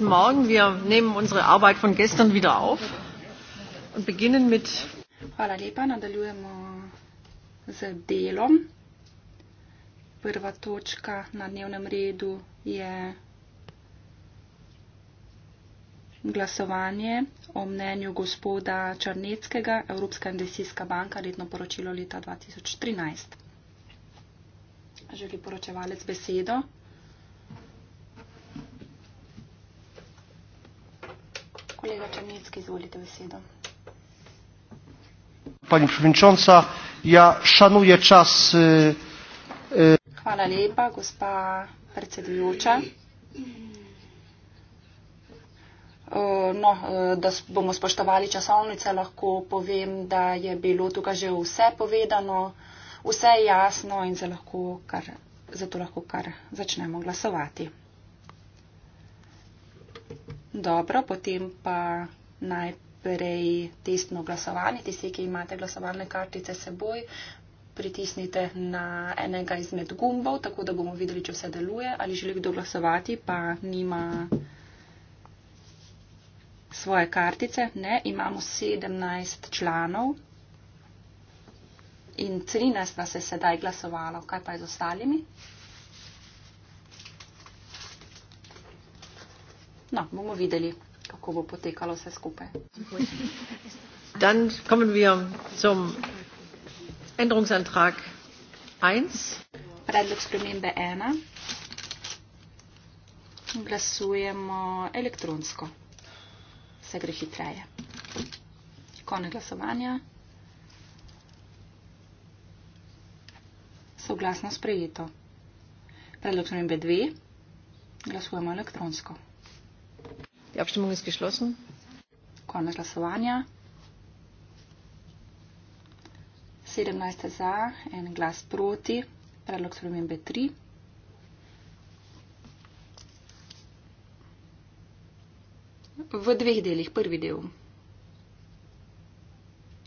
guten Morgen. Wir nehmen unsere Arbeit von gestern wieder auf und beginnen mit. Hvala lepa, nadaljujemo z delom. Prva točka na dnevnem redu je glasovanje o mnenju gospoda Črneckega, Evropska investicijska banka, letno poročilo leta 2013. Želi poročevalec besedo? kolega Črnecki, izvolite besedo. Pani Provinčonca, ja šanuje čas. Eh, eh. Hvala lepa, gospa predsedujoča. No, e, da bomo spoštovali časovnice, lahko povem, da je bilo tukaj že vse povedano, vse jasno in za lahko kar, zato lahko kar začnemo glasovati. Dobro, potem pa najprej testno glasovanje. Tisti, ki imate glasovalne kartice seboj, pritisnite na enega izmed gumbov, tako da bomo videli, če vse deluje, ali želi kdo glasovati, pa nima svoje kartice. Ne, imamo 17 članov in 13 nas je sedaj glasovalo. Kaj pa je z ostalimi? No, bomo videli, kako bo potekalo vse skupaj. Dan kommen wir zum Änderungsantrag 1. Predlog spremembe 1. Glasujemo elektronsko. Vse gre hitreje. Konec glasovanja. Soglasno sprejeto. Predlog spremembe 2. Glasujemo elektronsko. Die Abstimmung ist geschlossen. Konec glasovanja. 17 za, en glas proti, predlog spremembe 3. V dveh delih, prvi del.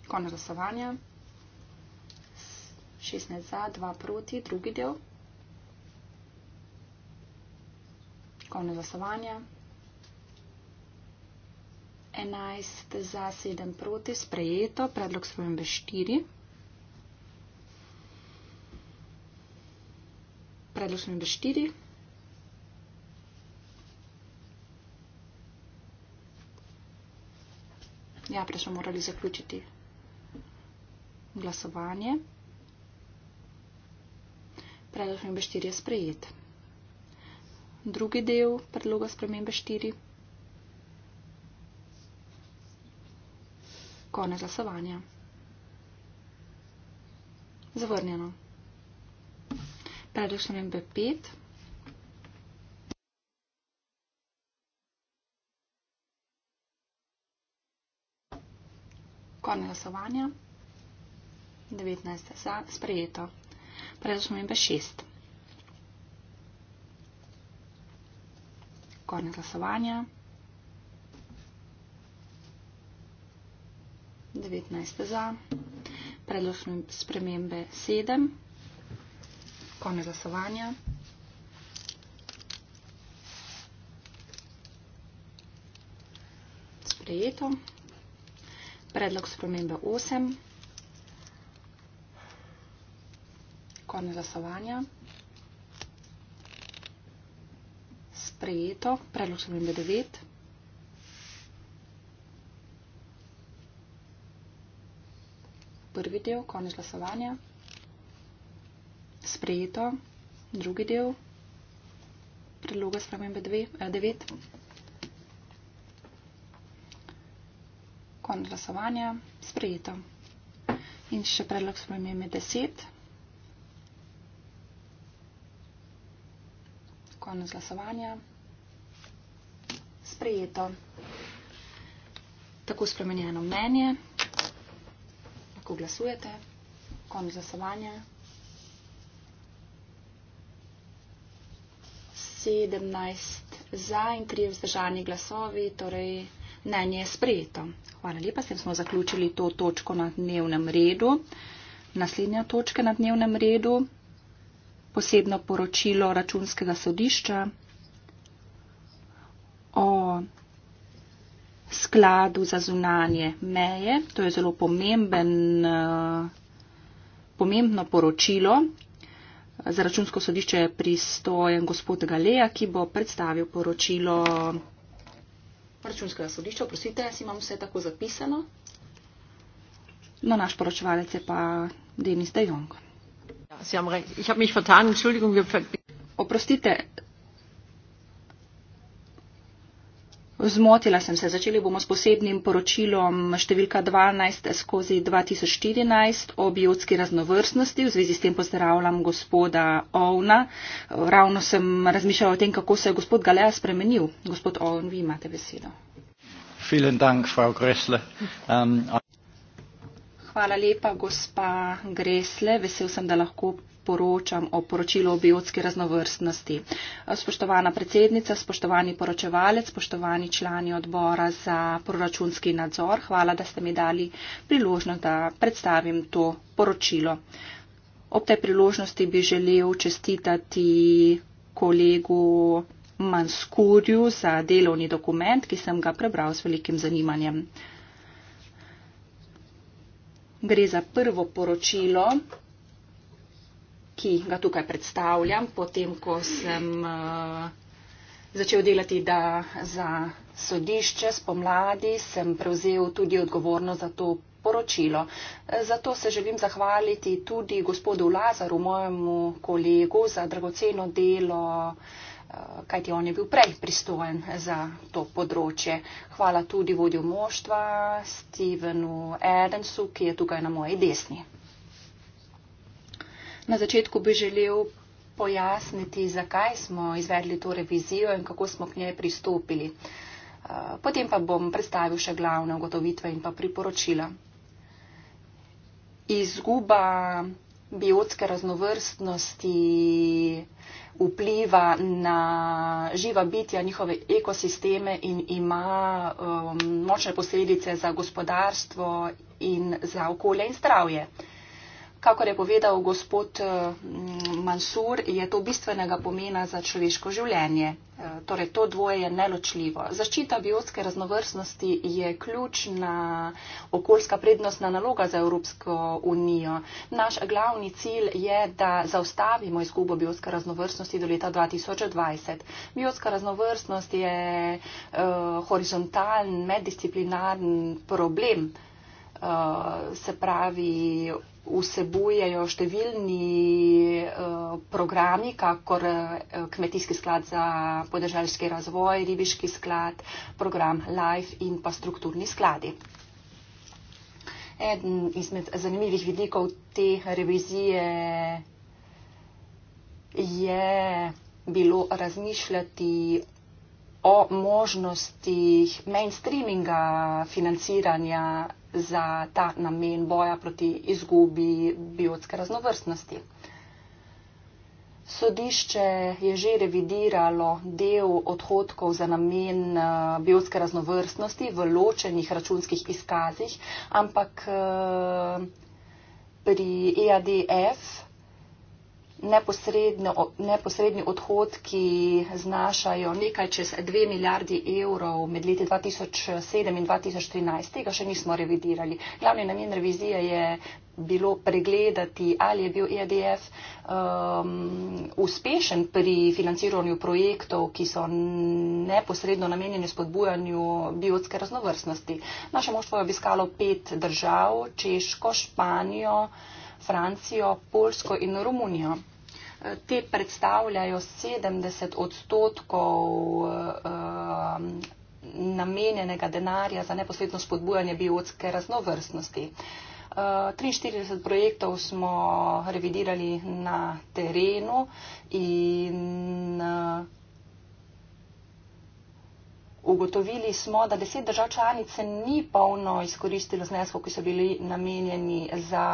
Konec glasovanja. 16 za, 2 proti, drugi del. Konec glasovanja. 11 za 7 proti sprejeto, predlog spremembe 4. Predlog spremembe 4. Ja, prej smo morali zaključiti glasovanje. Predlog spremembe 4 je sprejet. Drugi del predloga spremembe 4. Konec glasovanja. Zavrnjeno. Predlog spremembe 5. Konec glasovanja. 19. za sprejeto. Predlog spremembe 6. Konec glasovanja. 19 za, predložene spremembe 7, konec glasovanja. Sprejeto. Predlog spremembe 8, konec glasovanja. Sprejeto. Predlog spremembe 9. prvi del, konec glasovanja, sprejeto, drugi del, predloga spremembe 9, eh, konec glasovanja, sprejeto. In še predlog spremembe 10, konec glasovanja, sprejeto. Tako spremenjeno mnenje kako glasujete, konc zasavanja. 17 za in 3 vzdržani glasovi, torej mnenje je sprejeto. Hvala lepa, s tem smo zaključili to točko na dnevnem redu. Naslednja točka na dnevnem redu, posebno poročilo računskega sodišča o skladu za zunanje meje. To je zelo pomemben, eh, pomembno poročilo. Za računsko sodišče je pristojen gospod Galeja, ki bo predstavil poročilo računskega sodišča. Prosite, jaz imam vse tako zapisano. No, naš poročevalec je pa Denis De Jong. Ja, Oprostite, Zmotila sem se. Začeli bomo s posebnim poročilom številka 12 skozi 2014 o biotski raznovrstnosti. V zvezi s tem pozdravljam gospoda Ovna. Ravno sem razmišljal o tem, kako se je gospod Galea spremenil. Gospod Ovn, vi imate besedo. Dank, um, ähm, I... Hvala lepa, gospa Gresle. Vesel sem, da lahko poročam o poročilu o biotski raznovrstnosti. Spoštovana predsednica, spoštovani poročevalec, spoštovani člani odbora za proračunski nadzor, hvala, da ste mi dali priložnost, da predstavim to poročilo. Ob tej priložnosti bi želel čestitati kolegu Manskurju za delovni dokument, ki sem ga prebral s velikim zanimanjem. Gre za prvo poročilo, ki ga tukaj predstavljam, potem, ko sem uh, začel delati da, za sodišče spomladi, sem prevzel tudi odgovornost za to poročilo. Zato se želim zahvaliti tudi gospodu Lazaru, mojemu kolegu, za dragoceno delo. Uh, Eh, kajti on je bil prej pristojen za to področje. Hvala tudi vodju moštva Stevenu Adamsu, ki je tukaj na moji desni. Na začetku bi želel pojasniti, zakaj smo izvedli to revizijo in kako smo k njej pristopili. Eh, potem pa bom predstavil še glavne ugotovitve in pa priporočila. Izguba biotske raznovrstnosti vpliva na živa bitja, njihove ekosisteme in ima um, močne posledice za gospodarstvo in za okolje in zdravje. Kakor je povedal gospod eh, Mansur, je to bistvenega pomena za človeško življenje. Eh, torej, to dvoje je neločljivo. Zaščita biotske raznovrstnosti je ključna okoljska prednostna naloga za Evropsko unijo. Naš glavni cilj je, da zaustavimo izgubo biotske raznovrstnosti do leta 2020. Biotska raznovrstnost je uh, horizontalen, meddisciplinarni problem. Uh, se pravi, vsebujejo številni eh, programi, kakor eh, Kmetijski sklad za podeželjski razvoj, Ribiški sklad, program LIFE in pa strukturni skladi. Eden izmed zanimivih vidikov te revizije je bilo razmišljati o možnostih mainstreaminga financiranja za ta namen boja proti izgubi biotske raznovrstnosti. Sodišče je že revidiralo del odhodkov za namen eh, biotske raznovrstnosti v ločenih računskih izkazih, ampak eh, pri EADF neposredni odhodki znašajo nekaj čez 2 milijardi evrov med leti 2007 in 2013. Tega še nismo revidirali. Glavni namen revizije je bilo pregledati, ali je bil EADF um, uspešen pri financiranju projektov, ki so neposredno namenjeni spodbujanju biotske raznovrstnosti. Naše moštvo je obiskalo pet držav, Češko, Španijo, Francijo, Polsko in Romunijo. Te predstavljajo 70 odstotkov ehm, namenjenega denarja za neposredno spodbujanje biotske raznovrstnosti. 43 ehm, projektov smo revidirali na terenu in ehm, ugotovili smo, da deset držav članice ni polno izkoristilo znesko, ki so bili namenjeni za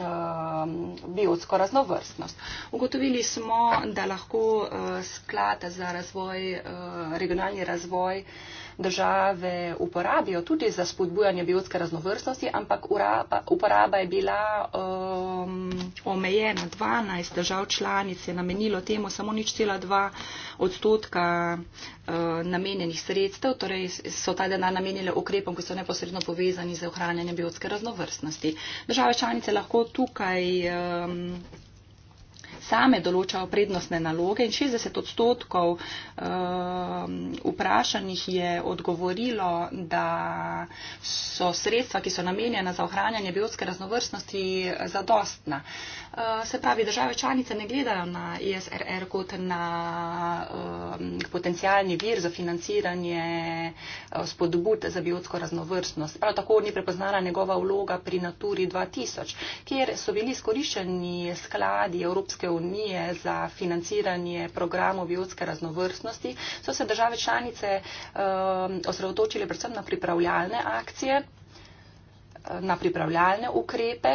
Um, biotsko raznovrstnost. Ugotovili smo, da lahko uh, sklad za razvoj, uh, regionalni razvoj države uporabijo tudi za spodbujanje biotske raznovrstnosti, ampak uraba, uporaba je bila um, omejena. 12 držav članic je namenilo temu samo nič cela dva odstotka uh, namenjenih sredstev, torej so ta denar namenili ukrepom, ki so neposredno povezani z ohranjanjem biotske raznovrstnosti. Države članice lahko tukaj um, same določajo prednostne naloge in 60 odstotkov ehm, vprašanih je odgovorilo, da so sredstva, ki so namenjena za ohranjanje biotske raznovrstnosti, zadostna. Ehm, se pravi, države članice ne gledajo na ISRR kot na ehm, potencijalni vir za financiranje spodbud za biotsko raznovrstnost. Prav tako ni prepoznana njegova vloga pri Naturi 2000, kjer so bili skoriščeni skladi Evropske unije za financiranje programov biotske raznovrstnosti, so se države članice um, osredotočile predvsem na pripravljalne akcije, eh, na pripravljalne ukrepe.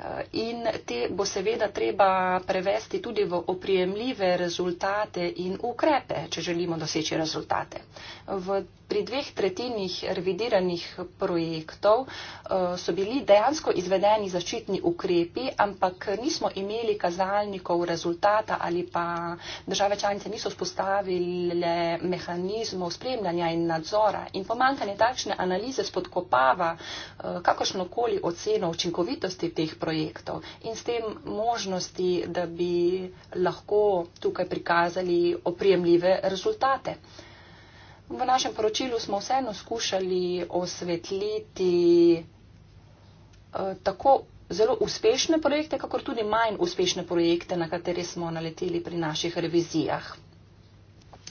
Eh, in te bo seveda treba prevesti tudi v oprijemljive rezultate in ukrepe, če želimo doseči rezultate. V, pri dveh tretjinah revidiranih projektov uh, so bili dejansko izvedeni zaščitni ukrepi, ampak nismo imeli kazalnikov rezultata ali pa države članice niso spostavile mehanizmov spremljanja in nadzora. In pomankanje takšne analize spodkopava uh, kakršnokoli oceno učinkovitosti teh projektov in s tem možnosti, da bi lahko tukaj prikazali opremljive rezultate. Uh, V našem poročilu smo vseeno skušali osvetliti eh, tako zelo uspešne projekte, kakor tudi manj uspešne projekte, na katere smo naleteli pri naših revizijah.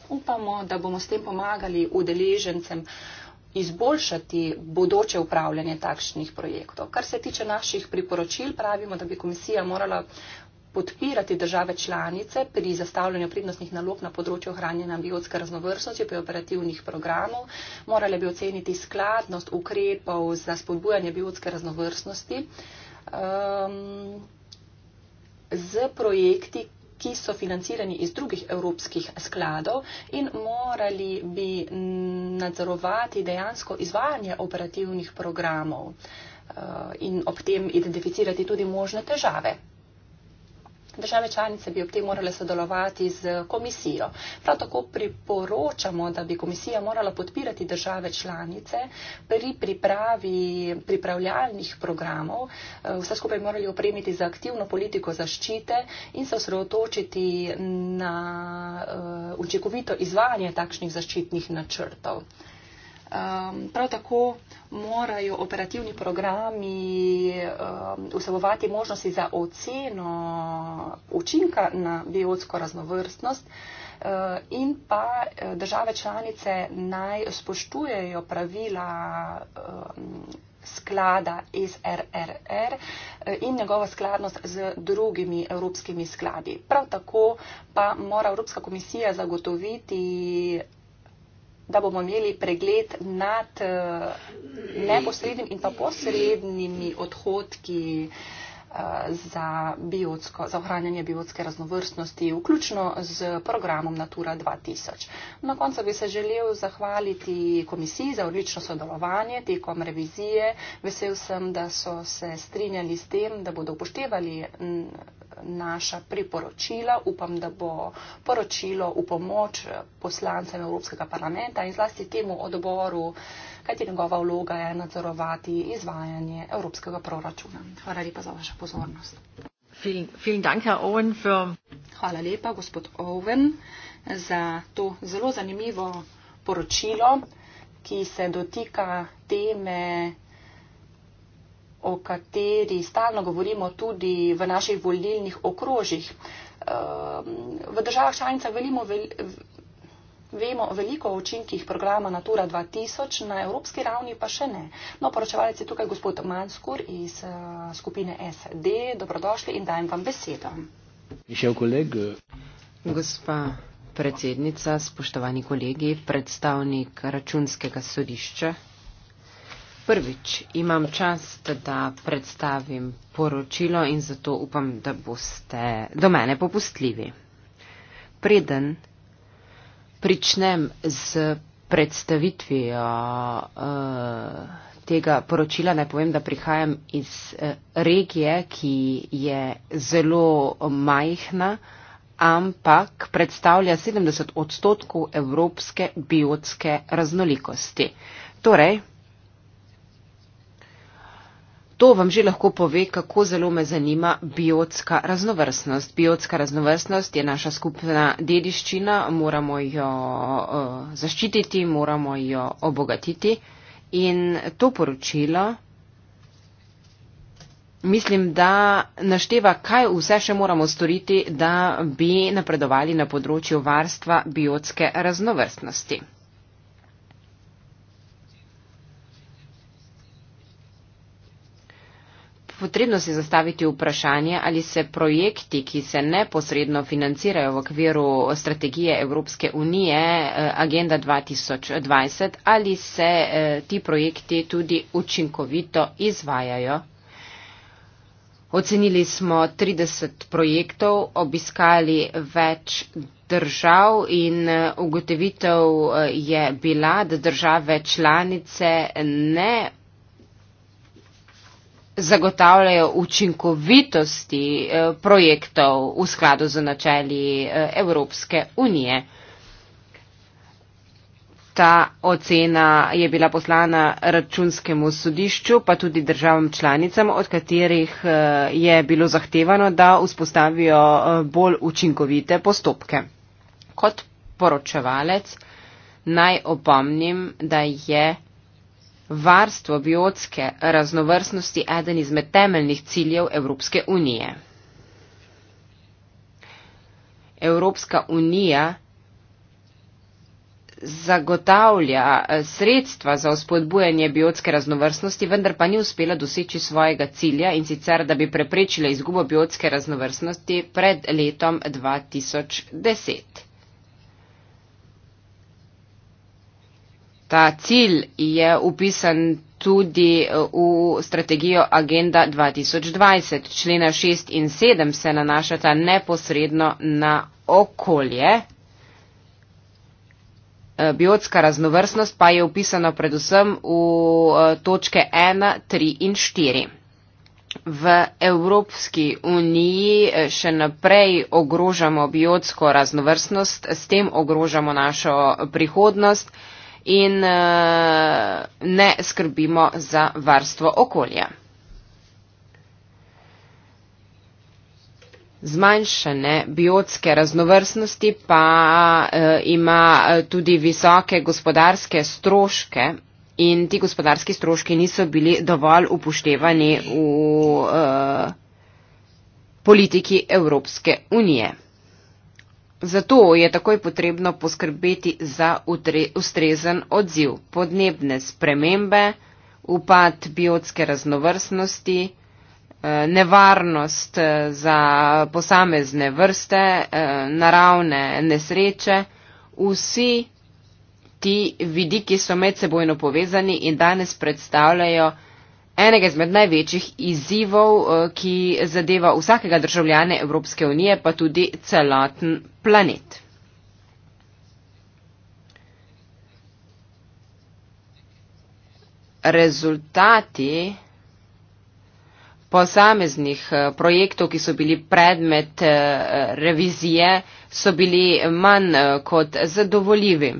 Upamo, da bomo s tem pomagali udeležencem izboljšati bodoče upravljanje takšnih projektov. Kar se tiče naših priporočil, pravimo, da bi komisija morala podpirati države članice pri zastavljanju prednostnih nalog na področju ohranjanja biotske raznovrstnosti pri operativnih programov, morale bi oceniti skladnost ukrepov za spodbujanje biotske raznovrstnosti um, z projekti, ki so financirani iz drugih evropskih skladov in morali bi nadzorovati dejansko izvajanje operativnih programov uh, in ob tem identificirati tudi možne težave. Države članice bi ob tem morale sodelovati z komisijo. Prav tako priporočamo, da bi komisija morala podpirati države članice pri pripravi pripravljalnih programov, eh, vse skupaj morali opremiti za aktivno politiko zaščite in se osredotočiti na eh, učinkovito izvajanje takšnih zaščitnih načrtov. Um, prav tako morajo operativni programi um, vsebovati možnosti za oceno učinka na biotsko raznovrstnost uh, in pa eh, države članice naj spoštujejo pravila um, sklada SRRR eh, in njegova skladnost z drugimi evropskimi skladi. Prav tako pa mora Evropska komisija zagotoviti da bomo imeli pregled nad eh, neposrednim in pa posrednimi odhodki eh, za, biotsko, za ohranjanje biotske raznovrstnosti, vključno z programom Natura 2000. Na koncu bi se želel zahvaliti komisiji za odlično sodelovanje tekom revizije. Vesel sem, da so se strinjali s tem, da bodo upoštevali naša priporočila. Upam, da bo poročilo v pomoč poslancem Evropskega parlamenta in zlasti temu odboru, kajti njegova vloga je nadzorovati izvajanje Evropskega proračuna. Hvala lepa za vašo pozornost. Vielen, vielen Dank, Herr Owen, für Hvala lepa, gospod Owen, za to zelo zanimivo poročilo, ki se dotika teme o kateri stalno govorimo tudi v naših volilnih okrožjih. Ehm, v državah članicah velimo, vel, vemo veliko o učinkih programa Natura 2000, na evropski ravni pa še ne. No, poročevalec je tukaj gospod Manskur iz eh, skupine SD. Dobrodošli in dajem vam besedo. Še koleg. Gospa predsednica, spoštovani kolegi, predstavnik računskega sodišča. Prvič imam čast, da predstavim poročilo in zato upam, da boste do mene popustljivi. Preden pričnem z predstavitvijo uh, tega poročila, naj povem, da prihajam iz uh, regije, ki je zelo majhna, ampak predstavlja 70 odstotkov evropske biotske raznolikosti. Torej, To vam že lahko pove, kako zelo me zanima biotska raznovrstnost. Biotska raznovrstnost je naša skupna dediščina, moramo jo uh, zaščititi, moramo jo obogatiti. In to poročilo mislim, da našteva, kaj vse še moramo storiti, da bi napredovali na področju varstva biotske raznovrstnosti. Potrebno si zastaviti vprašanje, ali se projekti, ki se neposredno financirajo v okviru strategije Evropske unije eh, Agenda 2020, ali se eh, ti projekti tudi učinkovito izvajajo. Ocenili smo 30 projektov, obiskali več držav in eh, ugotovitev je bila, da države članice ne zagotavljajo učinkovitosti eh, projektov v skladu z načeli eh, Evropske unije. Ta ocena je bila poslana računskemu sodišču, pa tudi državam članicam, od katerih eh, je bilo zahtevano, da vzpostavijo bolj učinkovite postopke. Kot poročevalec naj opomnim, da je varstvo biotske raznovrstnosti eden izmed temeljnih ciljev Evropske unije. Evropska unija zagotavlja eh, sredstva za uspodbujanje biotske raznovrstnosti, vendar pa ni uspela doseči svojega cilja in sicer, da bi preprečila izgubo biotske raznovrstnosti pred letom 2010. ta cilj je upisan tudi eh, v strategijo Agenda 2020. Člena 6 in 7 se nanašata neposredno na okolje. Eh, biotska raznovrstnost pa je upisana predvsem v eh, točke 1, 3 in 4. V Evropski uniji še naprej ogrožamo biotsko raznovrstnost, s tem ogrožamo našo prihodnost in eh, ne skrbimo za varstvo okolja. Zmanjšane biotske raznovrstnosti pa eh, ima eh, tudi visoke gospodarske stroške in ti gospodarski stroški niso bili dovolj upoštevani v politiki Evropske unije. Zato je takoj potrebno poskrbeti za ustrezen odziv podnebne spremembe, upad biotske raznovrstnosti, eh, nevarnost eh, za posamezne vrste, eh, naravne nesreče. Vsi ti vidiki so medsebojno povezani in danes predstavljajo Enega izmed največjih izzivov, eh, ki zadeva vsakega državljane Evropske unije, pa tudi celoten planet. Rezultati posameznih eh, projektov, ki so bili predmet eh, revizije, so bili manj kot zadovoljivi.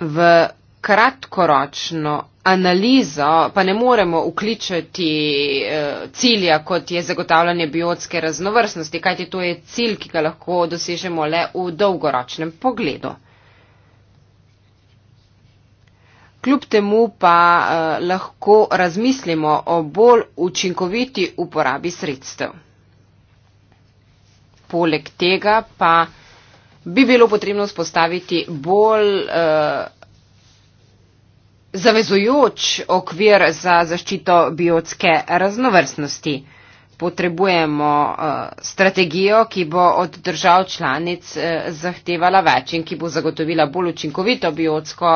v kratkoročno analizo, pa ne moremo vključiti eh, cilja, kot je zagotavljanje biotske raznovrstnosti, kajti to je cilj, ki ga lahko dosežemo le v dolgoročnem pogledu. Kljub temu pa eh, lahko razmislimo o bolj učinkoviti uporabi sredstev. Poleg tega pa bi bilo potrebno spostaviti bolj uh, zavezujoč okvir za zaščito biotske raznovrstnosti. Potrebujemo uh, strategijo, ki bo od držav članic uh, zahtevala več in ki bo zagotovila bolj učinkovito, biotsko,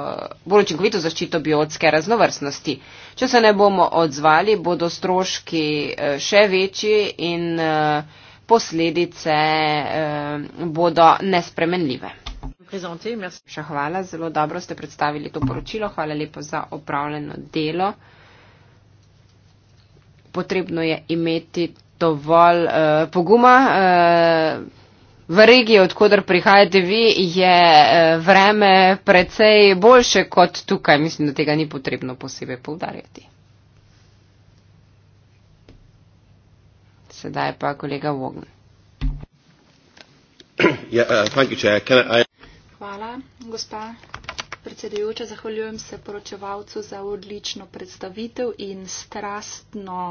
uh, bolj učinkovito zaščito biotske raznovrstnosti. Če se ne bomo odzvali, bodo stroški uh, še večji in uh, posledice eh, bodo nespremenljive. Še hvala, zelo dobro ste predstavili to poročilo. Hvala lepo za opravljeno delo. Potrebno je imeti dovolj eh, poguma. Eh, V regiji, odkudar prihajate vi, je eh, vreme precej boljše kot tukaj. Mislim, da tega ni potrebno posebej povdarjati. Sedaj pa kolega Vogn. Ja, eh, Hvala, gospa predsedujoča. Zahvaljujem se poročevalcu za odlično predstavitev in strastno.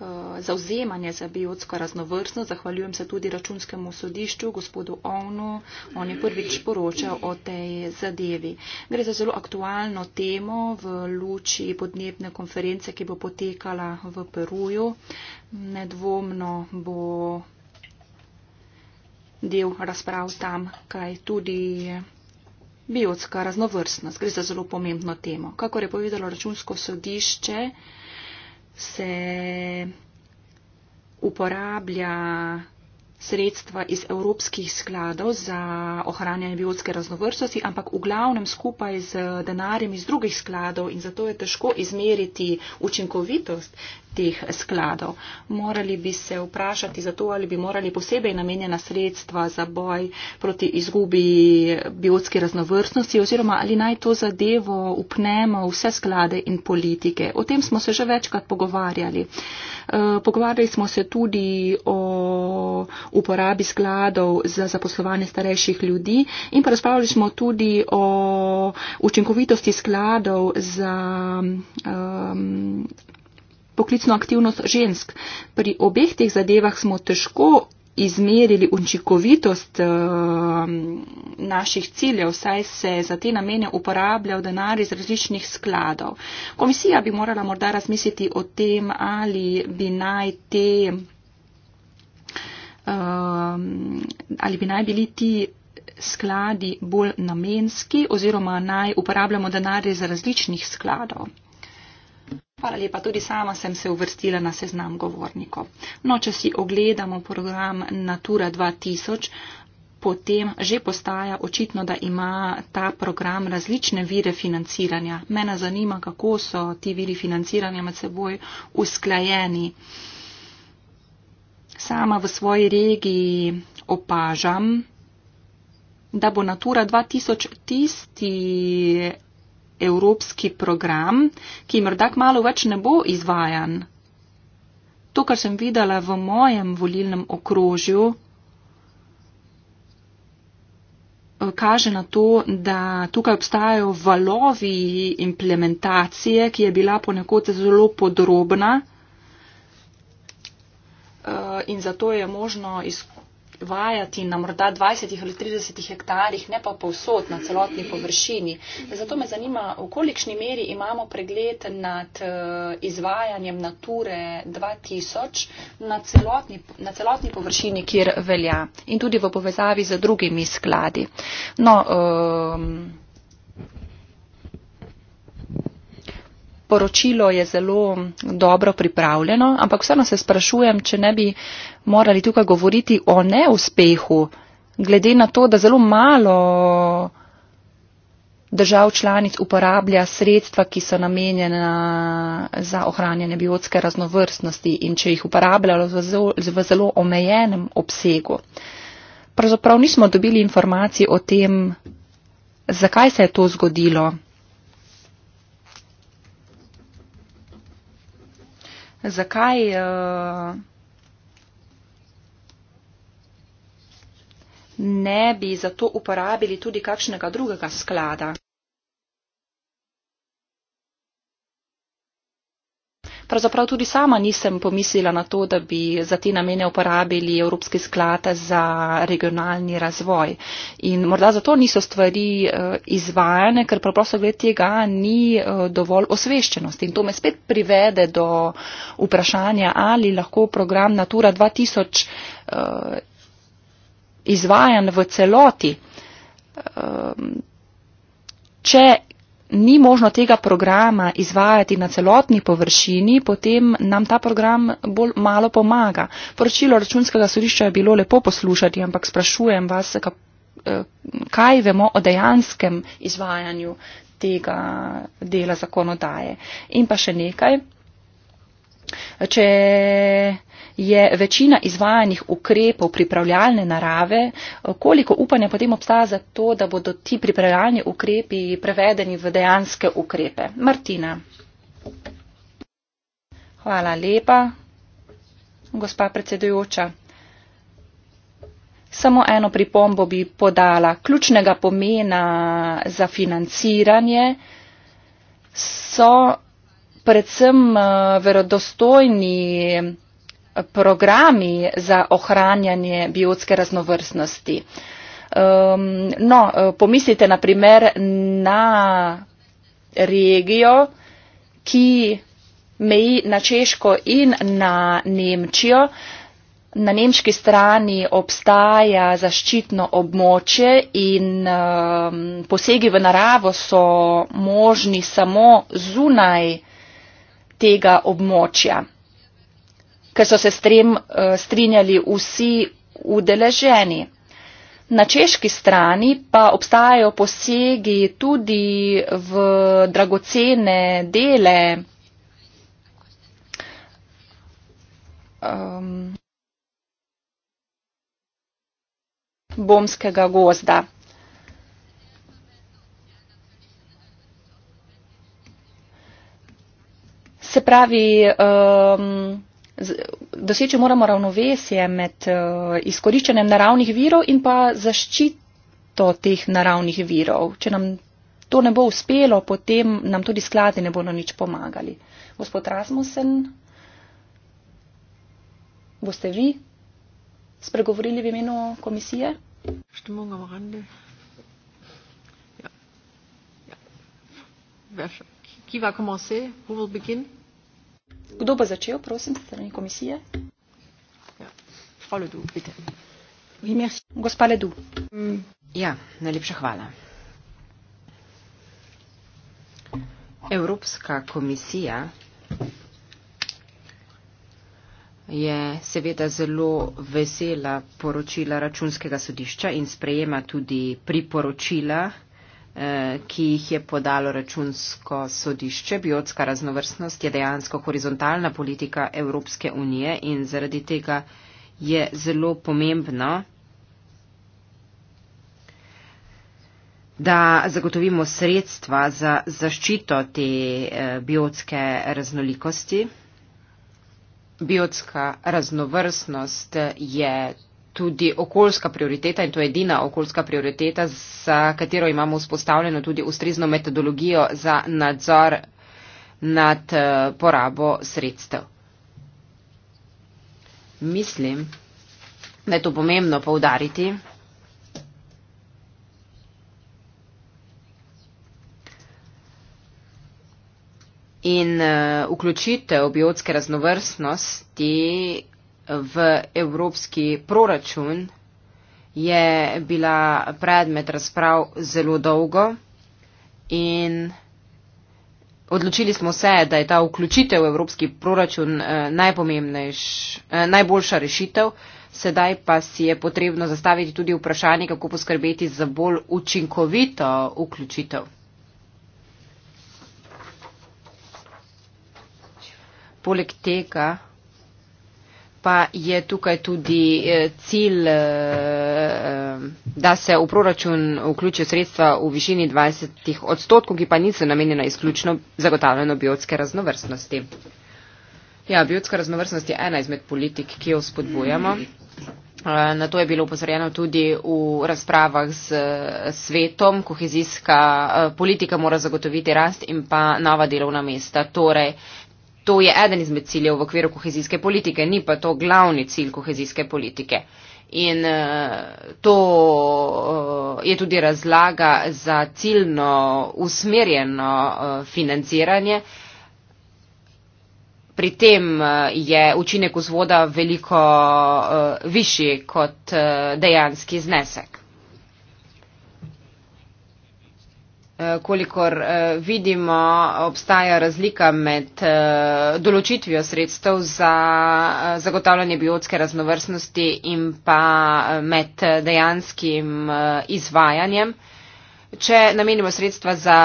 Eh, zauzemanje za biotsko raznovrstnost. Zahvaljujem se tudi računskemu sodišču, gospodu Ovnu. On je prvič poročal o tej zadevi. Gre za zelo aktualno temo v luči podnebne konference, ki bo potekala v Peruju. Nedvomno bo del razprav tam, kaj tudi biotska raznovrstnost. Gre za zelo pomembno temo. Kako je povedalo računsko sodišče, se uporablja sredstva iz evropskih skladov za ohranjanje biotske raznovrstnosti, ampak v glavnem skupaj z denarjem iz drugih skladov in zato je težko izmeriti učinkovitost teh skladov. Morali bi se vprašati za to, ali bi morali posebej namenjena sredstva za boj proti izgubi biotske raznovrstnosti oziroma ali naj to zadevo upnemo vse sklade in politike. O tem smo se že večkrat pogovarjali. E, pogovarjali smo se tudi o uporabi skladov za zaposlovanje starejših ljudi in pa razpravljali smo tudi o učinkovitosti skladov za um, poklicno aktivnost žensk. Pri obeh teh zadevah smo težko izmerili učinkovitost eh, naših ciljev, saj se za te namene uporabljajo denar iz različnih skladov. Komisija bi morala morda razmisliti o tem, ali bi naj te. Um, ali bi naj bili ti skladi bolj namenski oziroma naj uporabljamo denarje za različnih skladov. Hvala lepa, tudi sama sem se uvrstila na seznam govornikov. No, če si ogledamo program Natura 2000, potem že postaja očitno, da ima ta program različne vire financiranja. Mene zanima, kako so ti viri financiranja med seboj usklajeni. Sama v svoji regiji opažam, da bo Natura 2000 tisti evropski program, ki morda kmalo več ne bo izvajan. To, kar sem videla v mojem volilnem okrožju, kaže na to, da tukaj obstajajo valovi implementacije, ki je bila ponekod zelo podrobna eh, in zato je možno izkušnja vajati na morda 20 ali 30 hektarjih, ne pa povsod na celotni površini. Zato me zanima, v kolikšni meri imamo pregled nad eh, izvajanjem nature 2000 na celotni, na celotni površini, kjer velja in tudi v povezavi z drugimi skladi. No, um, poročilo je zelo dobro pripravljeno, ampak vseeno se sprašujem, če ne bi morali tukaj govoriti o neuspehu, glede na to, da zelo malo držav članic uporablja sredstva, ki so namenjena za ohranjanje biotske raznovrstnosti in če jih uporabljalo v zelo, v zelo omejenem obsegu. Pravzaprav nismo dobili informacij o tem, zakaj se je to zgodilo. Zakaj? Eh, ne bi zato uporabili tudi kakšnega drugega sklada. Pravzaprav tudi sama nisem pomislila na to, da bi za te namene uporabili Evropski sklad za regionalni razvoj. In morda zato niso stvari eh, izvajane, ker preprosto glede tega ni eh, dovolj osveščenosti. In to me spet privede do vprašanja, ali lahko program Natura 2000 eh, izvajan v celoti. Če ni možno tega programa izvajati na celotni površini, potem nam ta program bolj malo pomaga. Poročilo računskega sodišča je bilo lepo poslušati, ampak sprašujem vas, eh, kaj vemo o dejanskem izvajanju tega dela zakonodaje. In pa še nekaj. Če je večina izvajanih ukrepov pripravljalne narave, koliko upanja potem obstaja za to, da bodo ti pripravljalni ukrepi prevedeni v dejanske ukrepe. Martina. Hvala lepa, gospa predsedujoča. Samo eno pripombo bi podala. Ključnega pomena za financiranje so predvsem eh, verodostojni programi za ohranjanje biotske raznovrstnosti. Um, no, eh, pomislite na primer na regijo, ki meji na Češko in na Nemčijo. Na nemški strani obstaja zaščitno območje in um, posegi v naravo so možni samo zunaj tega območja ker so se s tem eh, strinjali vsi udeleženi. Na češki strani pa obstajajo posegi tudi v dragocene dele. Um, bomskega gozda. Se pravi, um, doseči moramo ravnovesje med eh, izkoriščanjem naravnih virov in pa zaščito teh naravnih virov. Če nam to ne bo uspelo, potem nam tudi skladi ne bodo nič pomagali. Gospod Rasmussen, boste vi spregovorili v imenu komisije? Ja. Ja. Qui va commencer? Who will begin? Kdo bo začel, prosim, strani komisije? Ja. Gospa Ledu. Mm, ja, najlepša hvala. Evropska komisija je seveda zelo vesela poročila računskega sodišča in sprejema tudi priporočila Eh, ki jih je podalo računsko sodišče. Biotska raznovrstnost je dejansko horizontalna politika Evropske unije in zaradi tega je zelo pomembno, da zagotovimo sredstva za zaščito te eh, biotske raznolikosti. Biotska raznovrstnost je tudi okoljska prioriteta in to je edina okoljska prioriteta, za katero imamo vzpostavljeno tudi ustrezno metodologijo za nadzor nad eh, porabo sredstev. Mislim, da je to pomembno povdariti. In uh, vključitev biotske raznovrstnosti v evropski proračun, je bila predmet razprav zelo dolgo in odločili smo se, da je ta vključitev v evropski proračun eh, eh, najboljša rešitev. Sedaj pa si je potrebno zastaviti tudi vprašanje, kako poskrbeti za bolj učinkovito vključitev. Poleg tega, pa je tukaj tudi eh, cilj, eh, eh, da se v proračun vključijo sredstva v višini 20 odstotkov, ki pa niso namenjena izključno zagotavljanju biotske raznovrstnosti. Ja, biotska raznovrstnost je ena izmed politik, ki jo spodbujamo. Na to je bilo upozorjeno tudi v razpravah z svetom. Kohezijska politika mora zagotoviti rast in pa nova delovna mesta. Torej, To je eden izmed ciljev v okviru kohezijske politike, ni pa to glavni cilj kohezijske politike. In uh, to uh, je tudi razlaga za ciljno usmerjeno uh, financiranje. Pri tem uh, je učinek vzvoda veliko uh, višji kot uh, dejanski znesek. kolikor eh, vidimo, obstaja razlika med eh, določitvijo sredstev za eh, zagotavljanje biotske raznovrstnosti in pa med dejanskim izvajanjem. Če namenimo sredstva za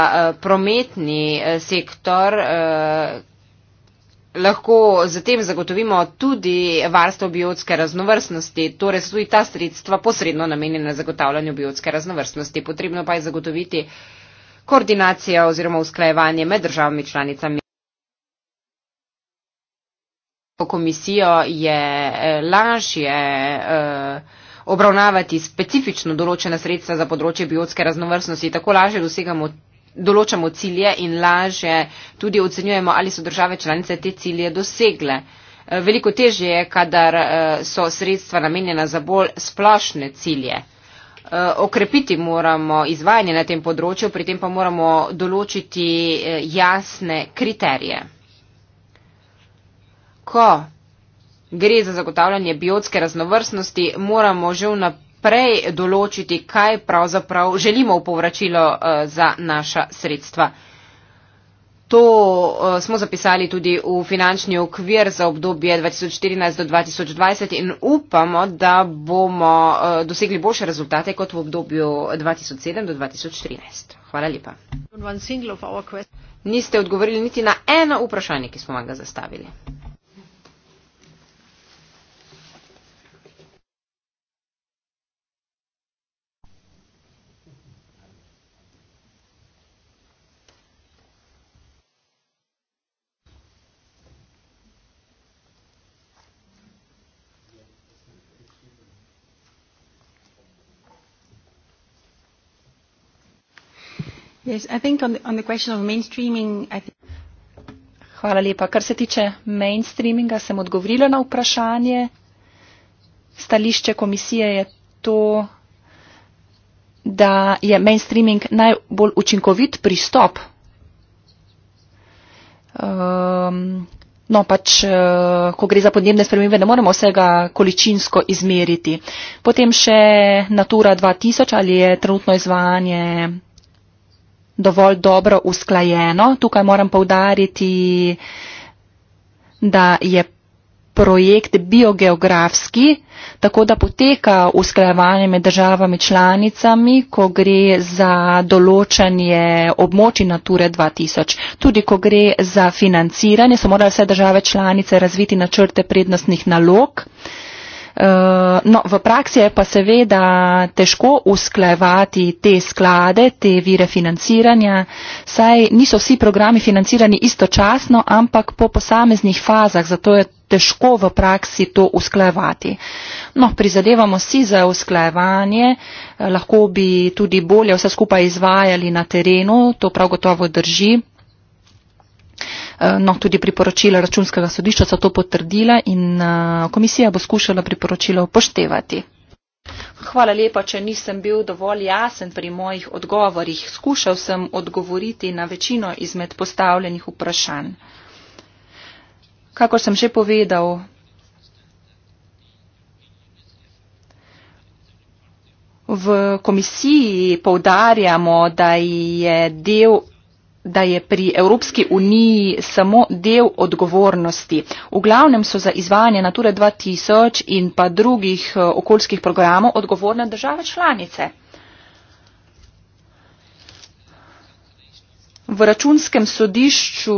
prometni sektor, lahko zatem zagotovimo tudi varstvo biotske raznovrstnosti, torej so tudi ta sredstva posredno namenjena zagotavljanju biotske raznovrstnosti. Potrebno pa je zagotoviti koordinacija oziroma usklajevanje med državami članicami. Komisijo je eh, lažje eh, obravnavati specifično določena sredstva za področje biotske raznovrstnosti, tako lažje dosegamo, določamo cilje in lažje tudi ocenjujemo, ali so države članice te cilje dosegle. Eh, veliko težje je, kadar so sredstva namenjena za bolj splošne cilje. Eh, okrepiti moramo izvajanje na tem področju, pri tem pa moramo določiti eh, jasne kriterije. Ko gre za zagotavljanje biotske raznovrstnosti, moramo že vnaprej določiti, kaj pravzaprav želimo v povračilo eh, za naša sredstva. To eh, smo zapisali tudi v finančni okvir za obdobje 2014 do 2020 in upamo, da bomo eh, dosegli boljše rezultate kot v obdobju 2007 do 2013. Hvala lepa. Niste odgovorili niti na eno vprašanje, ki smo vam ga zastavili. Hvala lepa. Kar se tiče mainstreaminga, sem odgovorila na vprašanje. Stališče komisije je to, da je mainstreaming najbolj učinkovit pristop. Um, no, pač, eh, ko gre za podnebne spremembe, ne moremo vsega količinsko izmeriti. Potem še Natura 2000 ali je trenutno izvajanje dovolj dobro usklajeno. Tukaj moram povdariti, da je projekt biogeografski, tako da poteka usklajevanje med državami članicami, ko gre za določanje območi Nature 2000. Tudi ko gre za financiranje, so morale vse države članice razviti načrte prednostnih nalog. Uh, Eh, no, v praksi je pa seveda težko usklajevati te sklade, te vire financiranja, saj niso vsi programi financirani istočasno, ampak po posameznih fazah, zato je težko v praksi to usklajevati. No, prizadevamo si za usklajevanje, eh, lahko bi tudi bolje vse skupaj izvajali na terenu, to prav gotovo drži. Eh, no, tudi priporočila računskega sodišča so to potrdila in eh, komisija bo skušala priporočilo upoštevati. Hvala lepa, če nisem bil dovolj jasen pri mojih odgovorih. Skušal sem odgovoriti na večino izmed postavljenih vprašanj. Kako sem že povedal, v komisiji poudarjamo, da je del da je pri Evropski uniji samo del odgovornosti. V glavnem so za izvajanje Nature 2000 in pa drugih eh, okoljskih programov odgovorne države članice. V računskem sodišču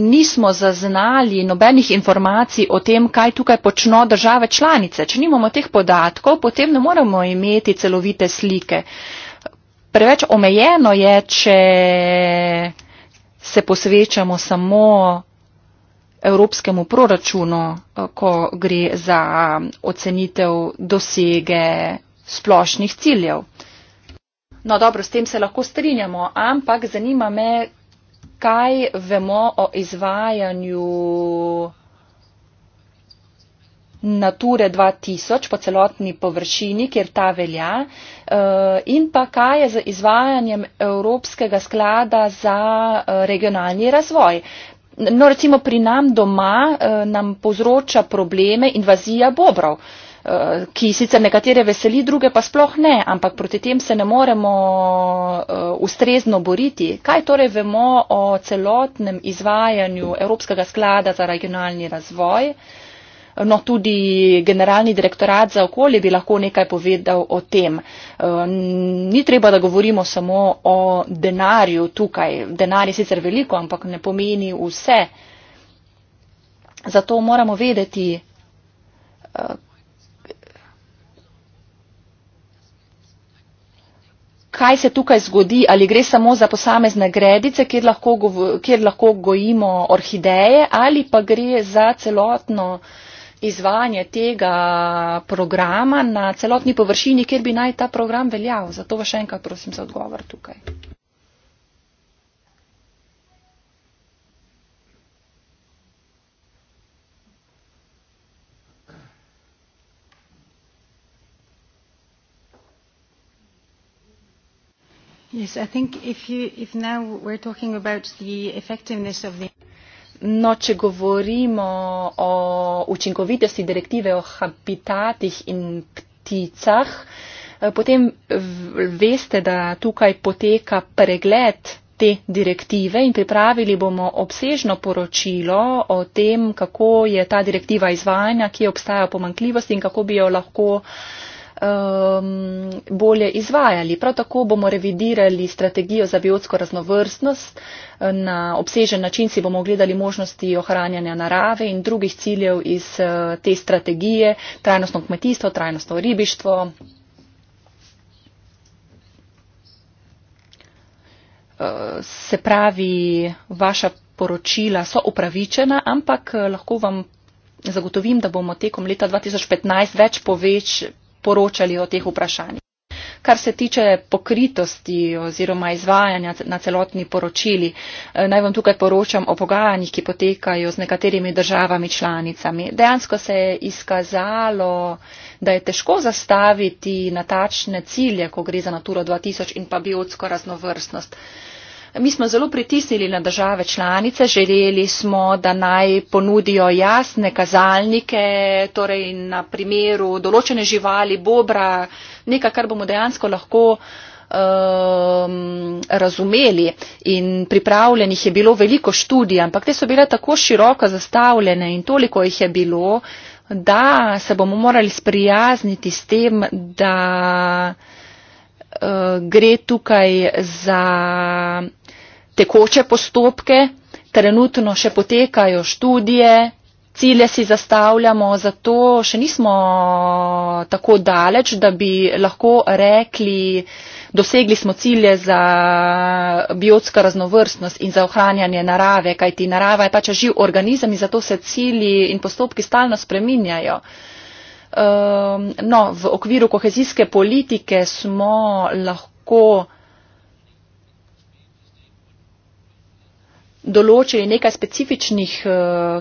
nismo zaznali nobenih informacij o tem, kaj tukaj počno države članice. Če nimamo teh podatkov, potem ne moremo imeti celovite slike. Uh, preveč omejeno je, če se posvečamo samo evropskemu proračunu, ko gre za ocenitev dosege splošnih ciljev. No dobro, s tem se lahko strinjamo, ampak zanima me, kaj vemo o izvajanju Nature 2000 po celotni površini, kjer ta velja, eh, in pa kaj je z izvajanjem Evropskega sklada za eh, regionalni razvoj. No, recimo pri nam doma eh, nam povzroča probleme invazija bobrov, ki sicer nekatere veseli, druge pa sploh ne, ampak proti tem se ne moremo ustrezno boriti. Kaj torej vemo o celotnem izvajanju Evropskega sklada za regionalni razvoj? no tudi generalni direktorat za okolje bi lahko nekaj povedal o tem. E, ni treba, da govorimo samo o denarju tukaj. Denar je sicer veliko, ampak ne pomeni vse. Zato moramo vedeti, e, kaj se tukaj zgodi, ali gre samo za posamezne gredice, kjer lahko, kjer lahko gojimo orhideje, ali pa gre za celotno uh, izvajanje tega programa na celotni površini, kjer bi naj ta program veljal. Zato vas še enkrat prosim za odgovor tukaj. Yes, I think if you, if now we're talking about the effectiveness of the. No, če govorimo o učinkovitosti direktive o habitatih in pticah, eh, potem veste, da tukaj poteka pregled te direktive in pripravili bomo obsežno poročilo o tem, kako je ta direktiva izvajanja, kje obstajajo pomankljivosti in kako bi jo lahko uh, um, bolje izvajali. Prav tako bomo revidirali strategijo za biotsko raznovrstnost. Na obsežen način si bomo ogledali možnosti ohranjanja narave in drugih ciljev iz uh, te strategije, trajnostno kmetijstvo, trajnostno ribištvo. Uh, se pravi, vaša poročila so upravičena, ampak uh, lahko vam zagotovim, da bomo tekom leta 2015 več poveč, poročali o teh vprašanjih. Kar se tiče pokritosti oziroma izvajanja na celotni poročili, eh, naj vam tukaj poročam o pogajanjih, ki potekajo z nekaterimi državami članicami. Dejansko se je izkazalo, da je težko zastaviti natačne cilje, ko gre za Naturo 2000 in pa biotsko raznovrstnost mi smo zelo pritisnili na države članice, želeli smo, da naj ponudijo jasne kazalnike, torej na primeru določene živali, bobra, nekaj, kar bomo dejansko lahko um, razumeli. In pripravljenih je bilo veliko študij, ampak te so bile tako široko zastavljene in toliko jih je bilo, da se bomo morali sprijazniti s tem, da uh, gre tukaj za tekoče postopke trenutno še potekajo študije cilje si zastavljamo zato še nismo tako daleč da bi lahko rekli dosegli smo cilje za biotsko raznovrstnost in za ohranjanje narave kajti narava je pač živ organizem in zato se cilji in postopki stalno spreminjajo ehm, no v okviru kohezijske politike smo lahko določili nekaj specifičnih eh,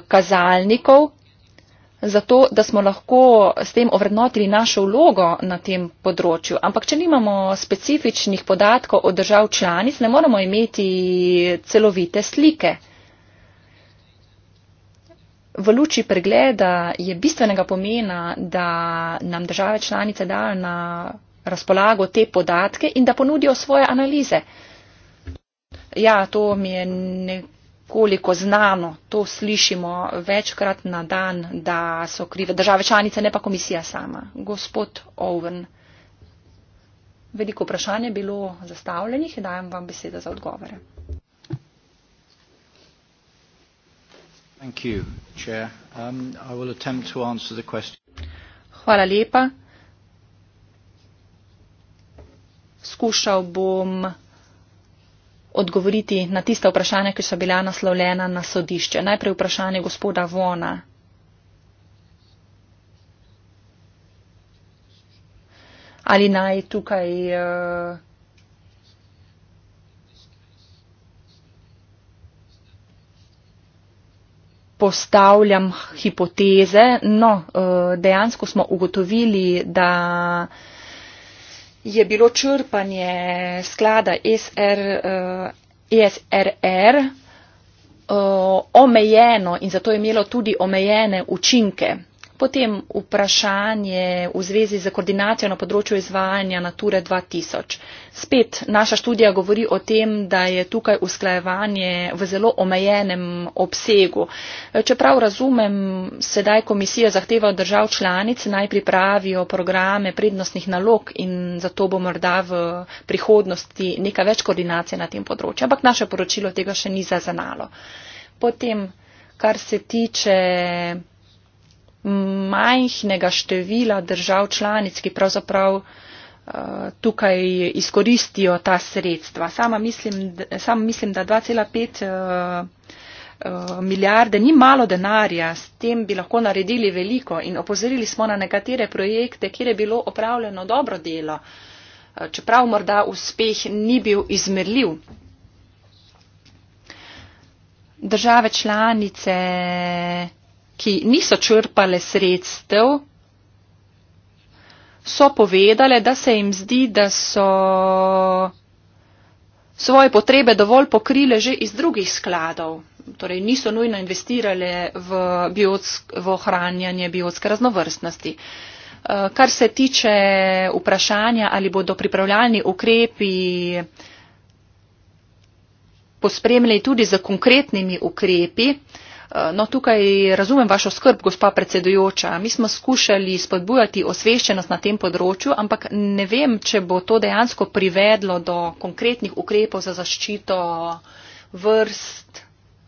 kazalnikov, zato da smo lahko s tem ovrednotili našo vlogo na tem področju. Ampak, če nimamo specifičnih podatkov od držav članic, ne moremo imeti celovite slike. V luči pregleda je bistvenega pomena, da nam države članice dajo na razpolago te podatke in da ponudijo svoje analize. Ja, to mi je nekaj koliko znano, to slišimo večkrat na dan, da so krive države članice, ne pa komisija sama. Gospod Owen, veliko vprašanje bilo zastavljenih in dajem vam besedo za odgovore. Um, Hvala lepa. Skušal bom odgovoriti na tista vprašanja, ki so bila naslovljena na sodišče. Najprej vprašanje gospoda Vona. Ali naj tukaj. Uh, postavljam hipoteze. No, eh, dejansko smo ugotovili, da je bilo črpanje sklada SR, uh, eh, ESRR uh, eh, omejeno in zato je imelo tudi omejene učinke. Potem vprašanje v zvezi z koordinacijo na področju izvajanja Nature 2000. Spet naša študija govori o tem, da je tukaj usklajevanje v zelo omejenem obsegu. Čeprav razumem, sedaj komisija zahteva od držav članic naj pripravijo programe prednostnih nalog in zato bo morda v prihodnosti neka več koordinacije na tem področju. Ampak naše poročilo tega še ni zaznalo. Potem, kar se tiče majhnega števila držav članic, ki pravzaprav eh, tukaj izkoristijo ta sredstva. Sama mislim, sama mislim da 2,5 eh, eh, milijarde ni malo denarja, s tem bi lahko naredili veliko in opozorili smo na nekatere projekte, kjer je bilo opravljeno dobro delo, čeprav morda uspeh ni bil izmerljiv. Države članice ki niso črpale sredstev, so povedale, da se jim zdi, da so svoje potrebe dovolj pokrile že iz drugih skladov. Torej niso nujno investirale v, biotsk, v ohranjanje biotske raznovrstnosti. Eh, kar se tiče vprašanja, ali bodo pripravljalni ukrepi pospremljeni tudi za konkretnimi ukrepi, No, tukaj razumem vašo skrb, gospa predsedujoča. Mi smo skušali spodbujati osveščenost na tem področju, ampak ne vem, če bo to dejansko privedlo do konkretnih ukrepov za zaščito vrst,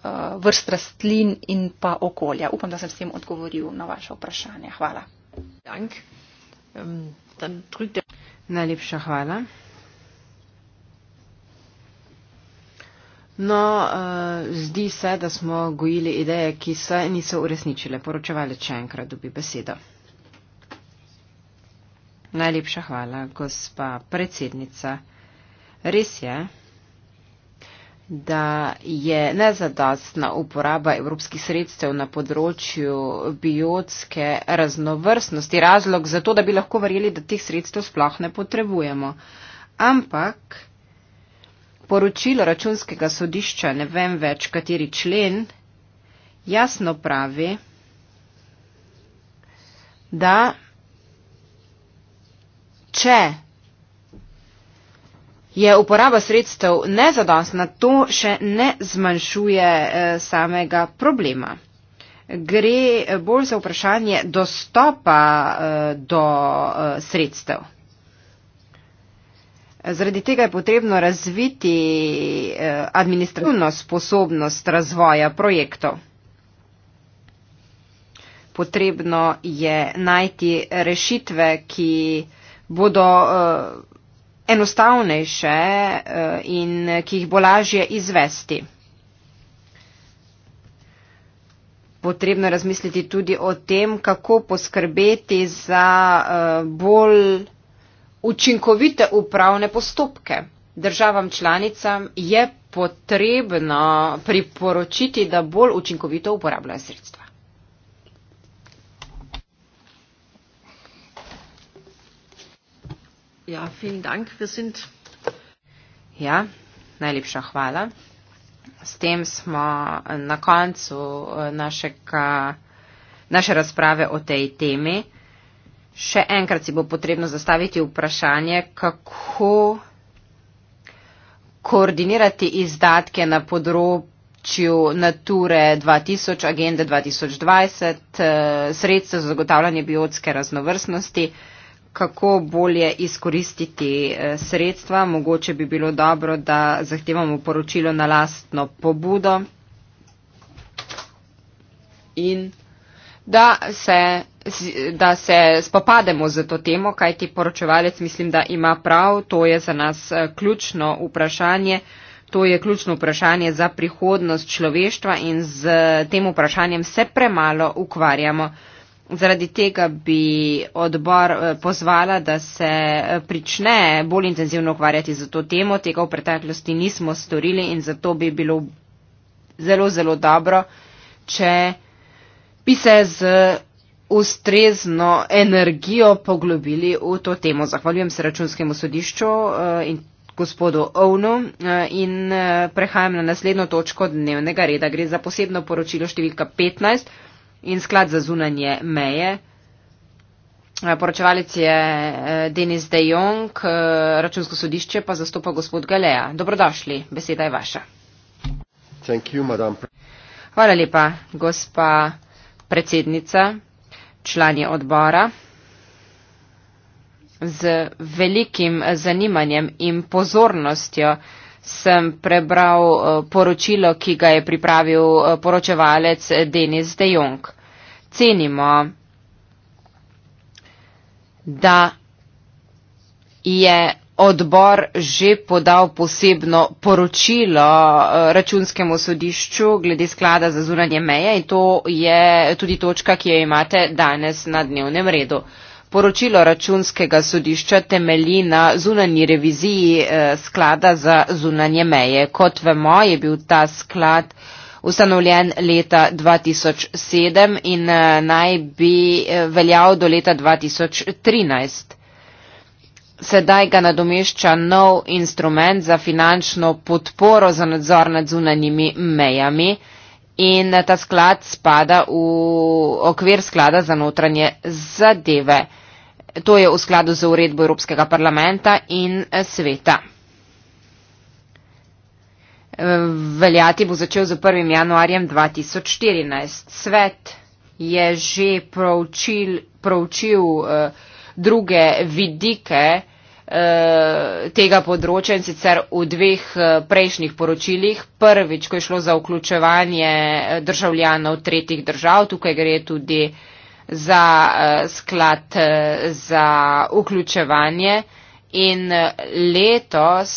eh, vrst rastlin in pa okolja. Upam, da sem s tem odgovoril na vaše vprašanje. Hvala. Ähm, Najlepša hvala. No, uh, zdi se, da smo gojili ideje, ki se niso uresničile. Poročevali če enkrat dobi besedo. Najlepša hvala, gospa predsednica. Res je, da je nezadostna uporaba evropskih sredstev na področju biotske raznovrstnosti razlog za to, da bi lahko verjeli, da teh sredstev sploh ne potrebujemo. Ampak Poročilo računskega sodišča, ne vem več kateri člen, jasno pravi, da če je uporaba sredstev nezadostna, to še ne zmanjšuje eh, samega problema. Gre bolj za vprašanje dostopa eh, do eh, sredstev. Zaradi tega je potrebno razviti eh, administrativno sposobnost razvoja projektov. Potrebno je najti rešitve, ki bodo eh, enostavnejše eh, in ki jih bo lažje izvesti. Potrebno je razmisliti tudi o tem, kako poskrbeti za bolj učinkovite upravne postopke. Državam članicam je potrebno priporočiti, da bolj učinkovito uporabljajo sredstva. Ja, dank. Wir sind... ja, najlepša hvala. S tem smo na koncu eh, našega, naše razprave o tej temi. Še enkrat si bo potrebno zastaviti vprašanje, kako koordinirati izdatke na področju Nature 2000, Agende 2020, eh, sredstva za zagotavljanje biotske raznovrstnosti, kako bolje izkoristiti eh, sredstva. Mogoče bi bilo dobro, da zahtevamo poročilo na lastno pobudo in da se da se spopademo z to temo, kaj ti poročevalec mislim, da ima prav, to je za nas eh, ključno vprašanje. To je ključno vprašanje za prihodnost človeštva in z tem vprašanjem se premalo ukvarjamo. Zaradi tega bi odbor eh, pozvala, da se eh, prične bolj intenzivno ukvarjati z to temo. Tega v preteklosti nismo storili in zato bi bilo zelo, zelo dobro, če bi se z ustrezno energijo poglobili v to temo. Zahvaljujem se računskemu sodišču eh, in gospodu Ovnu eh, in eh, prehajam na naslednjo točko dnevnega reda. Gre za posebno poročilo številka 15 in sklad za zunanje meje. Poročevalec je Denis De Jong, računsko sodišče pa zastopa gospod Galeja. Dobrodošli, beseda je vaša. You, Hvala lepa, gospa predsednica člani odbora z velikim zanimanjem in pozornostjo sem prebral eh, poročilo, ki ga je pripravil eh, poročevalec Denis De Jong. Cenimo, da je odbor že podal posebno poročilo eh, računskemu sodišču glede sklada za zunanje meje in to je tudi točka, ki jo imate danes na dnevnem redu. Poročilo računskega sodišča temelji na zunanji reviziji eh, sklada za zunanje meje. Kot vemo, je bil ta sklad ustanovljen leta 2007 in eh, naj bi veljal do leta 2013. Sedaj ga nadomešča nov instrument za finančno podporo za nadzor nad zunanjimi mejami in ta sklad spada v okvir sklada za notranje zadeve. To je v skladu z uredbo Evropskega parlamenta in sveta. Veljati bo začel z 1. januarjem 2014. Svet je že proučil. proučil eh, druge vidike eh, tega področja in sicer v dveh eh, prejšnjih poročilih. Prvič, ko je šlo za vključevanje eh, državljanov tretjih držav, tukaj gre tudi za sklad za vključevanje in letos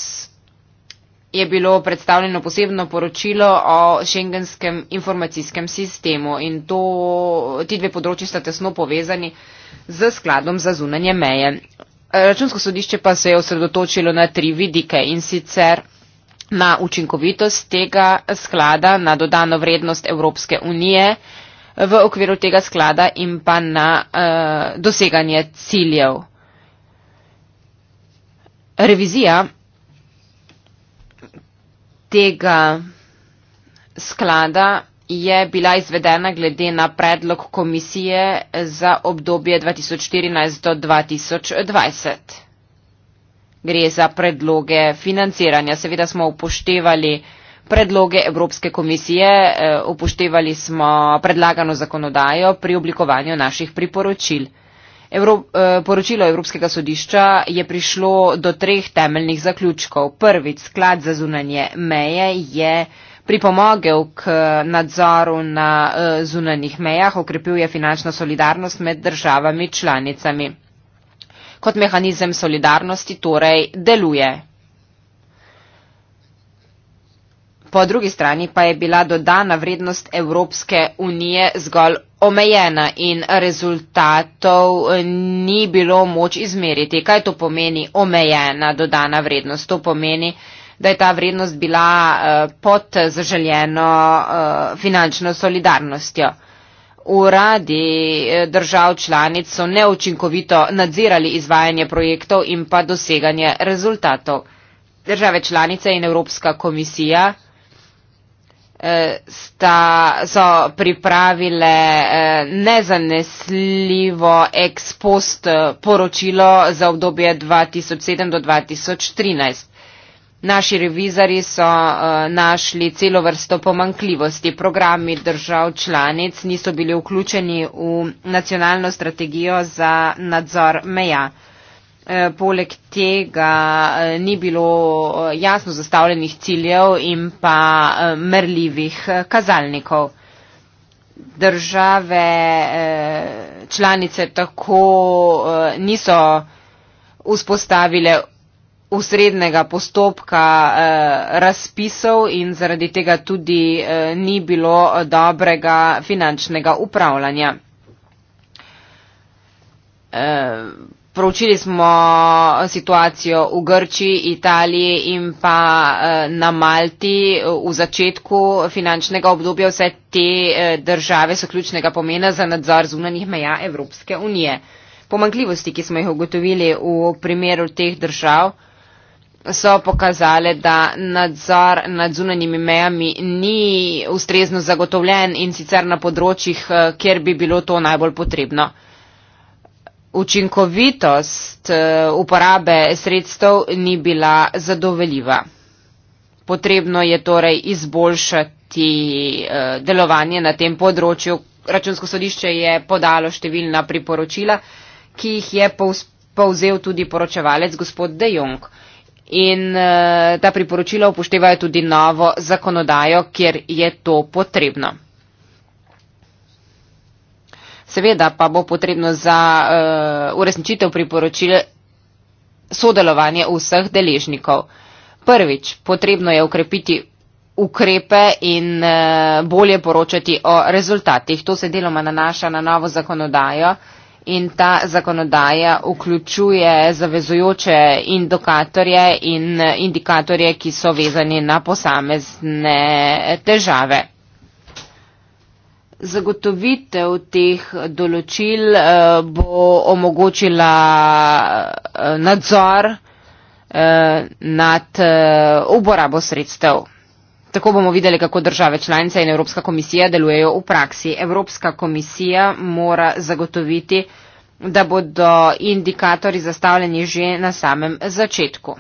je bilo predstavljeno posebno poročilo o šengenskem informacijskem sistemu in to, ti dve področji sta tesno povezani z skladom za zunanje meje. Računsko sodišče pa se je osredotočilo na tri vidike in sicer na učinkovitost tega sklada, na dodano vrednost Evropske unije v okviru tega sklada in pa na uh, doseganje ciljev. Revizija tega sklada je bila izvedena glede na predlog komisije za obdobje 2014 do 2020. Gre za predloge financiranja. Seveda smo upoštevali predloge Evropske komisije, eh, upoštevali smo predlagano zakonodajo pri oblikovanju naših priporočil. Evro, eh, poročilo Evropskega sodišča je prišlo do treh temeljnih zaključkov. Prvič, sklad za zunanje meje je pripomogel k nadzoru na eh, zunanih mejah, okrepil je finančno solidarnost med državami članicami. Kot mehanizem solidarnosti torej deluje. Po drugi strani pa je bila dodana vrednost Evropske unije zgolj omejena in rezultatov eh, ni bilo moč izmeriti. Kaj to pomeni omejena dodana vrednost? To pomeni, da je ta vrednost bila eh, pod zaželjeno eh, finančno solidarnostjo. Uradi držav članic so neučinkovito nadzirali izvajanje projektov in pa doseganje rezultatov. Države članice in Evropska komisija Eh, sta, so pripravile eh, nezanesljivo ex post eh, poročilo za obdobje 2007 do 2013. Naši revizori so eh, našli celo vrsto pomankljivosti. Programi držav članic niso bili vključeni v nacionalno strategijo za nadzor meja. Eh, poleg tega eh, ni bilo eh, jasno zastavljenih ciljev in pa merljivih kazalnikov. Države članice tako niso vzpostavile usrednega postopka razpisov in zaradi tega tudi ni bilo dobrega finančnega upravljanja. Proučili smo situacijo v Grčiji, Italiji in pa eh, na Malti v začetku finančnega obdobja. Vse te eh, države so ključnega pomena za nadzor zunanih meja Evropske unije. Pomankljivosti, ki smo jih ugotovili v primeru teh držav, so pokazale, da nadzor nad zunanimi mejami ni ustrezno zagotovljen in sicer na področjih, eh, kjer bi bilo to najbolj potrebno učinkovitost eh, uporabe sredstev ni bila zadovoljiva. Potrebno je torej izboljšati eh, delovanje na tem področju. Računsko sodišče je podalo številna priporočila, ki jih je povzel tudi poročevalec gospod De Jong. In eh, ta priporočila upoštevajo tudi novo zakonodajo, kjer je to potrebno. Seveda pa bo potrebno za uh, uresničitev priporočil sodelovanje vseh deležnikov. Prvič, potrebno je ukrepiti ukrepe in uh, bolje poročati o rezultatih. To se deloma nanaša na novo zakonodajo in ta zakonodaja vključuje zavezujoče indikatorje in eh, indikatorje, ki so vezani na posamezne težave zagotovitev teh določil eh, bo omogočila eh, nadzor eh, nad uporabo sredstev. Tako bomo videli, kako države članice in Evropska komisija delujejo v praksi. Evropska komisija mora zagotoviti, da bodo indikatori zastavljeni že na samem začetku.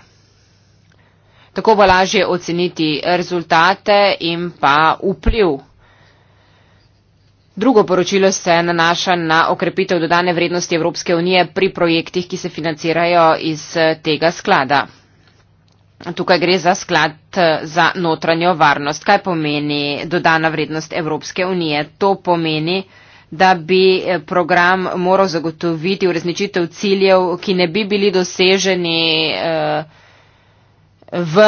Tako bo lažje oceniti rezultate in pa vpliv Drugo poročilo se nanaša na okrepitev dodane vrednosti Evropske unije pri projektih, ki se financirajo iz eh, tega sklada. Tukaj gre za sklad eh, za notranjo varnost. Kaj pomeni dodana vrednost Evropske unije? To pomeni, da bi eh, program moral zagotoviti uresničitev ciljev, ki ne bi bili doseženi v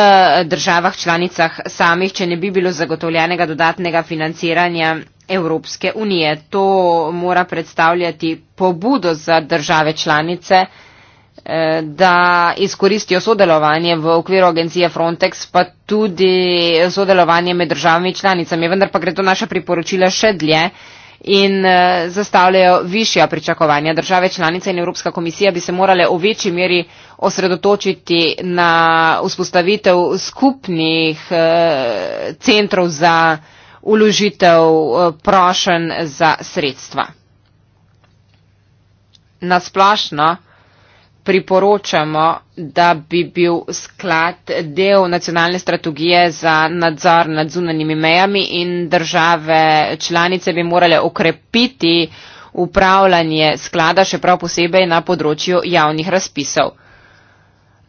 državah članicah samih, če ne bi bilo zagotovljenega dodatnega financiranja Evropske unije. To mora predstavljati pobudo za države članice, eh, da izkoristijo sodelovanje v okviru agencije Frontex, pa tudi sodelovanje med državami članicami. Vendar pa gre to naša priporočila še dlje in eh, zastavljajo višja pričakovanja. Države članice in Evropska komisija bi se morale v večji meri osredotočiti na vzpostavitev skupnih eh, centrov za uložitev eh, prošen za sredstva. Nasplošno priporočamo, da bi bil sklad del nacionalne strategije za nadzor nad zunanimi mejami in države članice bi morale okrepiti upravljanje sklada, še prav posebej na področju javnih razpisov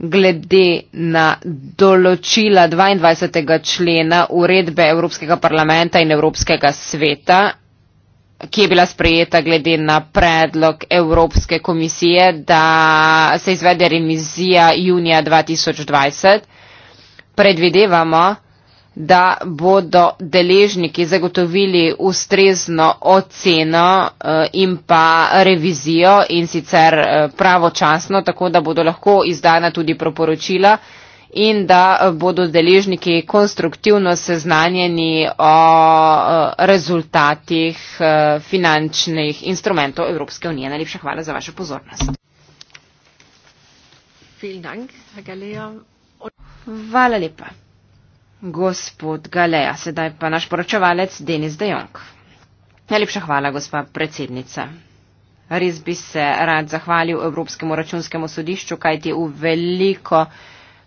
glede na določila 22. člena uredbe Evropskega parlamenta in Evropskega sveta, ki je bila sprejeta glede na predlog Evropske komisije, da se izvede revizija junija 2020. Predvidevamo, da bodo deležniki zagotovili ustrezno oceno eh, in pa revizijo in sicer eh, pravočasno, tako da bodo lahko izdana tudi proporočila in da eh, bodo deležniki konstruktivno seznanjeni o rezultatih finančnih instrumentov Evropske unije. Najlepša hvala za vašo pozornost. Hvala lepa gospod Galeja. Sedaj pa naš poročevalec Denis Dejong. Najlepša hvala, gospa predsednica. Res bi se rad zahvalil Evropskemu računskemu sodišču, kajti v veliko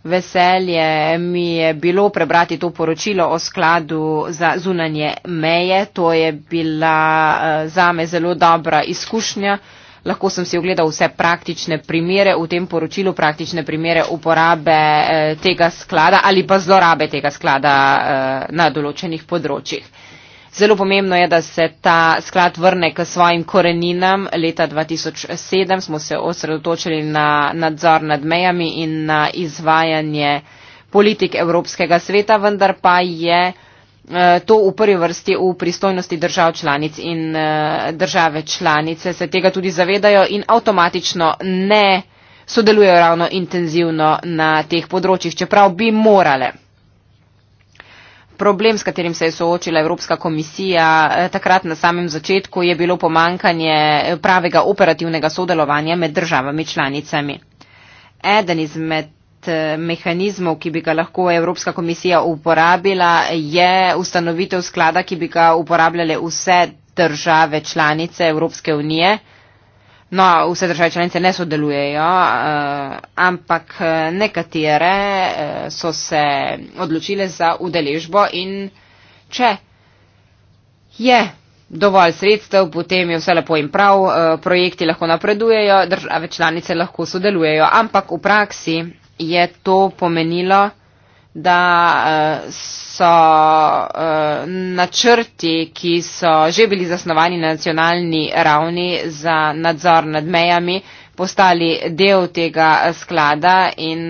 veselje mi je bilo prebrati to poročilo o skladu za zunanje meje. To je bila eh, zame zelo dobra izkušnja lahko sem si ogledal vse praktične primere v tem poročilu, praktične primere uporabe eh, tega sklada ali pa zlorabe tega sklada eh, na določenih področjih. Zelo pomembno je, da se ta sklad vrne k svojim koreninam. Leta 2007 smo se osredotočili na nadzor nad mejami in na izvajanje politik Evropskega sveta, vendar pa je. Eh, to v prvi vrsti v pristojnosti držav članic in eh, države članice se tega tudi zavedajo in avtomatično ne sodelujejo ravno intenzivno na teh področjih, čeprav bi morale. Problem, s katerim se je soočila Evropska komisija eh, takrat na samem začetku, je bilo pomankanje pravega operativnega sodelovanja med državami članicami. Eden izmed Eh, mehanizmov, ki bi ga lahko Evropska komisija uporabila, je ustanovitev sklada, ki bi ga uporabljale vse države članice Evropske unije. No, vse države članice ne sodelujejo, eh, ampak eh, nekatere so se odločile za udeležbo in če je dovolj sredstev, potem je vse lepo in prav, projekti lahko napredujejo, države članice lahko sodelujejo, ampak v praksi je to pomenilo, da eh, so eh, načrti, ki so že bili zasnovani na nacionalni ravni za nadzor nad mejami, postali del tega eh, sklada in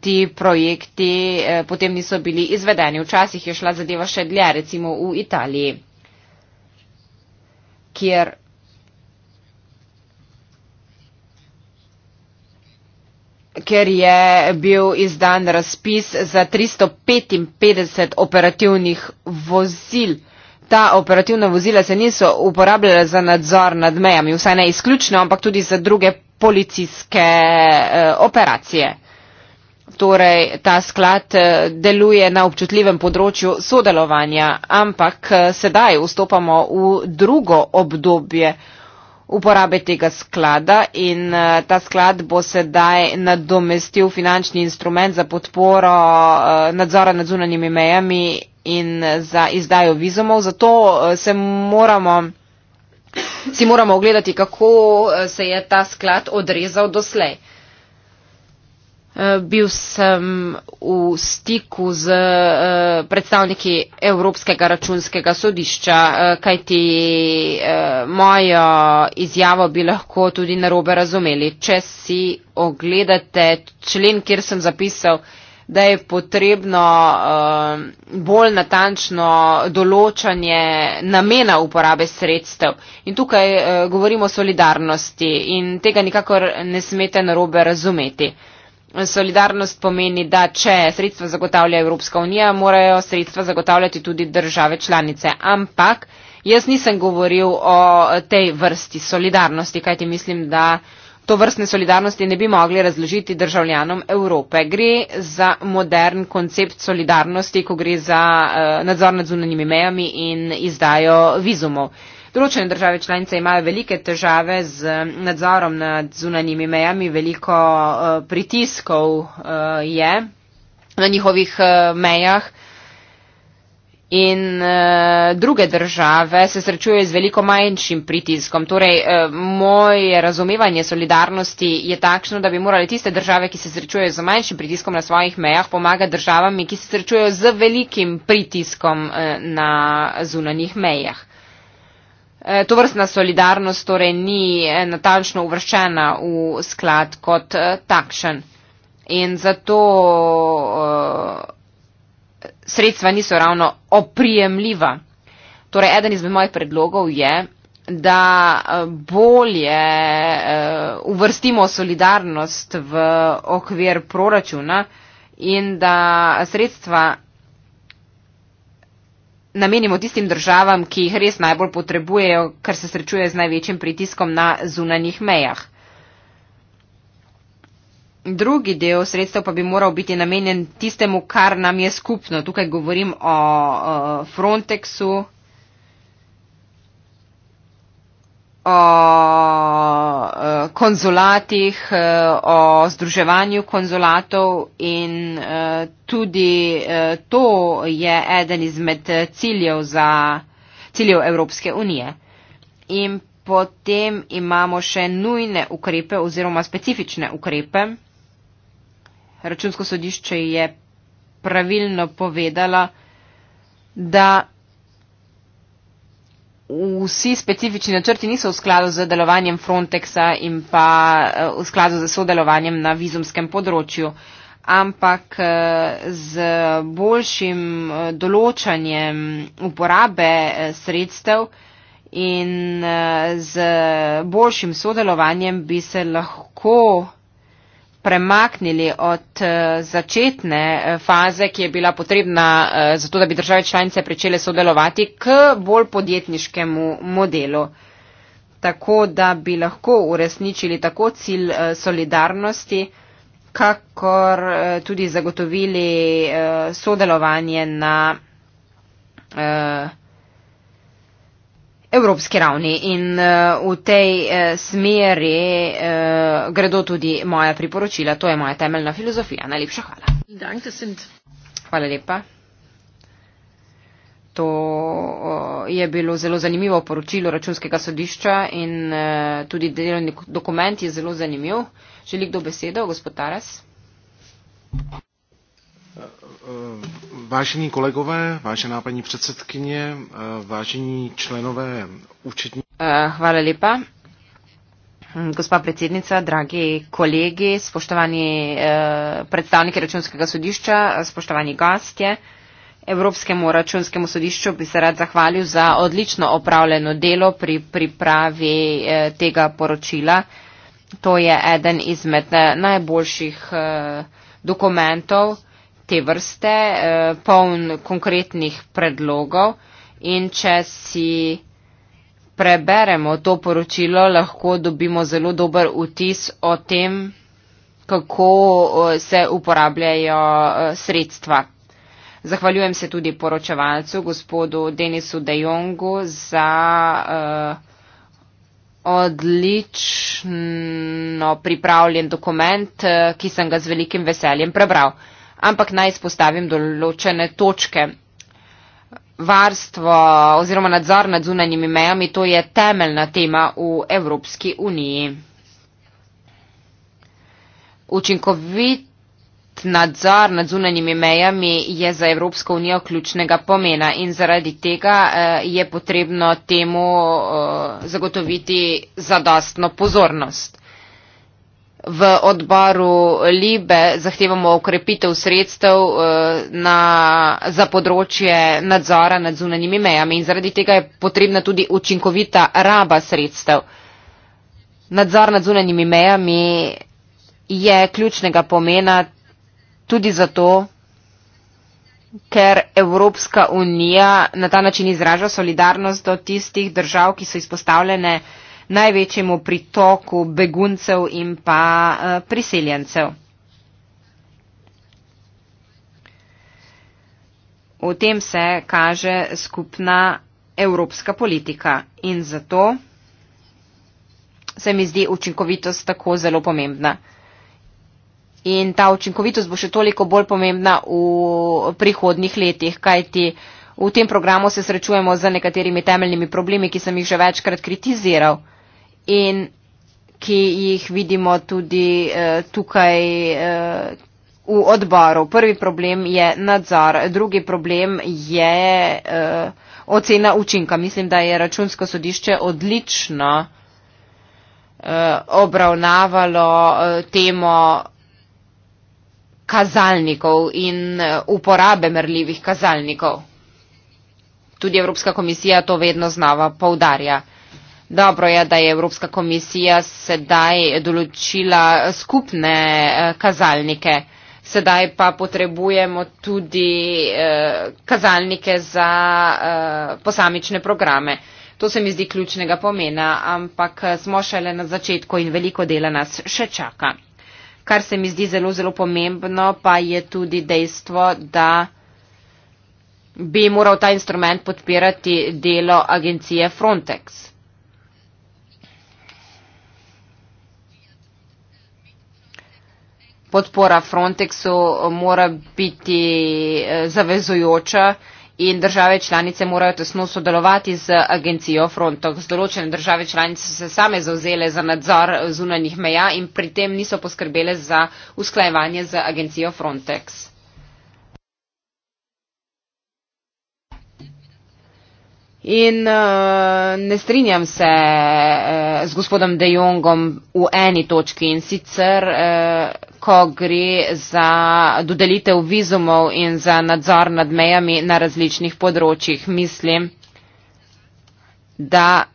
ti projekti potem niso bili izvedeni. Včasih je šla zadeva še dlje, recimo v Italiji, kjer ker je bil izdan razpis za 355 operativnih vozil. Ta operativna vozila se niso uporabljala za nadzor nad mejami, vsaj ne izključno, ampak tudi za druge policijske eh, operacije. Torej, ta sklad eh, deluje na občutljivem področju sodelovanja, ampak eh, sedaj vstopamo v drugo obdobje eh, uporabe tega sklada in eh, ta sklad bo sedaj nadomestil finančni instrument za podporo eh, nadzora nad zunanjimi mejami in za izdajo vizumov. Zato eh, se moramo. Si moramo ogledati, kako se je ta sklad odrezal doslej. Uh, Eh, bil sem v stiku z eh, predstavniki Evropskega računskega sodišča, eh, kajti mojo izjavo bi lahko tudi narobe razumeli. Če si ogledate člen, kjer sem zapisal, da je potrebno bolj natančno določanje namena uporabe sredstev. In tukaj govorimo o solidarnosti in tega nikakor ne smete narobe razumeti solidarnost pomeni, da če sredstva zagotavlja Evropska unija, morajo sredstva zagotavljati tudi države članice. Ampak jaz nisem govoril o tej vrsti solidarnosti, kajti mislim, da to vrstne solidarnosti ne bi mogli razložiti državljanom Evrope. Gre za modern koncept solidarnosti, ko gre za eh, nadzor nad zunanjimi mejami in izdajo vizumov. Določene države članice imajo velike težave z nadzorom nad zunanjimi mejami, veliko uh, pritiskov uh, je na njihovih uh, mejah. In e, druge države se srečujejo z veliko manjšim pritiskom. Torej, e, moje razumevanje solidarnosti je takšno, da bi morali tiste države, ki se srečujejo z manjšim pritiskom na svojih mejah, pomagati državami, ki se srečujejo z velikim pritiskom e, na zunanjih mejah. E, to vrstna solidarnost torej ni e, natančno uvrščena v sklad kot e, takšen in zato sredstva niso ravno oprijemljiva. Torej, eden izmed mojih predlogov je, da bolje uvrstimo solidarnost v okvir proračuna in da sredstva namenimo tistim državam, ki jih res najbolj potrebujejo, ker se srečuje z največjim pritiskom na zunanjih mejah. Drugi del sredstev pa bi moral biti namenjen tistemu, kar nam je skupno. Tukaj govorim o, o Frontexu, o e, konzulatih, e, o združevanju konzulatov in e, tudi to je eden izmed ciljev, za, ciljev Evropske unije. In potem imamo še nujne ukrepe oziroma specifične ukrepe. Računsko sodišče je pravilno povedala, da vsi specifični načrti niso v skladu z delovanjem Frontexa in pa eh, v skladu z sodelovanjem na vizumskem področju, ampak eh, z boljšim eh, določanjem uporabe sredstev in z boljšim sodelovanjem bi se lahko premaknili od eh, začetne eh, faze, ki je bila potrebna eh, za to, da bi države članice pričele sodelovati, k bolj podjetniškemu modelu. Tako, da bi lahko uresničili tako cilj solidarnosti, kakor tudi zagotovili sodelovanje na. Uh, evropski ravni in eh, v tej eh, smeri eh, gredo tudi moja priporočila. To je moja temeljna filozofija. Najlepša hvala. Hvala lepa. To je bilo zelo zanimivo poročilo računskega sodišča in tudi delovni dokument je zelo zanimiv. Želi kdo besedo, gospod Taras? Eh, vážení kolegové, vážená paní předsedkyně, eh, vážení členové účetní. Eh, hvala lepa. Gospa predsednica, dragi kolegi, spoštovani predstavniki računskega sodišča, spoštovani gostje, Evropskemu računskemu sodišču bi se rad zahvalil za odlično opravljeno delo pri pripravi tega poročila. To je eden izmed najboljših dokumentov, te vrste, eh, poln konkretnih predlogov in če si preberemo to poročilo, lahko dobimo zelo dober vtis o tem, kako eh, se uporabljajo eh, sredstva. Zahvaljujem se tudi poročevalcu, gospodu Denisu Dejongu, za uh, odlično pripravljen dokument, ki sem ga z velikim veseljem prebral ampak naj izpostavim določene točke. Varstvo oziroma nadzor nad zunanjimi mejami, to je temeljna tema v Evropski uniji. Učinkovit nadzor nad zunanjimi mejami je za Evropsko unijo ključnega pomena in zaradi tega eh, je potrebno temu eh, zagotoviti zadostno pozornost v odboru Libe zahtevamo ukrepitev sredstev eh, na, za področje nadzora nad zunanjimi mejami in zaradi tega je potrebna tudi učinkovita raba sredstev. Nadzor nad zunanjimi mejami je ključnega pomena tudi zato, ker Evropska unija na ta način izraža solidarnost do tistih držav, ki so izpostavljene največjemu pritoku beguncev in pa eh, priseljencev. V tem se kaže skupna evropska politika in zato se mi zdi učinkovitost tako zelo pomembna. In ta učinkovitost bo še toliko bolj pomembna v prihodnih letih, kajti v tem programu se srečujemo z nekaterimi temeljnimi problemi, ki sem jih že večkrat kritiziral in ki jih vidimo tudi uh, tukaj. Uh, V odboru prvi problem je nadzor, drugi problem je uh, ocena učinka. Mislim, da je računsko sodišče odlično uh, obravnavalo uh, temo kazalnikov in uh, uporabe merljivih kazalnikov. Tudi Evropska komisija to vedno znova poudarja. Uh, Dobro je, da je Evropska komisija sedaj določila skupne eh, kazalnike. Sedaj pa potrebujemo tudi eh, kazalnike za eh, posamične programe. To se mi zdi ključnega pomena, ampak smo šele na začetku in veliko dela nas še čaka. Kar se mi zdi zelo, zelo pomembno, pa je tudi dejstvo, da bi moral ta instrument podpirati delo agencije Frontex. podpora Frontexu eh, mora biti eh, zavezujoča in države članice morajo tesno sodelovati z agencijo Frontex. Določene države članice so se same zauzele za nadzor eh, zunanjih meja in pri tem niso poskrbele za usklajevanje z agencijo Frontex. In uh, ne strinjam se uh, z gospodom De Jongom v eni točki in sicer, uh, ko gre za dodelitev vizumov in za nadzor nad mejami na različnih področjih. Mislim, da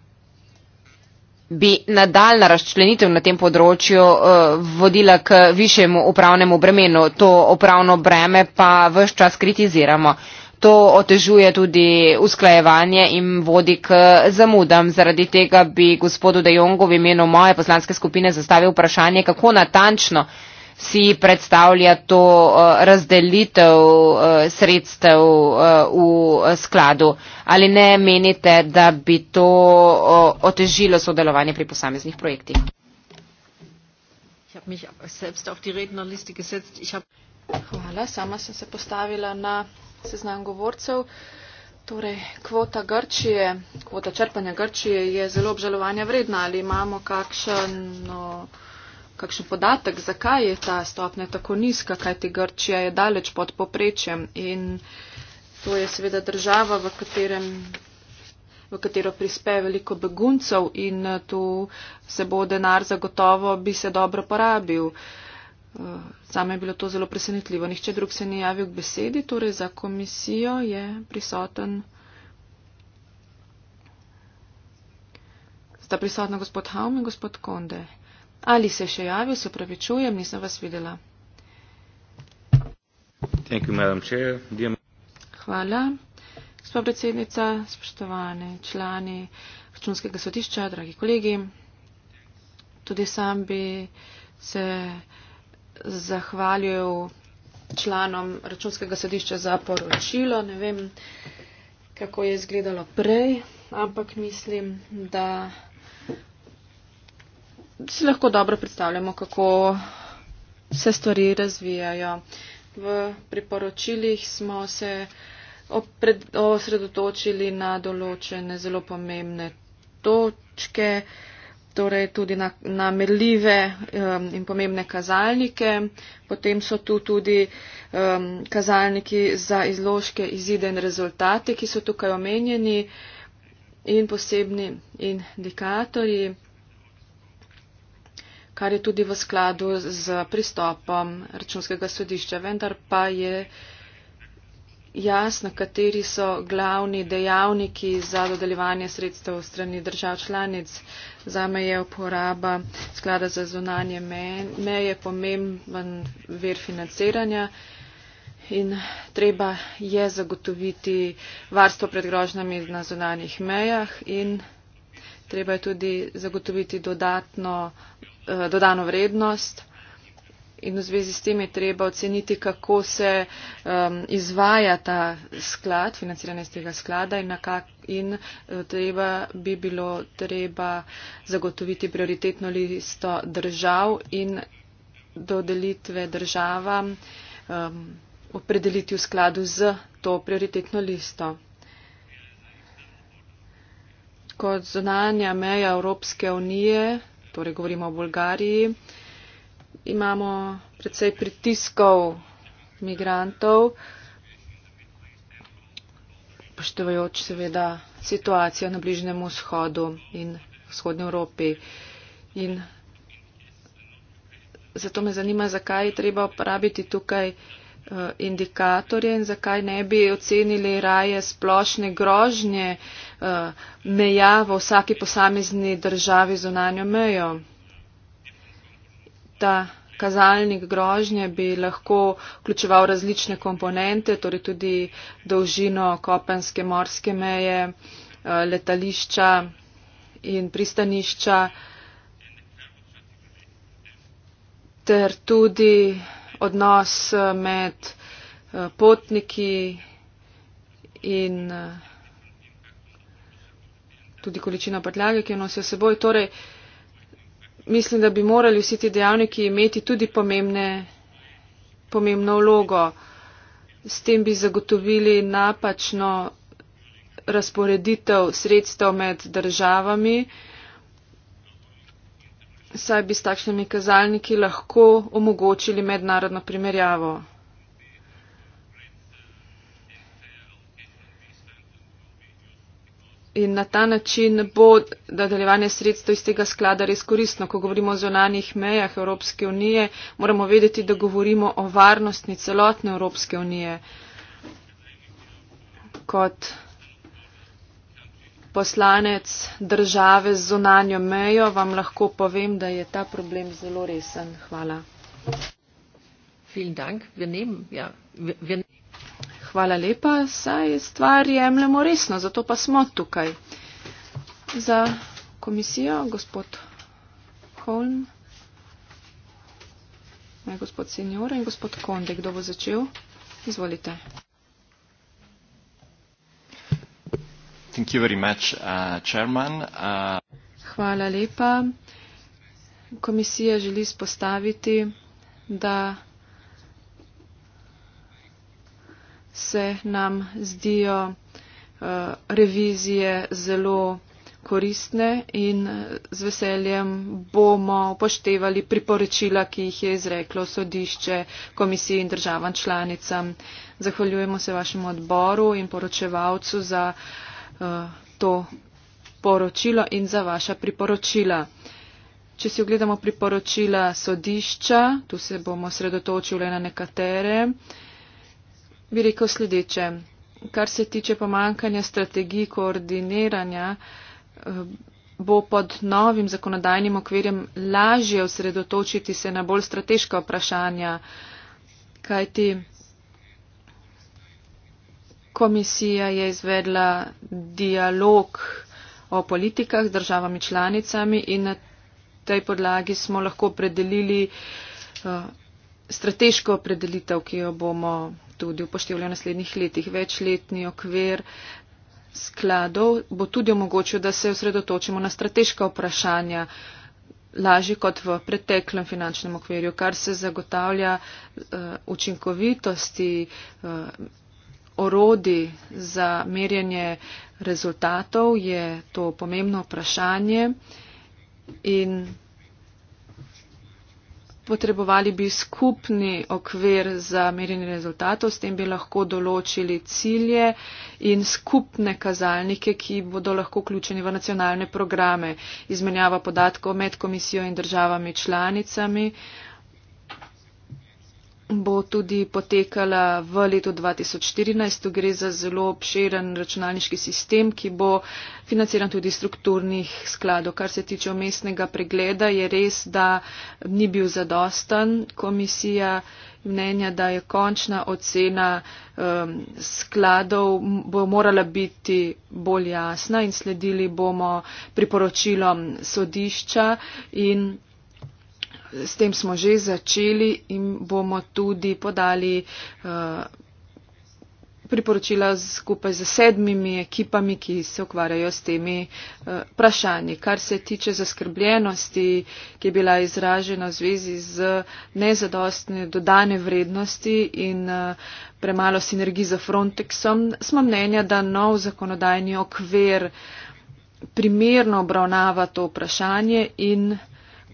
bi nadaljna razčlenitev na tem področju uh, vodila k višjemu upravnemu bremenu. To upravno breme pa vse čas kritiziramo. Uh, to otežuje tudi usklajevanje in vodi k zamudam. Zaradi tega bi gospodu De Jongu v imenu moje poslanske skupine zastavil vprašanje, kako natančno si predstavlja to eh, razdelitev eh, sredstev eh, v skladu. Ali ne menite, da bi to otežilo sodelovanje pri posameznih projektih? Hvala, sama sem se postavila na seznam govorcev. Torej, kvota, Grčije, kvota črpanja Grčije je zelo obžalovanja vredna. Ali imamo kakšen, no, kakšen podatek, zakaj je ta stopnja tako nizka, kajti Grčija je daleč pod poprečjem in to je seveda država, v, katerem, v katero prispe veliko beguncev in tu se bo denar zagotovo bi se dobro porabil. Uh, Zame je bilo to zelo presenetljivo. Nihče drug se ni javil k besedi, torej za komisijo je prisoten. Sta prisotna gospod Haum in gospod Konde. Ali se še javil, se pravi čujem, nisem vas videla. Hvala. Gospod predsednica, spoštovane člani računskega sodišča, dragi kolegi, tudi sam bi se zahvalil članom računskega sodišča za poročilo. Ne vem, kako je izgledalo prej, ampak mislim, da si lahko dobro predstavljamo, kako se stvari razvijajo. V priporočilih smo se osredotočili na določene zelo pomembne točke torej tudi na, na merljive um, in pomembne kazalnike. Potem so tu tudi um, kazalniki za izložke, izide in rezultate, ki so tukaj omenjeni in posebni indikatorji, kar je tudi v skladu z pristopom računskega sodišča, vendar pa je jasno, kateri so glavni dejavniki za dodeljevanje sredstev strani držav članic. Uh, Zame je uporaba sklada za zunanje meje pomemben ver financiranja in treba je zagotoviti varstvo pred grožnjami na zunanjih mejah in treba je tudi zagotoviti dodatno, eh, dodano vrednost in v zvezi s tem je treba oceniti, kako se um, izvaja ta sklad, financiranje iz tega sklada in, kak, in uh, treba bi bilo treba zagotoviti prioritetno listo držav in dodelitve državam um, opredeliti v skladu z to prioritetno listo. Kot zunanja meja Evropske unije, torej govorimo o Bolgariji, imamo predvsej pritiskov migrantov, poštevajoč seveda situacijo na Bližnjem vzhodu in vzhodnji Evropi. In zato me zanima, zakaj je treba uporabiti tukaj eh, indikatorje in zakaj ne bi ocenili raje splošne grožnje eh, meja v vsaki posamezni državi zunanjo mejo ta kazalnik grožnje bi lahko vključeval različne komponente, torej tudi dolžino kopenske morske meje, eh, letališča in pristanišča, ter tudi odnos eh, med eh, potniki in tudi količino prtljage, ki jo nosijo seboj. Torej, mislim, da bi morali vsi ti dejavniki imeti tudi pomembne, pomembno vlogo. S tem bi zagotovili napačno razporeditev sredstev med državami, saj bi s takšnimi kazalniki lahko omogočili mednarodno primerjavo. in na ta način bo nadaljevanje sredstev iz tega sklada res koristno. Ko govorimo o zonanih mejah Evropske unije, moramo vedeti, da govorimo o varnostni celotne Evropske unije kot poslanec države z zonanjo mejo, vam lahko povem, da je ta problem zelo resen. Hvala. Dank. Wir nehmen, ja, wir, wir hvala lepa, saj stvar jemljemo resno, zato pa smo tukaj. Za komisijo, gospod Holm, ne, gospod senjor in gospod Konde, kdo bo začel? Izvolite. Thank you very much, uh, chairman. Uh... Hvala lepa. Komisija želi spostaviti, da. se nam zdijo eh, revizije zelo koristne in eh, z veseljem bomo upoštevali priporočila, ki jih je izreklo sodišče, komisiji in državam članicam. Zahvaljujemo se vašemu odboru in poročevalcu za eh, to poročilo in za vaša priporočila. Če si ogledamo priporočila sodišča, tu se bomo sredotočili na nekatere. Uh, bi rekel sledeče. Kar se tiče pomankanja strategij koordiniranja, eh, bo pod novim zakonodajnim okvirjem lažje osredotočiti se na bolj strateška vprašanja, kajti komisija je izvedla dialog o politikah z državami članicami in na tej podlagi smo lahko opredelili eh, strateško opredelitev, ki jo bomo tudi upoštevali v naslednjih letih. Večletni okvir skladov bo tudi omogočil, da se osredotočimo na strateška vprašanja lažje kot v preteklem finančnem okvirju, kar se zagotavlja uh, učinkovitosti uh, orodi za merjenje rezultatov, je to pomembno vprašanje in potrebovali bi skupni okvir za merjenje rezultatov, s tem bi lahko določili cilje in skupne kazalnike, ki bodo lahko vključeni v nacionalne programe, izmenjava podatkov med komisijo in državami članicami. Uh, bo tudi potekala v letu 2014. Gre za zelo obširen računalniški sistem, ki bo financiran tudi strukturnih skladov. Kar se tiče omestnega pregleda, je res, da ni bil zadostan komisija mnenja, da je končna ocena um, skladov bo morala biti bolj jasna in sledili bomo priporočilom sodišča in S tem smo že začeli in bomo tudi podali eh, priporočila skupaj z sedmimi ekipami, ki se ukvarjajo s temi eh, vprašanji. Kar se tiče zaskrbljenosti, ki je bila izražena v zvezi z nezadostne dodane vrednosti in eh, premalo sinergij za Frontexom, smo mnenja, da nov zakonodajni okvir primerno obravnava to vprašanje in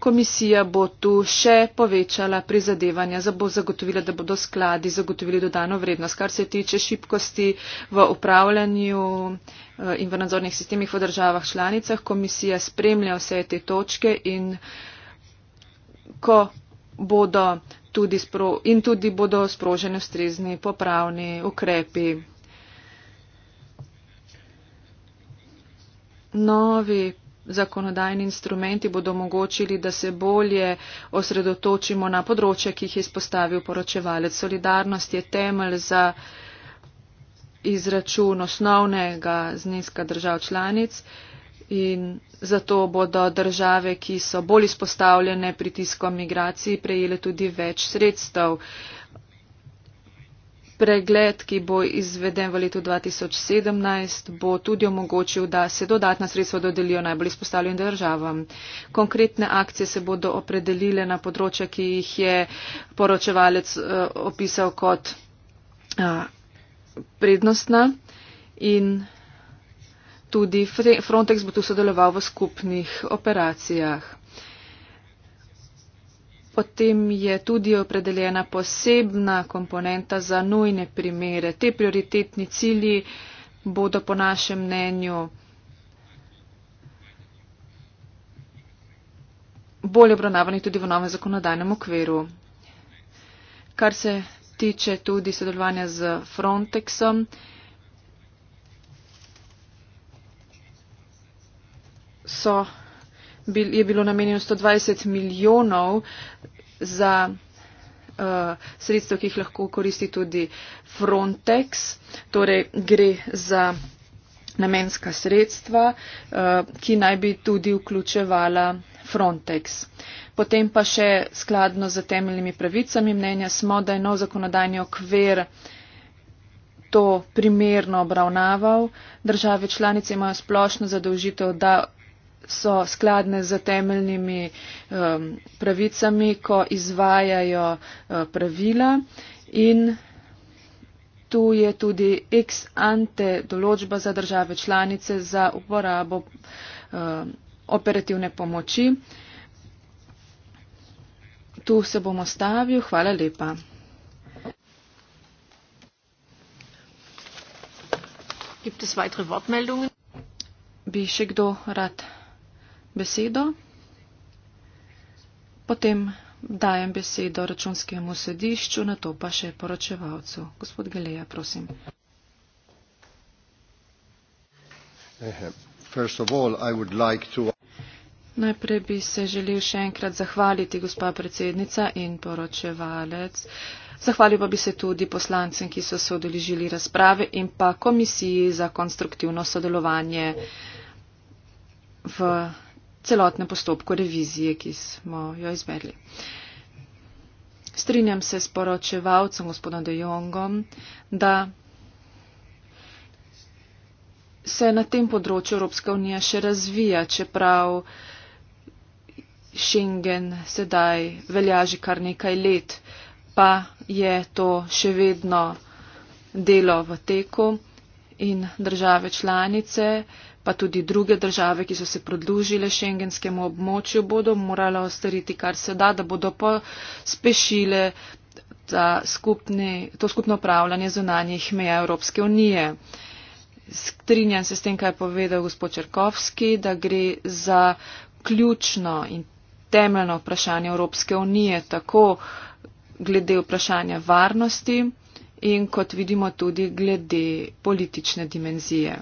Komisija bo tu še povečala prizadevanja, bo zagotovila, da bodo skladi zagotovili dodano vrednost. Kar se tiče šibkosti v upravljanju eh, in v nadzornih sistemih v državah članicah, komisija spremlja vse te točke in ko bodo tudi, spro, in tudi bodo sproženi ustrezni popravni ukrepi. Novi zakonodajni instrumenti bodo omogočili, da se bolje osredotočimo na področje, ki jih je izpostavil poročevalec. Solidarnost je temelj za izračun osnovnega zneska držav članic in zato bodo države, ki so bolj izpostavljene pritiskom migracij, prejele tudi več sredstev. Uh, pregled, ki bo izveden v letu 2017, bo tudi omogočil, da se dodatna sredstva dodelijo najbolj izpostavljenim državam. Konkretne akcije se bodo opredelile na področja, ki jih je poročevalec uh, opisal kot uh, prednostna in tudi Frontex bo tu sodeloval v skupnih operacijah potem je tudi opredeljena posebna komponenta za nujne primere. Te prioritetni cilji bodo po našem mnenju bolje obravnavani tudi v novem zakonodajnem okviru. Kar se tiče tudi sodelovanja z Frontexom, so je bilo namenjeno 120 milijonov za uh, eh, sredstvo, ki jih lahko koristi tudi Frontex. Torej gre za namenska sredstva, uh, ki naj bi tudi vključevala Frontex. Potem pa še skladno z temeljnimi pravicami mnenja smo, da je nov zakonodajni okvir to primerno obravnaval. Države članice imajo splošno zadolžitev, da so skladne z temeljnimi um, pravicami, ko izvajajo uh, pravila in tu je tudi ex ante določba za države članice za uporabo um, operativne pomoči. Tu se bom ostavil. Hvala lepa. Gibt es weitere Wortmeldungen? Bi še kdo rad? besedo, potem dajem besedo računskemu sedišču, na to pa še poročevalcu. Gospod Geleja, prosim. Eh, Najprej bi se želel še enkrat zahvaliti gospa predsednica in poročevalec. Zahvalil pa bi se tudi poslancem, ki so se odeležili razprave in pa komisiji za konstruktivno sodelovanje v celotne postopku revizije, ki smo jo izvedli. Strinjam se s poročevalcem gospodom De Jongom, da se na tem področju Evropska unija še razvija, čeprav Schengen sedaj velja že kar nekaj let, pa je to še vedno delo v teku in države članice pa tudi druge države, ki so se prodlužile šengenskemu območju, bodo morala ostariti kar se da, da bodo pospešile skupni, to skupno upravljanje zunanjih meja Evropske unije. Strinjam se s tem, kaj je povedal gospod Črkovski, da gre za ključno in temeljno vprašanje Evropske unije, tako glede vprašanja varnosti in kot vidimo tudi glede politične dimenzije.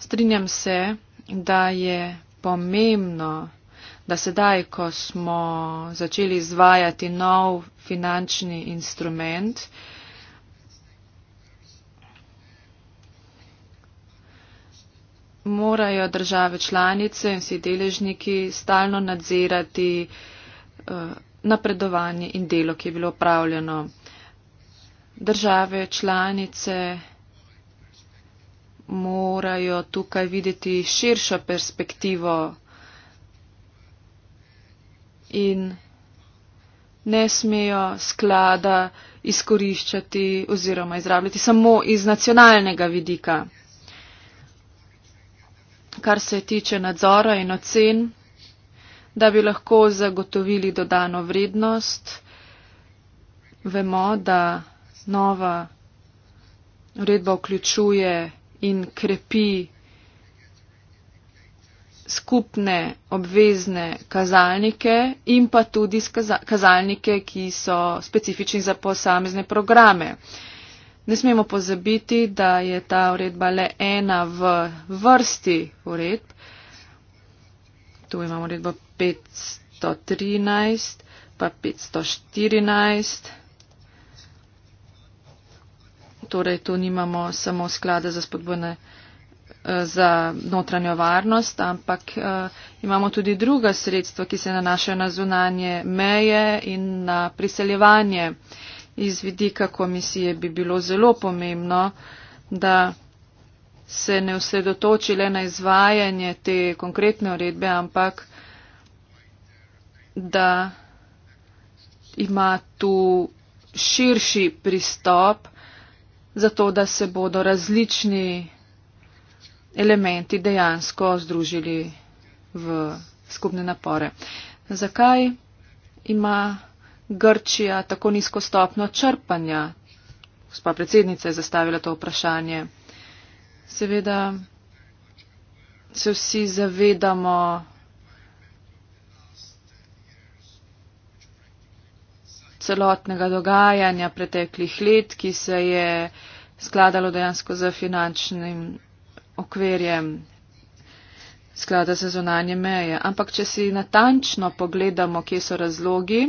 Strinjam se, da je pomembno, da sedaj, ko smo začeli izvajati nov finančni instrument, morajo države članice in vsi deležniki stalno nadzirati eh, napredovanje in delo, ki je bilo upravljeno. Države članice morajo tukaj videti širšo perspektivo in ne smejo sklada izkoriščati oziroma izrabljati samo iz nacionalnega vidika. Kar se tiče nadzora in ocen, da bi lahko zagotovili dodano vrednost, vemo, da nova. Uredba vključuje in krepi skupne obvezne kazalnike in pa tudi kazalnike, ki so specifični za posamezne programe. Ne smemo pozabiti, da je ta uredba le ena v vrsti uredb. Tu imamo uredbo 513, pa 514 torej tu nimamo samo sklada za spodbojne eh, za notranjo varnost, ampak uh, imamo tudi druga sredstva, ki se nanašajo na zunanje meje in na priseljevanje. Iz vidika komisije bi bilo zelo pomembno, da se ne usredotoči le na izvajanje te konkretne uredbe, ampak da ima tu širši pristop zato da se bodo različni elementi dejansko združili v skupne napore. Zakaj ima Grčija tako nizko stopno črpanja? Gospa predsednica je zastavila to vprašanje. Seveda se vsi zavedamo celotnega dogajanja preteklih let, ki se je skladalo dejansko za finančnim okverjem sklada za zonanje meje. Ampak, če si natančno pogledamo, kje so razlogi,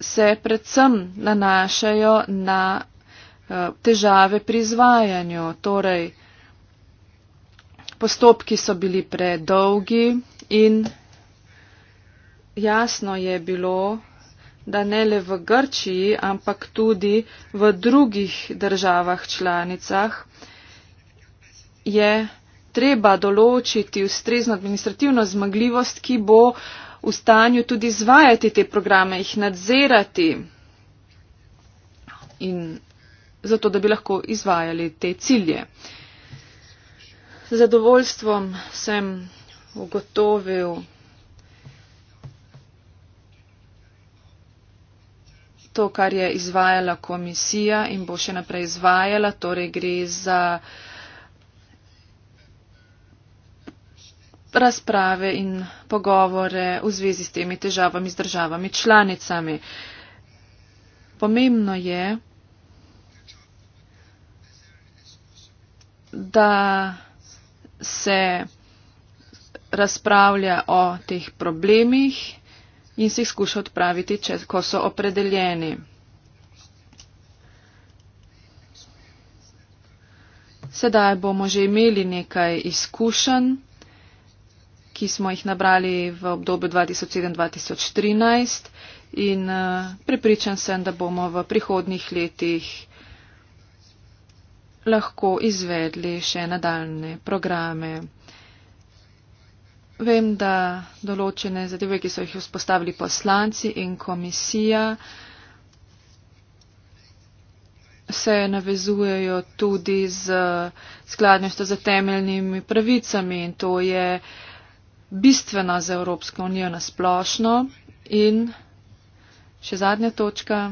se predvsem nanašajo na eh, težave pri izvajanju. Torej, postopki so bili predolgi in jasno je bilo, da ne le v Grčiji, ampak tudi v drugih državah članicah je treba določiti ustrezno administrativno zmagljivost, ki bo v stanju tudi izvajati te programe, jih nadzirati in zato, da bi lahko izvajali te cilje. Z zadovoljstvom sem ugotovil, to, kar je izvajala komisija in bo še naprej izvajala, torej gre za razprave in pogovore v zvezi s temi težavami z državami članicami. Pomembno je, da se razpravlja o teh problemih in se jih skuša odpraviti, če, ko so opredeljeni. Sedaj bomo že imeli nekaj izkušenj, ki smo jih nabrali v obdobju 2007-2013 in eh, pripričan sem, da bomo v prihodnih letih lahko izvedli še nadaljne programe. Vem, da določene zadeve, ki so jih vzpostavili poslanci in komisija, se navezujejo tudi z skladnostjo za temeljnimi pravicami in to je bistveno za Evropsko unijo nasplošno. In še zadnja točka.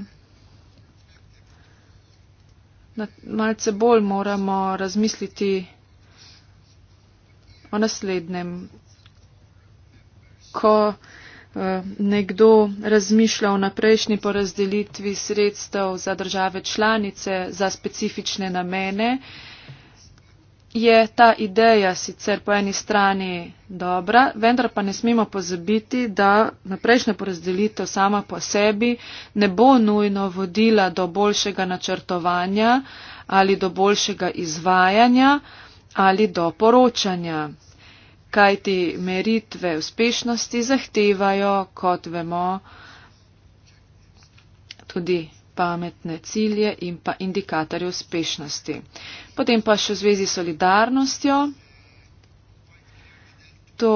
Malce bolj moramo razmisliti o naslednjem ko eh, nekdo razmišlja o naprejšnji porazdelitvi sredstev za države članice za specifične namene, je ta ideja sicer po eni strani dobra, vendar pa ne smemo pozabiti, da naprejšnja porazdelitev sama po sebi ne bo nujno vodila do boljšega načrtovanja ali do boljšega izvajanja ali do poročanja kajti meritve uspešnosti zahtevajo, kot vemo, tudi pametne cilje in pa indikatorje uspešnosti. Potem pa še v zvezi s solidarnostjo. To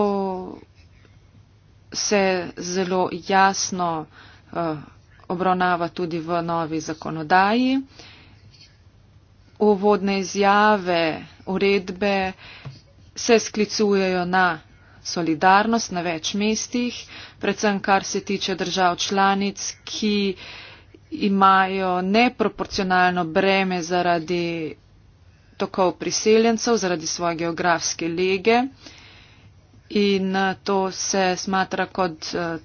se zelo jasno uh, obravnava tudi v novi zakonodaji. Uvodne izjave, uredbe se sklicujejo na solidarnost na več mestih, predvsem kar se tiče držav članic, ki imajo neproporcionalno breme zaradi tokov priseljencev, zaradi svoje geografske lege. In eh, to se smatra kot eh,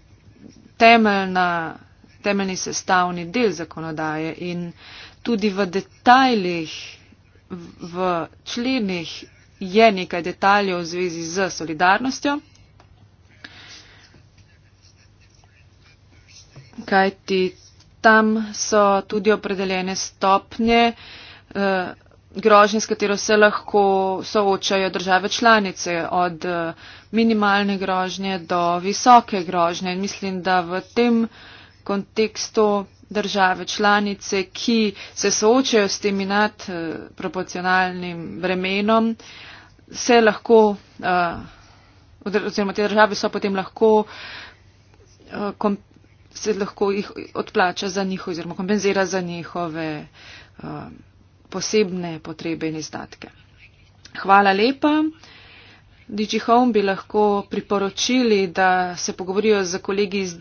temeljna, temeljni sestavni del zakonodaje in tudi v detajlih, v členih je nekaj detaljev v zvezi z solidarnostjo. Kajti tam so tudi opredeljene stopnje eh, grožnje, s katero se lahko soočajo države članice, od eh, minimalne grožnje do visoke grožnje. In mislim, da v tem kontekstu države članice, ki se soočajo s tem nadproporcionalnim vremenom, eh, se lahko, eh, oziroma te države so potem lahko, eh, se lahko jih odplača za njihove, oziroma kompenzira za njihove eh, posebne potrebe in izdatke. Hvala lepa. Digi Home bi lahko priporočili, da se pogovorijo z kolegi iz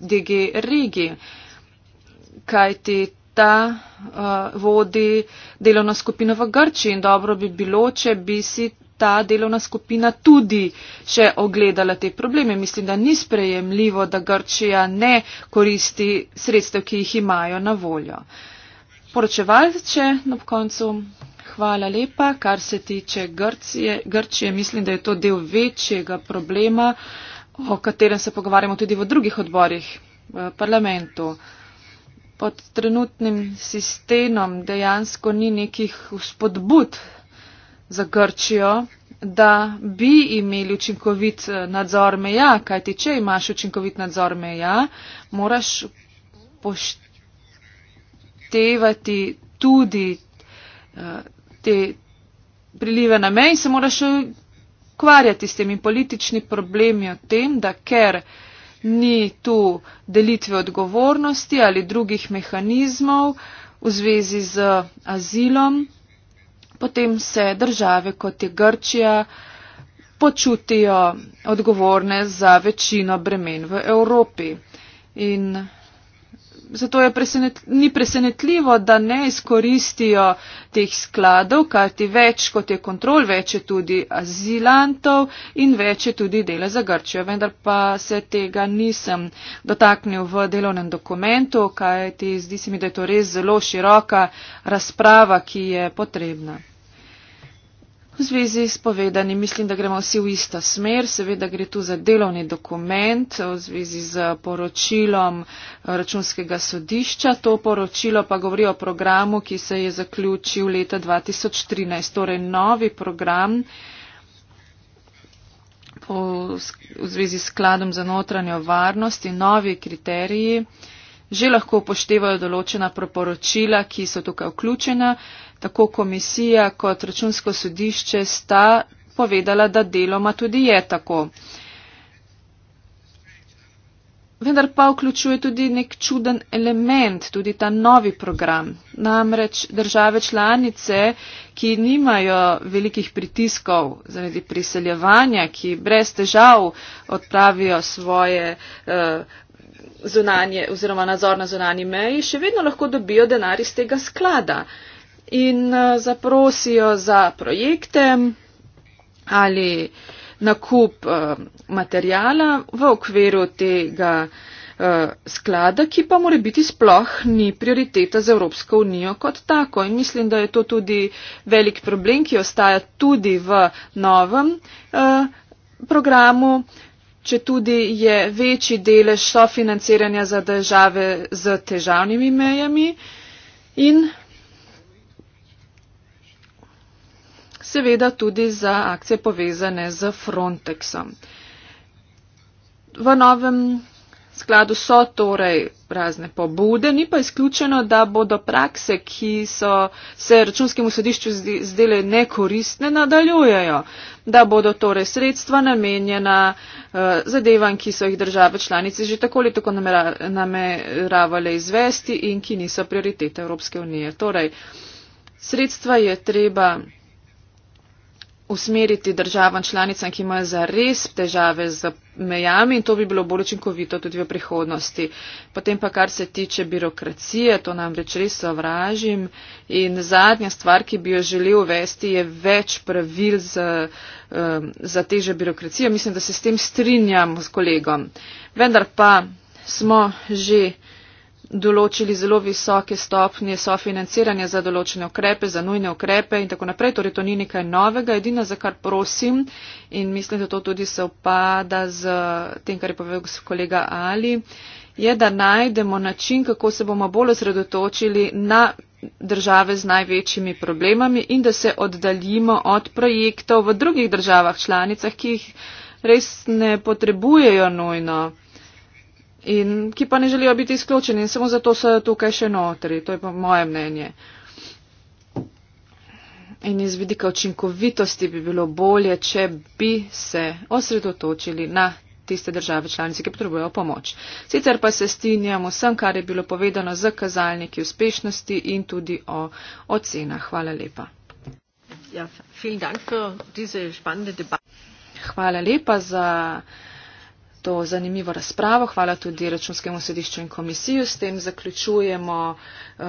DG Rigi, kajti leta uh, eh, vodi delovna skupina v Grči in dobro bi bilo, če bi si ta delovna skupina tudi še ogledala te probleme. Mislim, da ni sprejemljivo, da Grčija ne koristi sredstev, ki jih imajo na voljo. Poročevalče na koncu. Hvala lepa, kar se tiče Grcije. Grčije. Mislim, da je to del večjega problema, o katerem se pogovarjamo tudi v drugih odborih v eh, parlamentu pod trenutnim sistemom dejansko ni nekih spodbud za Grčijo, da bi imeli učinkovit eh, nadzor meja, kajti če imaš učinkovit nadzor meja, moraš poštevati tudi eh, te prilive na meji in se moraš eh, ukvarjati s tem. In politični problem je v tem, da ker ni tu delitve odgovornosti ali drugih mehanizmov v zvezi z azilom, potem se države kot je Grčija počutijo odgovorne za večino bremen v Evropi. In zato presenet, ni presenetljivo, da ne izkoristijo teh skladov, kajti več kot je kontrol, več je tudi azilantov in več je tudi dela za Grčijo. Vendar pa se tega nisem dotaknil v delovnem dokumentu, kajti zdi se mi, da je to res zelo široka razprava, ki je potrebna. V zvezi s povedani mislim, da gremo vsi v isto smer. Seveda gre tu za delovni dokument v zvezi z poročilom eh, računskega sodišča. To poročilo pa govori o programu, ki se je zaključil leta 2013, torej novi program v zvezi s skladom za notranjo varnost in novi kriteriji. Že lahko upoštevajo določena proporočila, ki so tukaj vključena tako komisija kot računsko sodišče sta povedala, da deloma tudi je tako. Vendar pa vključuje tudi nek čuden element, tudi ta novi program. Namreč države članice, ki nimajo velikih pritiskov zaradi priseljevanja, ki brez težav odpravijo svoje uh, zunanje oziroma nadzor na zunani meji, še vedno lahko dobijo denar iz tega sklada. Uh, in eh, zaprosijo za projekte ali nakup eh, materijala v okviru tega eh, sklada, ki pa mora biti sploh ni prioriteta za Evropsko unijo kot tako. In mislim, da je to tudi velik problem, ki ostaja tudi v novem programu, če tudi je večji delež sofinanciranja za države z težavnimi mejami. In seveda tudi za akcije povezane z Frontexom. V novem skladu so torej razne pobude, ni pa izključeno, da bodo prakse, ki so se računskemu sodišču zdele nekoristne, nadaljujejo, da bodo torej sredstva namenjena uh, zadevam, ki so jih države članice že tako ali tako nameravale izvesti in ki niso prioritete Evropske unije. Torej, sredstva je treba usmeriti državam članicam, ki imajo zares težave z mejami in to bi bilo bolj učinkovito tudi v prihodnosti. Potem pa kar se tiče birokracije, to namreč res sovražim in zadnja stvar, ki bi jo želel uvesti, je več pravil za, um, za teže birokracijo. Mislim, da se s tem strinjam s kolegom. Vendar pa smo že določili zelo visoke stopnje sofinanciranja za določene ukrepe, za nujne ukrepe in tako naprej. Torej, to ni nekaj novega. Edina, za kar prosim in mislim, da to tudi se upada z tem, kar je povedal kolega Ali, je, da najdemo način, kako se bomo bolj osredotočili na države z največjimi problemami in da se oddaljimo od projektov v drugih državah članicah, ki jih res ne potrebujejo nujno in ki pa ne želijo biti izključeni in samo zato so tukaj še notri. To je pa moje mnenje. In iz vidika učinkovitosti bi bilo bolje, če bi se osredotočili na tiste države članice, ki potrebujejo pomoč. Sicer pa se stinjam vsem, kar je bilo povedano z kazalniki uspešnosti in tudi o ocenah. Hvala lepa. Ja, Hvala lepa za to zanimivo razpravo. Hvala tudi računskemu sedišču in komisiju. S tem zaključujemo uh,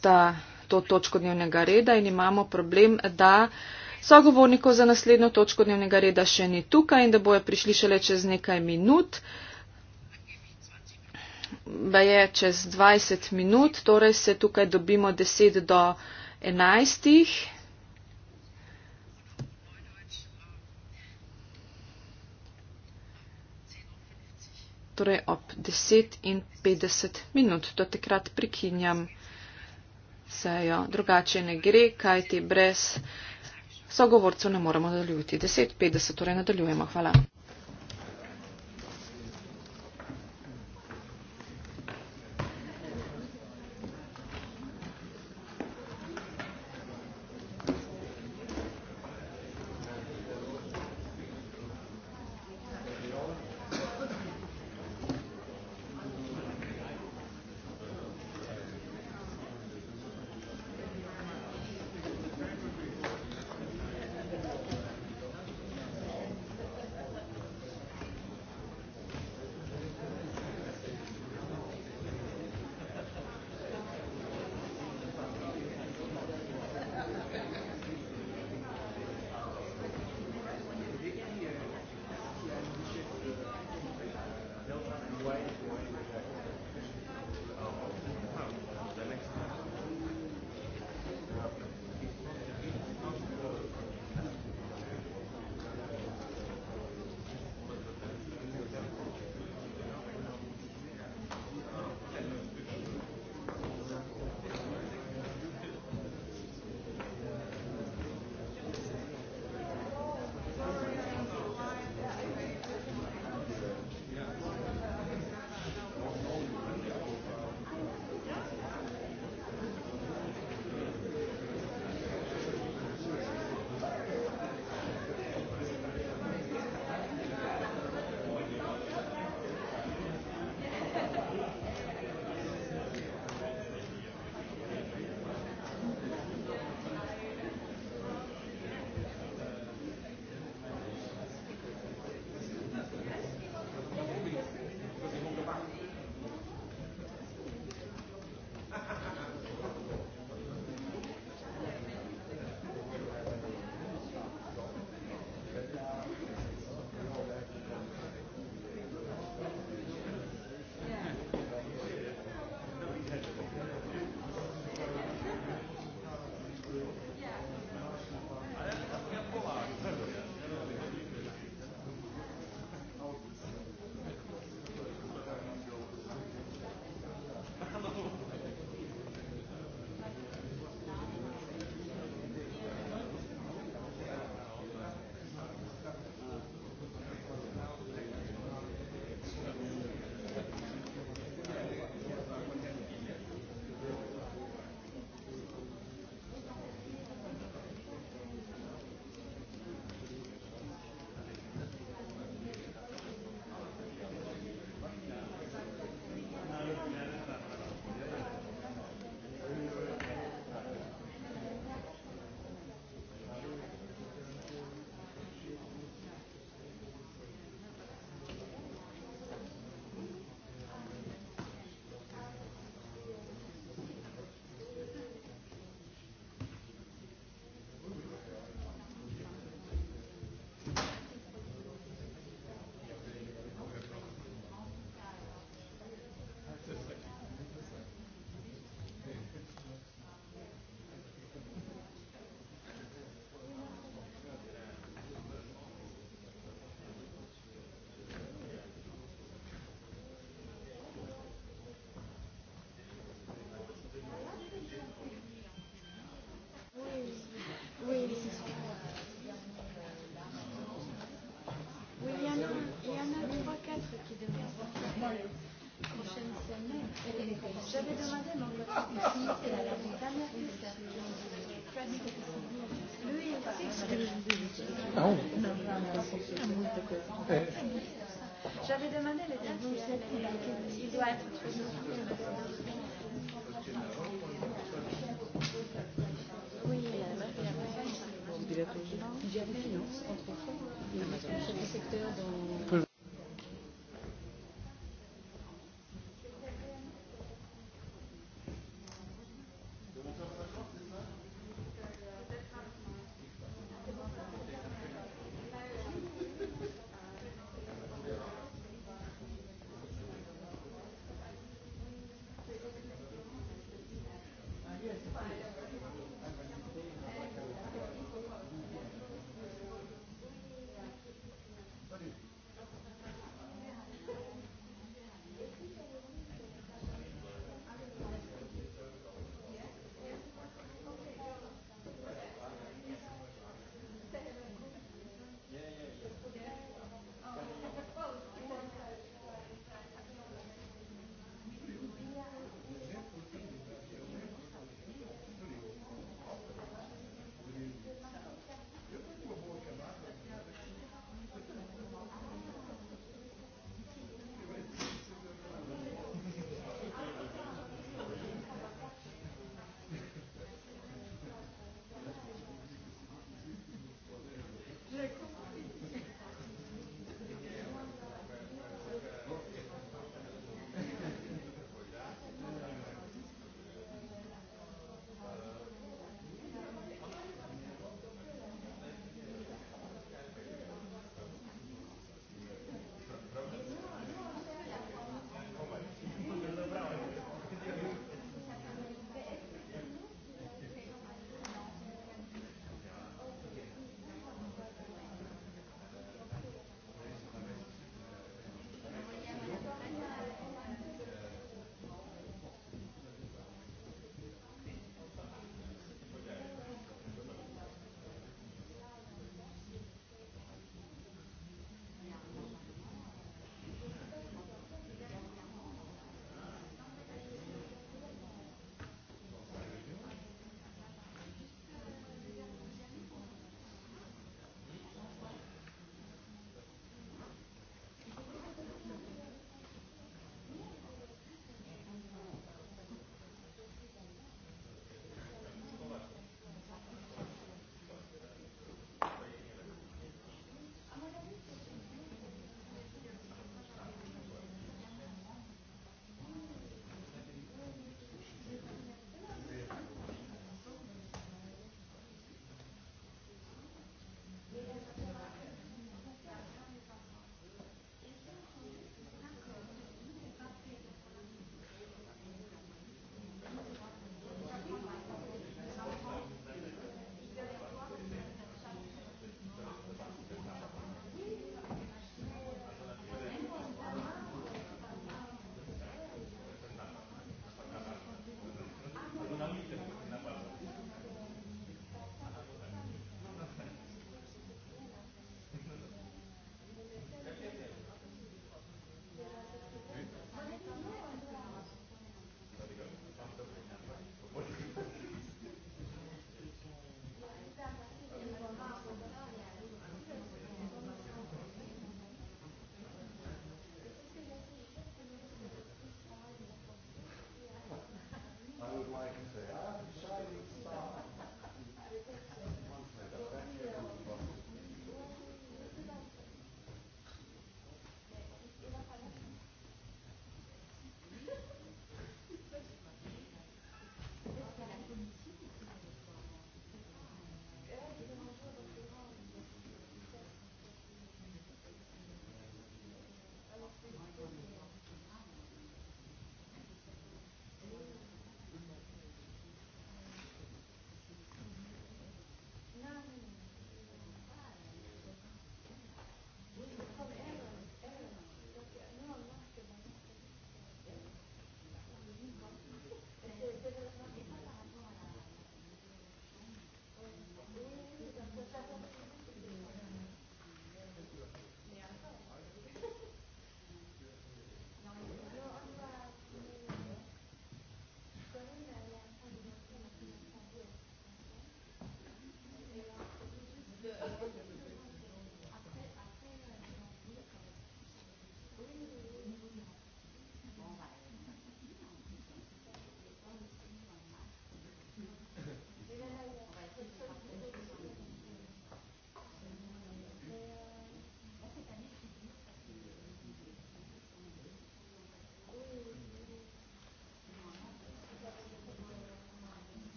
ta, to točko dnevnega reda in imamo problem, da sogovornikov za naslednjo točko dnevnega reda še ni tukaj in da bojo prišli šele čez nekaj minut. Ba je čez 20 minut, torej se tukaj dobimo 10 do 11. torej ob 10 in 50 minut. Do takrat prekinjam sejo. Drugače ne gre, kaj ti brez sogovorcev ne moremo nadaljuti. 10.50, torej nadaljujemo. Hvala.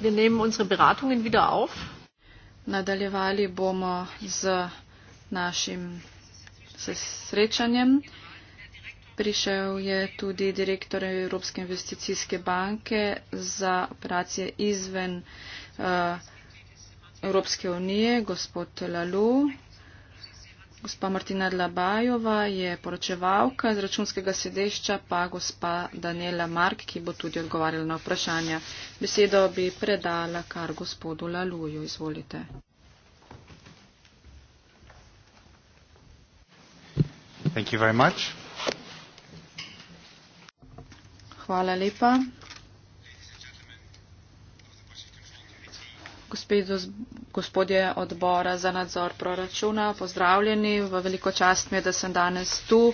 Wir nehmen unsere Beratungen wieder auf. Nadaljevali bomo z našim srečanjem. Prišel je tudi direktor Evropske investicijske banke za operacije izven uh, Evropske unije, gospod Lalu. Gospa Martina Dlabajova je poročevalka z računskega sedešča, pa gospa Daniela Mark, ki bo tudi odgovarjala na vprašanja. Besedo bi predala kar gospodu Laluju. Izvolite. Thank you very much. Hvala lepa. Gospodje odbora za nadzor proračuna, pozdravljeni. V veliko čast mi je, da sem danes tu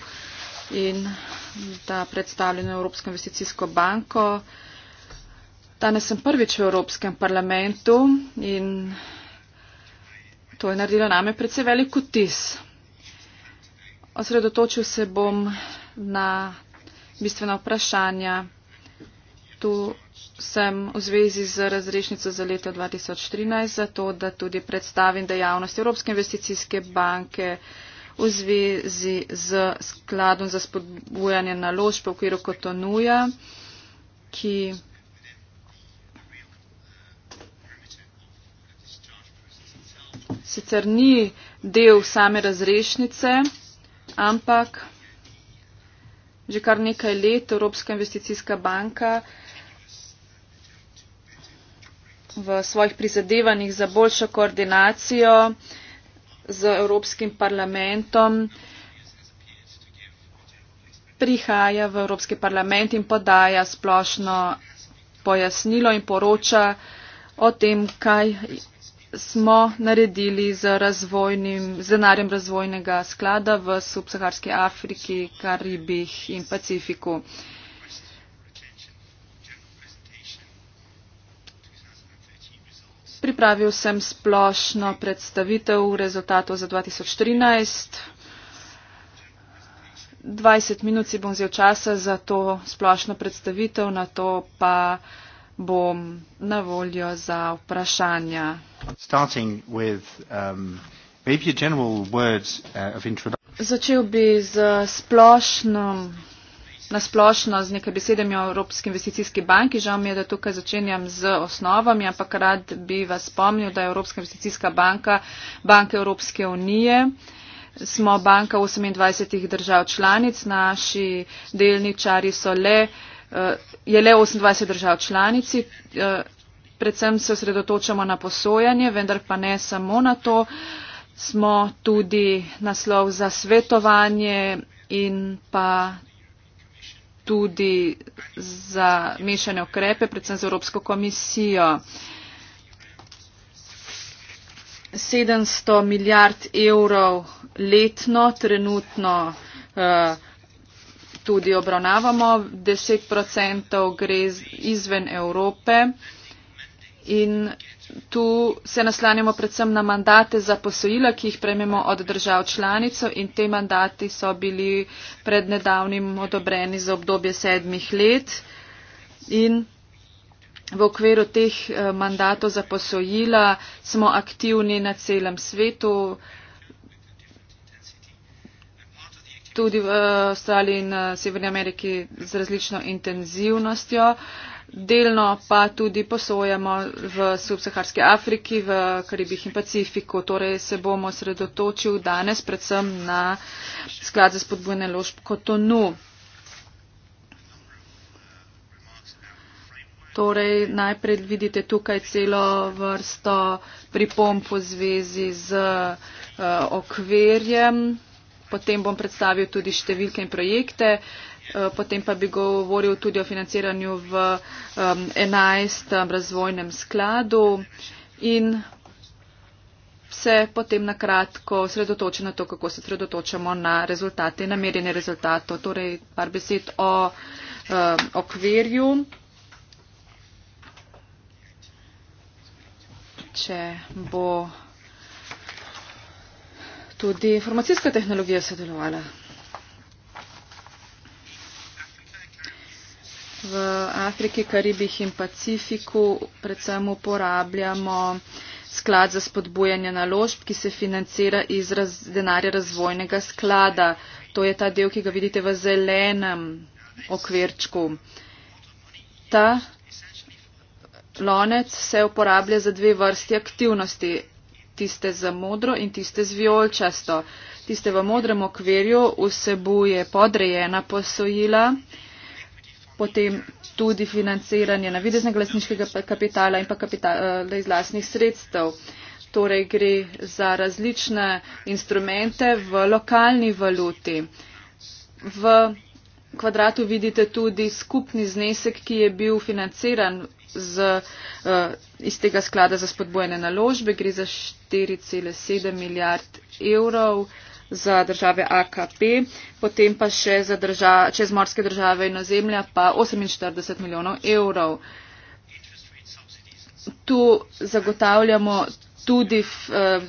in da predstavljam Evropsko investicijsko banko. Uh, Danes sem prvič v Evropskem parlamentu in to je naredilo name predvsej velik otis. Osredotočil se bom na bistvena vprašanja. Tu sem v zvezi z razrešnico za leto 2013, zato da tudi predstavim dejavnost Evropske investicijske banke v zvezi z skladom za spodbujanje naložb v okviru Kotonuja, ki sicer ni del same razrešnice, ampak že kar nekaj let Evropska investicijska banka v svojih prizadevanjih za boljšo koordinacijo z Evropskim parlamentom prihaja v Evropski parlament in podaja splošno pojasnilo in poroča o tem, kaj smo naredili z, razvojnim, z denarjem razvojnega sklada v subsaharski Afriki, Karibih in Pacifiku. Pripravil sem splošno predstavitev rezultatov za 2014. 20 minut si bom vzel časa za to splošno predstavitev, na to pa bom na voljo za vprašanja. Um, uh, Začel bi z splošnom, na splošno z nekaj besedami o Evropski investicijski banki. Žal mi je, da tukaj začenjam z osnovami, ampak rad bi vas spomnil, da je Evropska investicijska banka Banka Evropske unije. Smo banka 28 držav članic, naši delničari so le Eh, je le 28 držav članici. Eh, predvsem se osredotočamo na posojanje, vendar pa ne samo na to. Smo tudi naslov za svetovanje in pa tudi za mešane okrepe, predvsem z Evropsko komisijo. 700 milijard evrov letno trenutno uh, tudi obravnavamo. 10% gre izven Evrope in tu se naslanjamo predvsem na mandate za posojila, ki jih prejmemo od držav članico in te mandati so bili pred nedavnim odobreni za obdobje sedmih let. In V okviru teh eh, mandatov za posojila smo aktivni na celem svetu, tudi v eh, Avstraliji in eh, Severni Ameriki z različno intenzivnostjo. Delno pa tudi posojamo v subsaharski Afriki, v Karibih in Pacifiku. Torej se bomo sredotočil danes predvsem na sklad za spodbujne ložb Kotonu. Torej, najprej vidite tukaj celo vrsto pripomp v zvezi z uh, eh, okverjem. Potem bom predstavil tudi številke in projekte, eh, potem pa bi govoril tudi o financiranju v 11. razvojnem skladu in se potem na kratko sredotočim na to, kako se sredotočamo na rezultate in namerjene rezultate. Torej, par besed o okvirju. Če bo tudi informacijska tehnologija sodelovala. V Afriki, Karibih in Pacifiku predvsem uporabljamo sklad za spodbujanje naložb, ki se financira iz raz, denarja razvojnega sklada. To je ta del, ki ga vidite v zelenem okvirčku. Ta lonec se uporablja za dve vrsti aktivnosti tiste za modro in tiste z vijolčasto. Tiste v modrem okvirju vsebuje podrejena posojila, potem tudi financiranje navideznega lasniškega kapitala in pa kapitala eh, iz lasnih sredstev. Torej gre za različne instrumente v lokalni valuti. V kvadratu vidite tudi skupni znesek, ki je bil financiran z, eh, iz tega sklada za spodbojene naložbe. Gre za 4,7 milijard evrov za države AKP, potem pa še za država, čez morske države in ozemlja pa 48 milijonov evrov. Tu zagotavljamo tudi f, eh,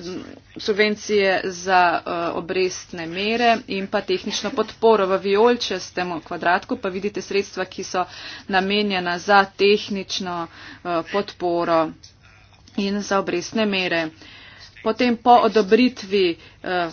subvencije za uh, obrestne mere in pa tehnično podporo. V vijolčestem kvadratku pa vidite sredstva, ki so namenjena za tehnično uh, podporo in za obrestne mere. Potem po odobritvi eh,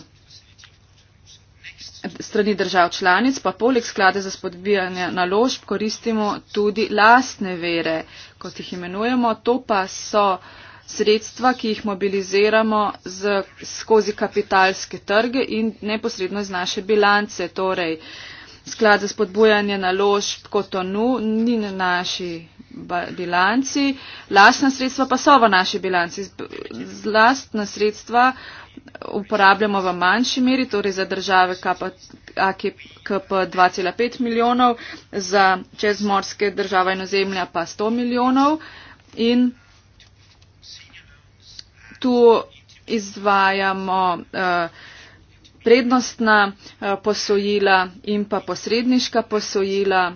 strani držav članic pa poleg sklade za spodbijanje naložb koristimo tudi lastne vere, kot jih imenujemo. To pa so eh, sredstva, ki jih mobiliziramo z, skozi kapitalske trge in neposredno iz naše bilance. Torej, sklad za spodbujanje naložb kot onu ni na naši bilanci, lastna sredstva pa so v naši bilanci. Z lastna sredstva uporabljamo v manjši meri, torej za države KP, AKP 2,5 milijonov, za čezmorske države in ozemlja pa 100 milijonov. In tu izvajamo eh, prednostna eh, posojila in pa posredniška posojila,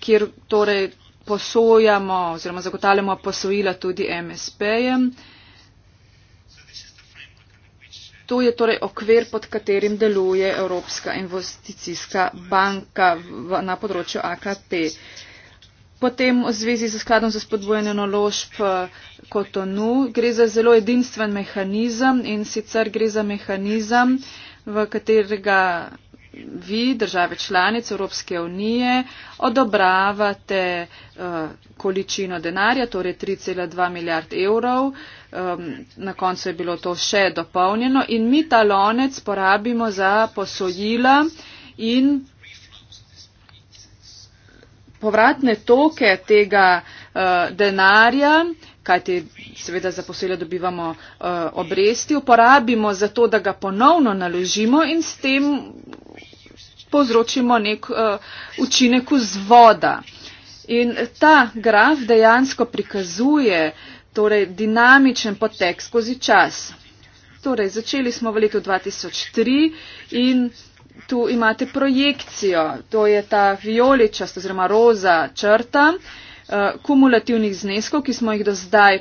kjer torej posojamo oziroma zagotavljamo posojila tudi MSP-jem. To je torej okvir, pod katerim deluje Evropska investicijska banka v, na področju AKP. Uh, Potem v zvezi z skladom za spodbojanje naložb Kotonu eh, gre za zelo edinstven mehanizem in sicer gre za mehanizem, v katerega vi, države članice Evropske unije, odobravate eh, količino denarja, torej 3,2 milijard evrov. Ehm, na koncu je bilo to še dopolnjeno in mi talonec porabimo za posojila in povratne toke tega uh, denarja, kajti seveda za posele dobivamo uh, obresti, uporabimo za to, da ga ponovno naložimo in s tem povzročimo nek uh, učinek vzvoda. In ta graf dejansko prikazuje torej, dinamičen potek skozi čas. Torej, začeli smo v letu 2003 in tu imate projekcijo, to je ta vijoličast oziroma roza črta eh, kumulativnih zneskov, ki smo jih do zdaj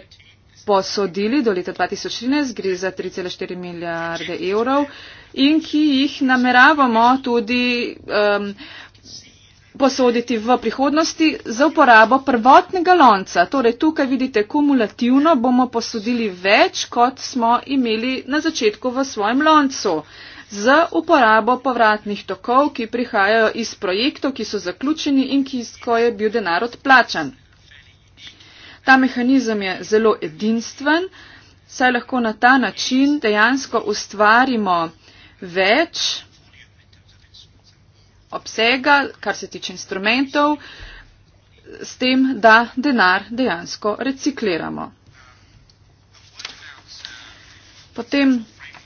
posodili do leta 2013, gre za 3,4 milijarde evrov in ki jih nameravamo tudi um, posoditi v prihodnosti za uporabo prvotnega lonca. Torej, tukaj vidite, kumulativno bomo posodili več, kot smo imeli na začetku v svojem loncu. Uh, z uporabo povratnih tokov, ki prihajajo iz projektov, ki so zaključeni in ki ko je bil denar odplačan. Ta mehanizem je zelo edinstven, saj lahko na ta način dejansko ustvarimo več obsega, kar se tiče instrumentov, s tem, da denar dejansko recikliramo. Potem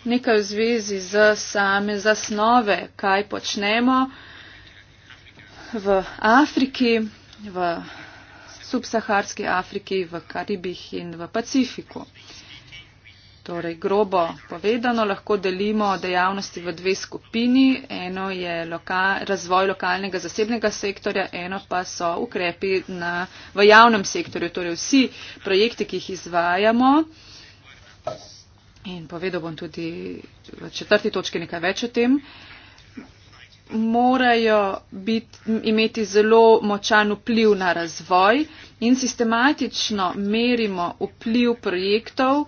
nekaj v zvezi z same zasnove, kaj počnemo v Afriki, v subsaharski Afriki, v Karibih in v Pacifiku. Torej, grobo povedano, lahko delimo dejavnosti v dve skupini. Eno je loka razvoj lokalnega zasebnega sektorja, eno pa so ukrepi na, v javnem sektorju. Torej, vsi projekti, ki jih izvajamo, In povedal bom tudi v četrti točki nekaj več o tem. Morajo bit, imeti zelo močan vpliv na razvoj in sistematično merimo vpliv projektov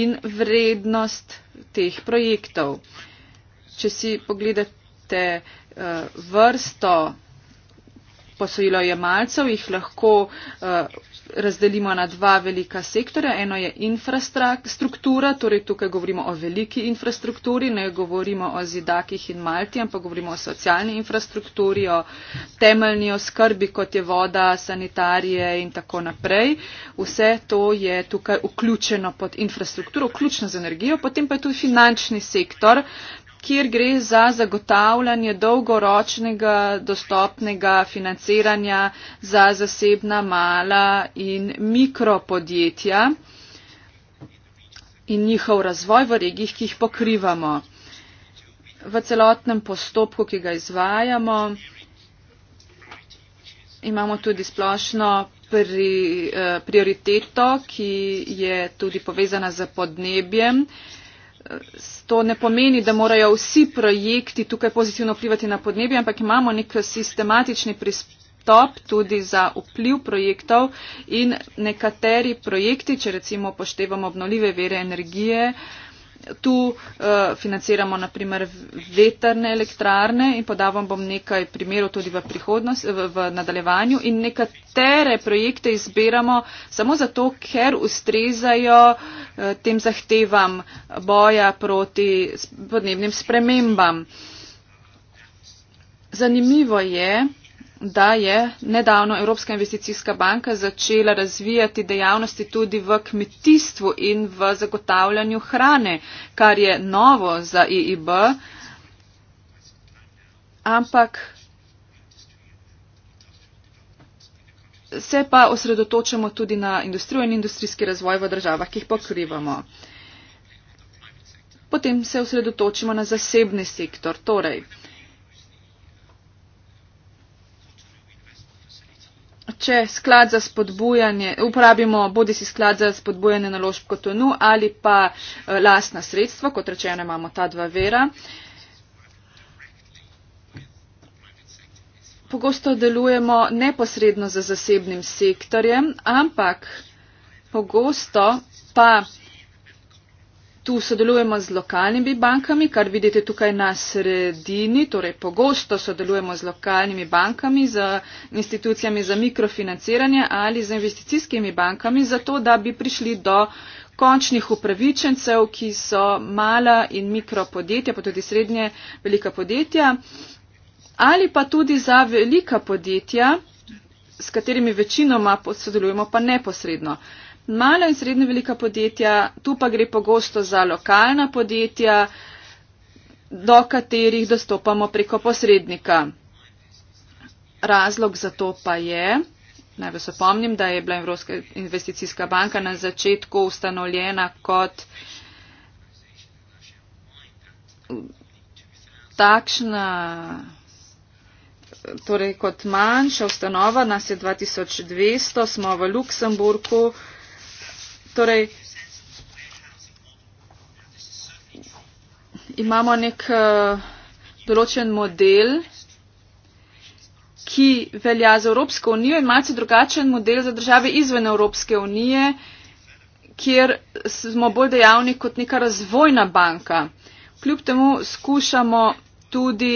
in vrednost teh projektov. Če si pogledate eh, vrsto posojilojemalcev, jih lahko uh, razdelimo na dva velika sektorja. Eno je infrastruktura, torej tukaj govorimo o veliki infrastrukturi, ne govorimo o zidakih in malti, ampak govorimo o socialni infrastrukturi, o temeljni oskrbi, kot je voda, sanitarije in tako naprej. Vse to je tukaj vključeno pod infrastrukturo, vključno z energijo, potem pa je tu finančni sektor, kjer gre za zagotavljanje dolgoročnega dostopnega financiranja za zasebna mala in mikropodjetja in njihov razvoj v regijih, ki jih pokrivamo. V celotnem postopku, ki ga izvajamo, imamo tudi splošno pri, eh, prioriteto, ki je tudi povezana z podnebjem to ne pomeni da morajo vsi projekti tukaj pozitivno vplivati na podnebje ampak imamo nek sistematični pristop tudi za vpliv projektov in nekateri projekti če recimo poštevamo obnovljive vere energije Tu uh, financiramo naprimer veterne elektrarne in podavam bom nekaj primerov tudi v, v, v nadaljevanju in nekatere projekte izbiramo samo zato, ker ustrezajo uh, tem zahtevam boja proti podnebnim spremembam. Zanimivo je, da je nedavno Evropska investicijska banka začela razvijati dejavnosti tudi v kmetijstvu in v zagotavljanju hrane, kar je novo za EIB, ampak se pa osredotočamo tudi na industrijo in industrijski razvoj v državah, ki jih pokrivamo. Potem se osredotočimo na zasebni sektor. Torej, če sklad za spodbujanje, uporabimo bodi si sklad za spodbujanje naložb kot ONU ali pa eh, lastna sredstva, kot rečeno imamo ta dva vera. Pogosto delujemo neposredno za zasebnim sektorjem, ampak pogosto pa Tu sodelujemo z lokalnimi bankami, kar vidite tukaj na sredini, torej pogosto sodelujemo z lokalnimi bankami, z institucijami za mikrofinanciranje ali z investicijskimi bankami, zato da bi prišli do končnih upravičencev, ki so mala in mikropodjetja, pa tudi srednje velika podjetja ali pa tudi za velika podjetja, s katerimi večinoma sodelujemo pa neposredno. Uh, mala in srednje velika podjetja, tu pa gre pogosto za lokalna podjetja, do katerih dostopamo preko posrednika. Razlog za to pa je, naj vas opomnim, da je bila Evropska investicijska banka na začetku ustanovljena kot takšna, torej kot manjša ustanova, nas je 2200, smo v Luksemburgu. Torej, imamo nek uh, določen model, ki velja za Evropsko unijo in malce drugačen model za države izven Evropske unije, kjer smo bolj dejavni kot neka razvojna banka. Kljub temu skušamo tudi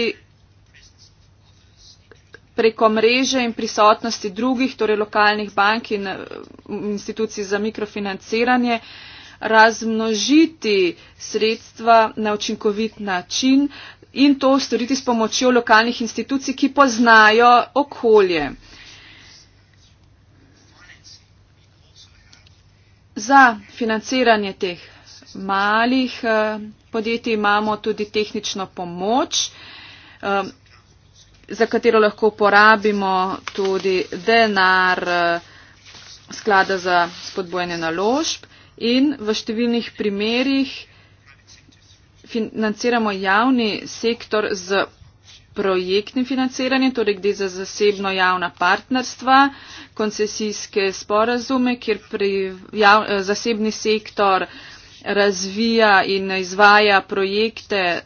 preko mreže in prisotnosti drugih, torej lokalnih bank in eh, institucij za mikrofinanciranje, razmnožiti sredstva na učinkovit način in to storiti s pomočjo lokalnih institucij, ki poznajo okolje. Za financiranje teh malih eh, podjetij imamo tudi tehnično pomoč. Eh, za katero lahko porabimo tudi denar eh, sklada za spodbojanje naložb in v številnih primerjih financiramo javni sektor z projektnim financiranjem, torej gde za zasebno javna partnerstva, koncesijske sporazume, kjer jav, eh, zasebni sektor razvija in izvaja projekte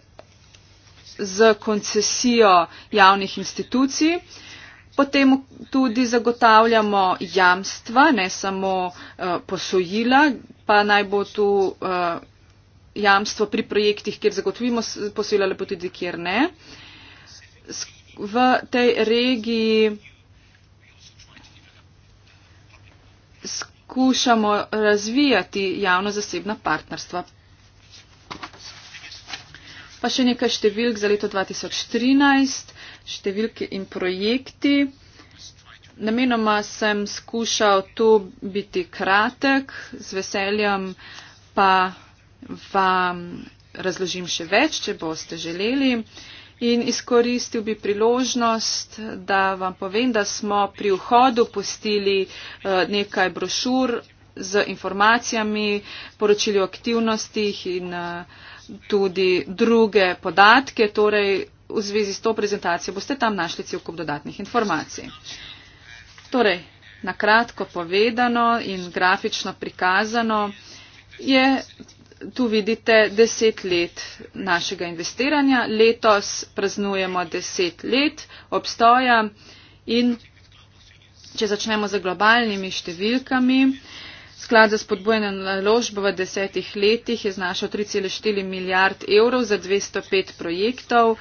z koncesijo javnih institucij. Potem tudi zagotavljamo jamstva, ne samo uh, posojila, pa naj bo tu uh, jamstvo pri projektih, kjer zagotovimo posojila, lepo tudi, kjer ne. V tej regiji skušamo razvijati javno-zasebna partnerstva pa še nekaj številk za leto 2013, številke in projekti. Namenoma sem skušal to biti kratek, z veseljem pa vam razložim še več, če boste želeli. In izkoristil bi priložnost, da vam povem, da smo pri vhodu pustili eh, nekaj brošur z informacijami, poročili o aktivnostih in uh, tudi druge podatke, torej v zvezi s to prezentacijo boste tam našli cel kup dodatnih informacij. Torej, nakratko povedano in grafično prikazano je, tu vidite, deset let našega investiranja. Letos praznujemo deset let obstoja in če začnemo z globalnimi številkami, Sklad za spodbojanje naložb v desetih letih je znašal 3,4 milijard evrov za 205 projektov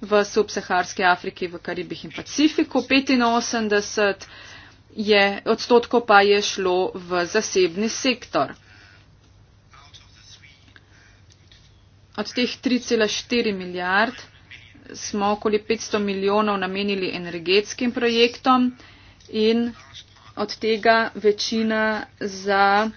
v subsaharski Afriki, v Karibih in Pacifiku. 85 je, odstotkov pa je šlo v zasebni sektor. Od teh 3,4 milijard smo okoli 500 milijonov namenili energetskim projektom in od tega večina za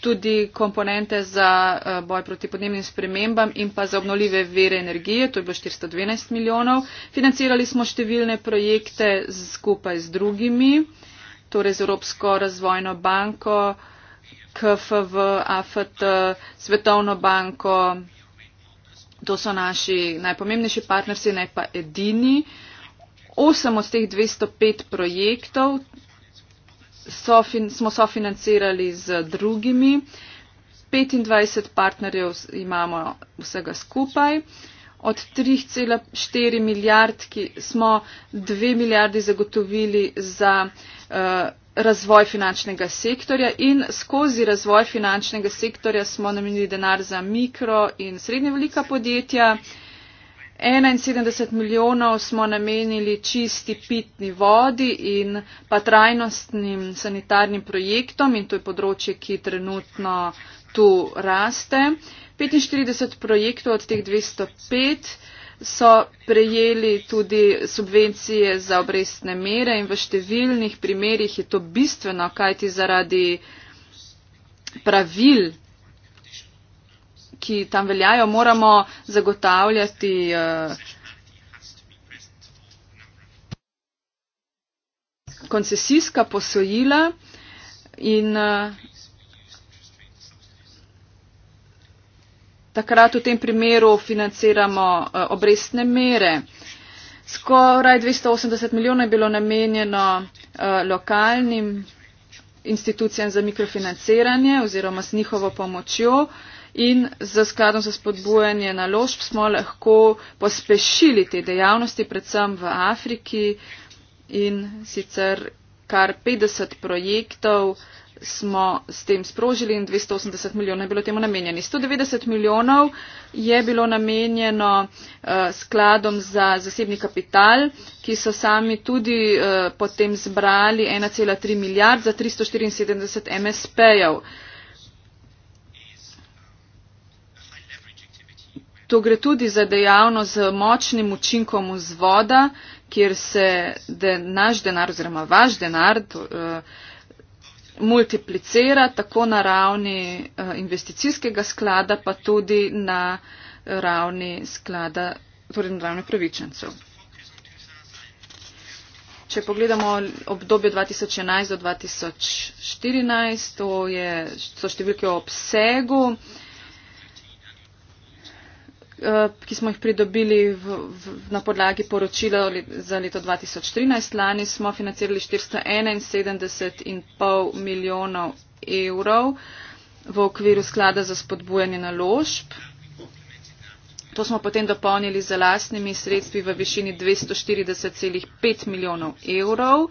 tudi komponente za eh, boj proti podnebnim spremembam in pa za obnoljive vere energije, to je bilo 412 milijonov. Financirali smo številne projekte skupaj z drugimi, torej z Evropsko razvojno banko, KFV, AFT, Svetovno banko, to so naši najpomembnejši partnerci, ne pa edini. Uh, osem od teh 205 projektov sofin, smo sofinancirali z drugimi, 25 partnerjev imamo vsega skupaj. Od 3,4 milijard, ki smo 2 milijardi zagotovili za uh, razvoj finančnega sektorja in skozi razvoj finančnega sektorja smo namenili denar za mikro in srednje velika podjetja. Uh, enainsedemdeset milijonov smo namenili čisti pitni vodi in pa trajnostnim sanitarnim projektom in to je področje, ki trenutno tu raste. 45 projektov od teh 205 so prejeli tudi subvencije za obrestne mere in v številnih primerjih je to bistveno, kajti zaradi pravil ki tam veljajo, moramo zagotavljati. Eh, koncesijska posojila in eh, takrat v tem primeru financiramo eh, obrestne mere. Skoraj 280 milijonov je bilo namenjeno lokalnim institucijam za mikrofinanciranje oziroma s njihovo pomočjo in za skladom za spodbujanje naložb smo lahko pospešili te dejavnosti, predvsem v Afriki in sicer kar 50 projektov smo s tem sprožili in 280 milijonov je bilo temu namenjeni. 190 milijonov je bilo namenjeno uh, skladom za zasebni kapital, ki so sami tudi uh, potem zbrali 1,3 milijard za 374 MSP-jev. To gre tudi za dejavnost z močnim učinkom vzvoda, kjer se de, naš denar oziroma vaš denar to, uh, multiplicira tako na ravni uh, investicijskega sklada, pa tudi na ravni sklada, torej na ravni pravičencev. Če pogledamo obdobje 2011 do 2014, to je, so številke o obsegu. Eh, ki smo jih pridobili v, v, na podlagi poročila za leto 2013. Lani smo financirali 471,5 milijonov evrov v okviru sklada za spodbujanje naložb. To smo potem dopolnili za lastnimi sredstvi v višini 240,5 milijonov evrov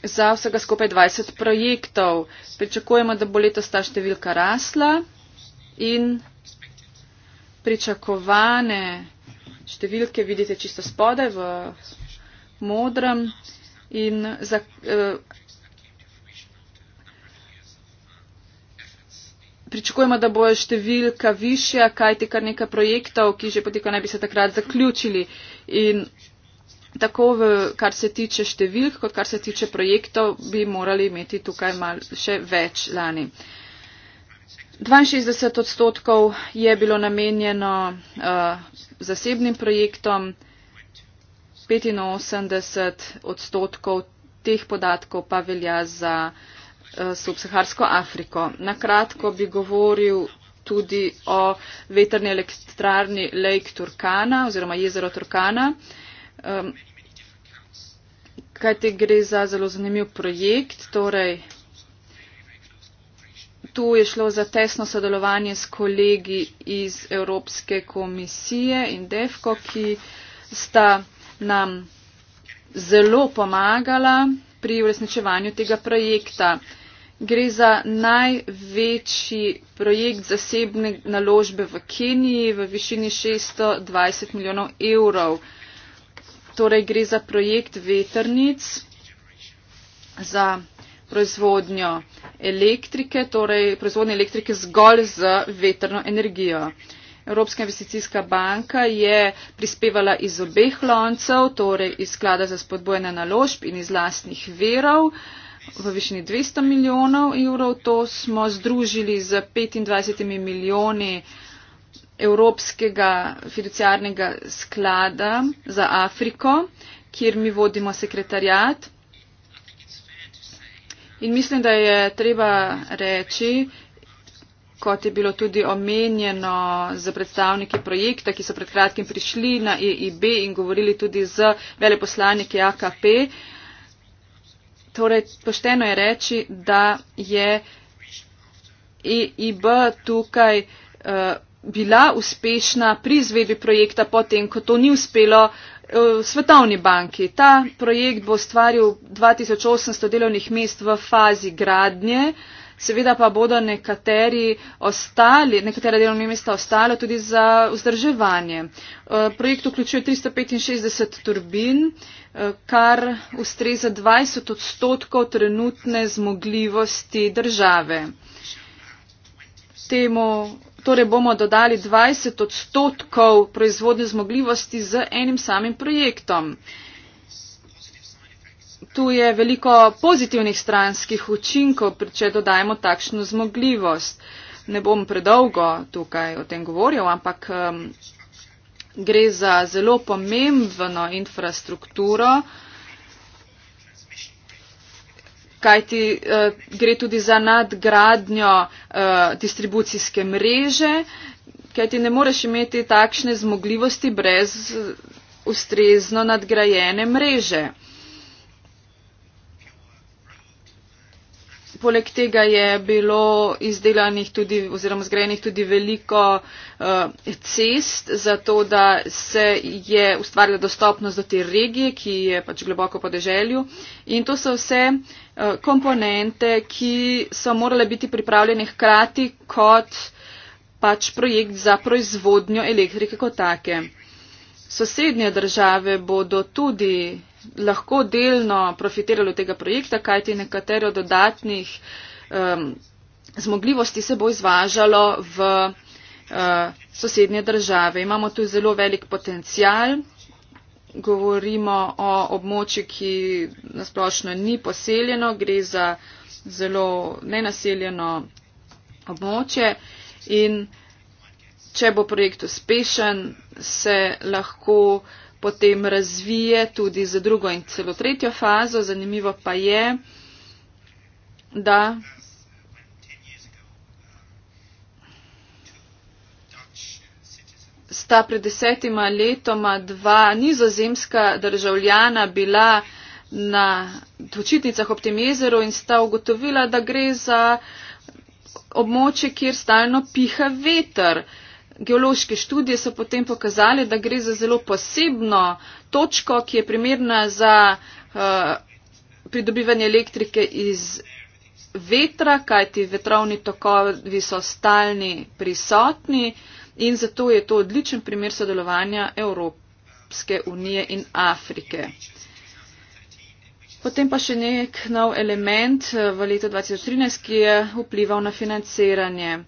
za vsega skupaj 20 projektov. Pričakujemo, da bo letos ta številka rasla in pričakovane številke vidite čisto spodaj v modrem in za, eh, pričakujemo, da bo številka višja, kajti kar nekaj projektov, ki že potekajo, naj bi se takrat zaključili. In tako, v, kar se tiče številk, kot kar se tiče projektov, bi morali imeti tukaj mal, še več lani. Eh, dvainšestdeset odstotkov je bilo namenjeno uh, zasebnim projektom petinosemdeset odstotkov teh podatkov pa velja za uh, subsaharsko afriko na kratko bi govoril tudi o veterni elektrarni Lake Turkana oziroma jezero Turkana, um, kajti gre za zelo zanimiv projekt, torej tu je šlo za tesno sodelovanje s kolegi iz Evropske komisije in DEFKO, ki sta nam zelo pomagala pri uresničevanju tega projekta. Gre za največji projekt zasebne naložbe v Keniji v višini 620 milijonov evrov. Torej gre za projekt veternic za proizvodnjo elektrike, torej proizvodnjo elektrike zgolj z veterno energijo. Evropska investicijska banka je prispevala iz obeh loncev, torej iz sklada za spodbojene naložb in iz lastnih verov v višini 200 milijonov evrov. To smo združili z 25 milijoni Evropskega fiduciarnega sklada za Afriko, kjer mi vodimo sekretarjat. In mislim, da je treba reči, kot je bilo tudi omenjeno z predstavniki projekta, ki so pred kratkim prišli na EIB in govorili tudi z veleposlaniki AKP, torej pošteno je reči, da je EIB tukaj uh, bila uspešna pri izvedbi projekta potem, ko to ni uspelo eh, Svetovni banki. Ta projekt bo stvaril 2800 delovnih mest v fazi gradnje, seveda pa bodo nekateri ostali, nekatera delovna mesta ostala tudi za vzdrževanje. Eh, projekt vključuje 365 turbin, eh, kar ustreza 20 odstotkov trenutne zmogljivosti države. Temu torej bomo dodali 20 odstotkov proizvodne zmogljivosti z enim samim projektom. Tu je veliko pozitivnih stranskih učinkov, če dodajemo takšno zmogljivost. Ne bom predolgo tukaj o tem govoril, ampak um, gre za zelo pomembno infrastrukturo, uh, kajti uh, gre tudi za nadgradnjo uh, distribucijske mreže, kajti ne moreš imeti takšne zmogljivosti brez eh, ustrezno nadgrajene mreže. Poleg tega je bilo izdelanih tudi oziroma zgrajenih tudi veliko uh, cest za to, da se je ustvarila dostopnost do te regije, ki je pač globoko po deželju. In to so vse uh, komponente, ki so morale biti pripravljene hkrati kot pač projekt za proizvodnjo elektrike kot take. Sosednje države bodo tudi lahko delno profitiralo tega projekta, kajti nekatero dodatnih um, zmogljivosti se bo izvažalo v uh, sosednje države. Imamo tu zelo velik potencial. Govorimo o območju, ki nasplošno ni poseljeno, gre za zelo nenaseljeno območje in če bo projekt uspešen, se lahko uh, potem razvije tudi za drugo in celo tretjo fazo. Zanimivo pa je, da. Sta pred desetima letoma dva nizozemska državljana bila na počitnicah ob tem jezeru in sta ugotovila, da gre za območje, kjer stalno piha veter. Uh, geološke študije so potem pokazali, da gre za zelo posebno točko, ki je primerna za uh, pridobivanje elektrike iz vetra, kajti vetrovni tokovi so stalni prisotni in zato je to odličen primer sodelovanja Evropske unije in Afrike. Potem pa še nek nov element eh, v letu 2013, ki je vplival na financiranje.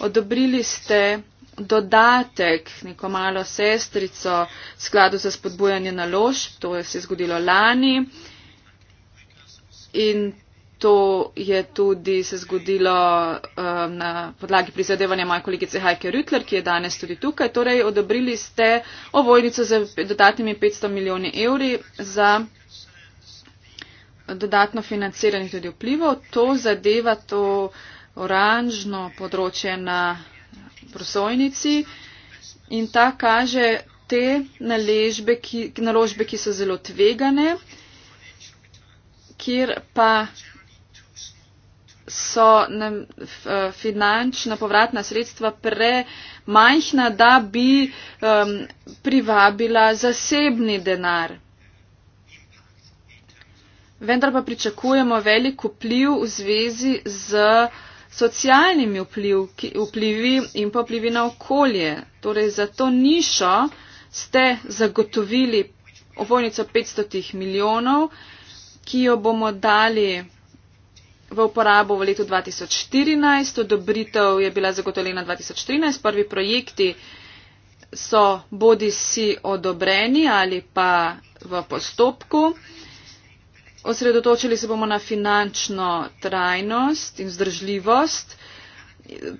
Odobrili ste dodatek, neko malo sestrico v skladu za spodbujanje naložb, to je se zgodilo lani in to je tudi se zgodilo um, na podlagi prizadevanja moje kolegice Heike Rütler, ki je danes tudi tukaj. Torej, odobrili ste ovojnico za dodatnimi 500 milijoni evri za dodatno financiranje tudi vplivov. To zadeva to oranžno področje na prosojnici in ta kaže te naložbe, ki, naložbe, ki so zelo tvegane, kjer pa so nam, eh, finančna povratna sredstva premajhna, da bi um, privabila zasebni denar. Vendar pa pričakujemo velik vpliv v zvezi z uh, socialnimi vplivki, vplivi in pa vplivi na okolje. Torej za to nišo ste zagotovili ovojnico 500 milijonov, ki jo bomo dali v uporabo v letu 2014. Odobritev je bila zagotovljena 2013. Prvi projekti so bodi si odobreni ali pa v postopku. Osredotočili se bomo na finančno trajnost in vzdržljivost.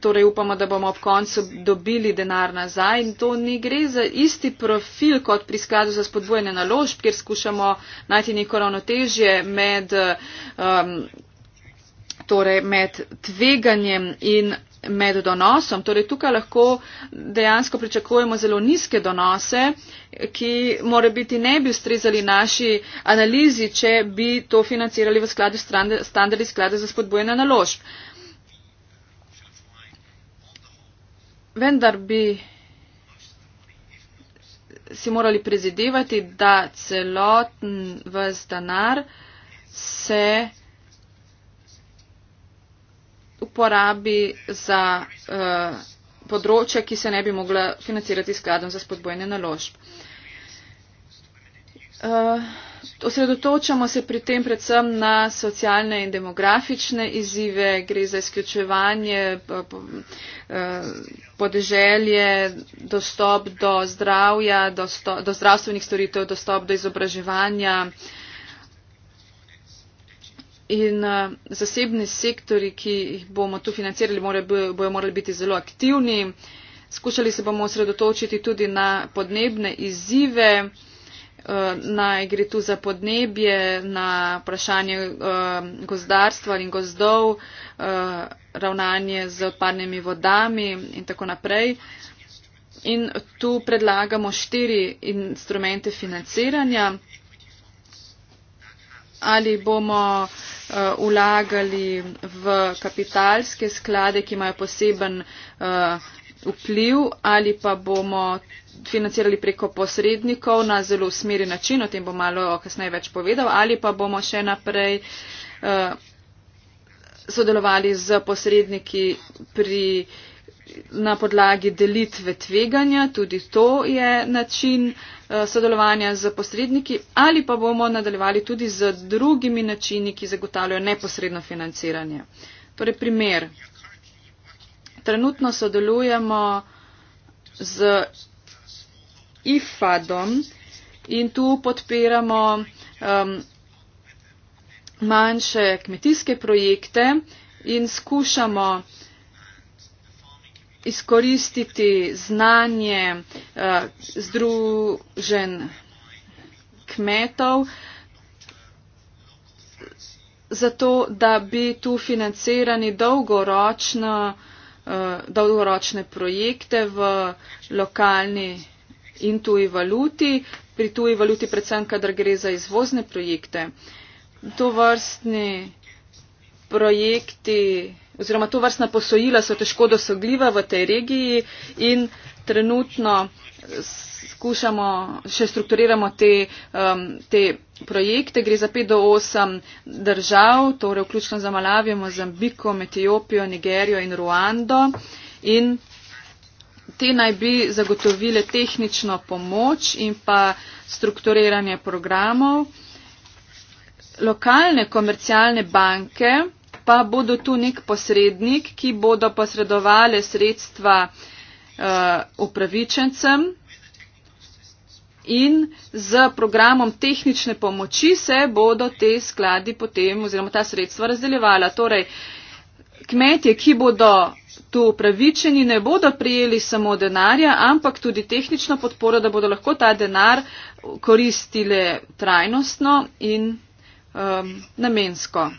Torej upamo, da bomo ob koncu dobili denar nazaj in to ni gre za isti profil kot pri skladu za spodbojene naložb, kjer skušamo najti neko ravnotežje med, um, torej med tveganjem in med donosom. Torej tukaj lahko dejansko pričakujemo zelo nizke donose, ki more biti ne bi ustrezali naši analizi, če bi to financirali v skladu s standardi sklade za spodbojene naložb. Vendar bi si morali prezidevati, da celoten vzdanar se uporabi za uh, eh, področje, ki se ne bi mogla financirati skladom za spodbojne naložb. Uh, osredotočamo se pri tem predvsem na socialne in demografične izzive, gre za izključevanje, po, po, uh, podeželje, dostop do zdravja, do, sto, do zdravstvenih storitev, dostop do izobraževanja, uh, in uh, zasebni sektori, ki jih bomo tu financirali, bojo morali biti zelo aktivni. Skušali se bomo osredotočiti tudi na podnebne izzive, eh, na gre tu za podnebje, na vprašanje eh, gozdarstva in gozdov, ravnanje z odpadnimi vodami in tako naprej. In tu predlagamo štiri instrumente financiranja ali bomo uh, eh, ulagali v kapitalske sklade, ki imajo poseben uh, vpliv, ali pa bomo financirali preko posrednikov na zelo usmeri način, o tem bom malo kasneje več povedal, ali pa bomo še naprej uh, sodelovali z posredniki pri, na podlagi delitve tveganja, tudi to je način. Uh, Eh, sodelovanja z posredniki ali pa bomo nadaljevali tudi z drugimi načini, ki zagotavljajo neposredno financiranje. Torej, primer. Trenutno sodelujemo z IFAD-om in tu podpiramo um, manjše kmetijske projekte in skušamo izkoristiti znanje uh, združen kmetov, zato da bi tu financirani dolgoročno, uh, dolgoročne projekte v lokalni in tuji valuti, pri tuji valuti predvsem, kadar gre za izvozne projekte. To vrstni projekti oziroma to vrstna posojila so težko dosegljiva v tej regiji in trenutno skušamo, še strukturiramo te, um, te projekte. Gre za 5 do 8 držav, torej vključno za Malavijo, Mozambiko, Etiopijo, Nigerijo in Ruando. In te naj bi zagotovile tehnično pomoč in pa strukturiranje programov. Lokalne komercialne banke pa bodo tu nek posrednik, ki bodo posredovali sredstva eh, upravičencem. Uh, In z programom tehnične pomoči se bodo te skladi potem oziroma ta sredstva razdeljevala. Torej, kmetje, ki bodo tu upravičeni, ne bodo prijeli samo denarja, ampak tudi tehnično podporo, da bodo lahko ta denar koristile trajnostno in um, namensko.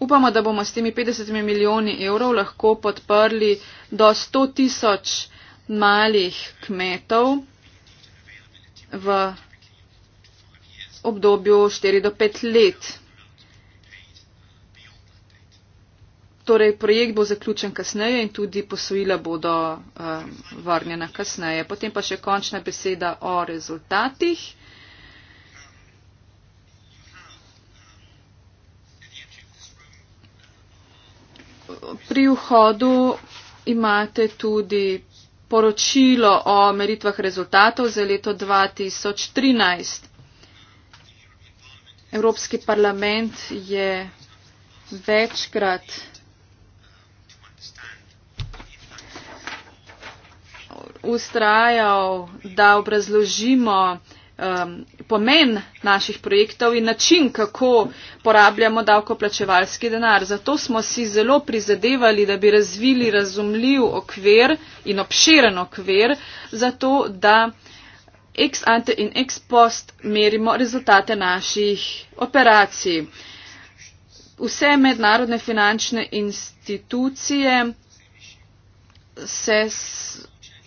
Upamo, da bomo s temi 50 milijoni evrov lahko podprli do 100 tisoč malih kmetov v obdobju 4 do 5 let. Torej, projekt bo zaključen kasneje in tudi posojila bodo um, vrnjena kasneje. Potem pa še končna beseda o rezultatih. pri vhodu imate tudi poročilo o meritvah rezultatov za leto 2013. Evropski parlament je večkrat ustrajal, da obrazložimo um, pomen naših projektov in način, kako porabljamo davkoplačevalski denar. Zato smo si zelo prizadevali, da bi razvili razumljiv okvir in obširen okvir za to, da ex ante in ex post merimo rezultate naših operacij. Vse mednarodne finančne institucije se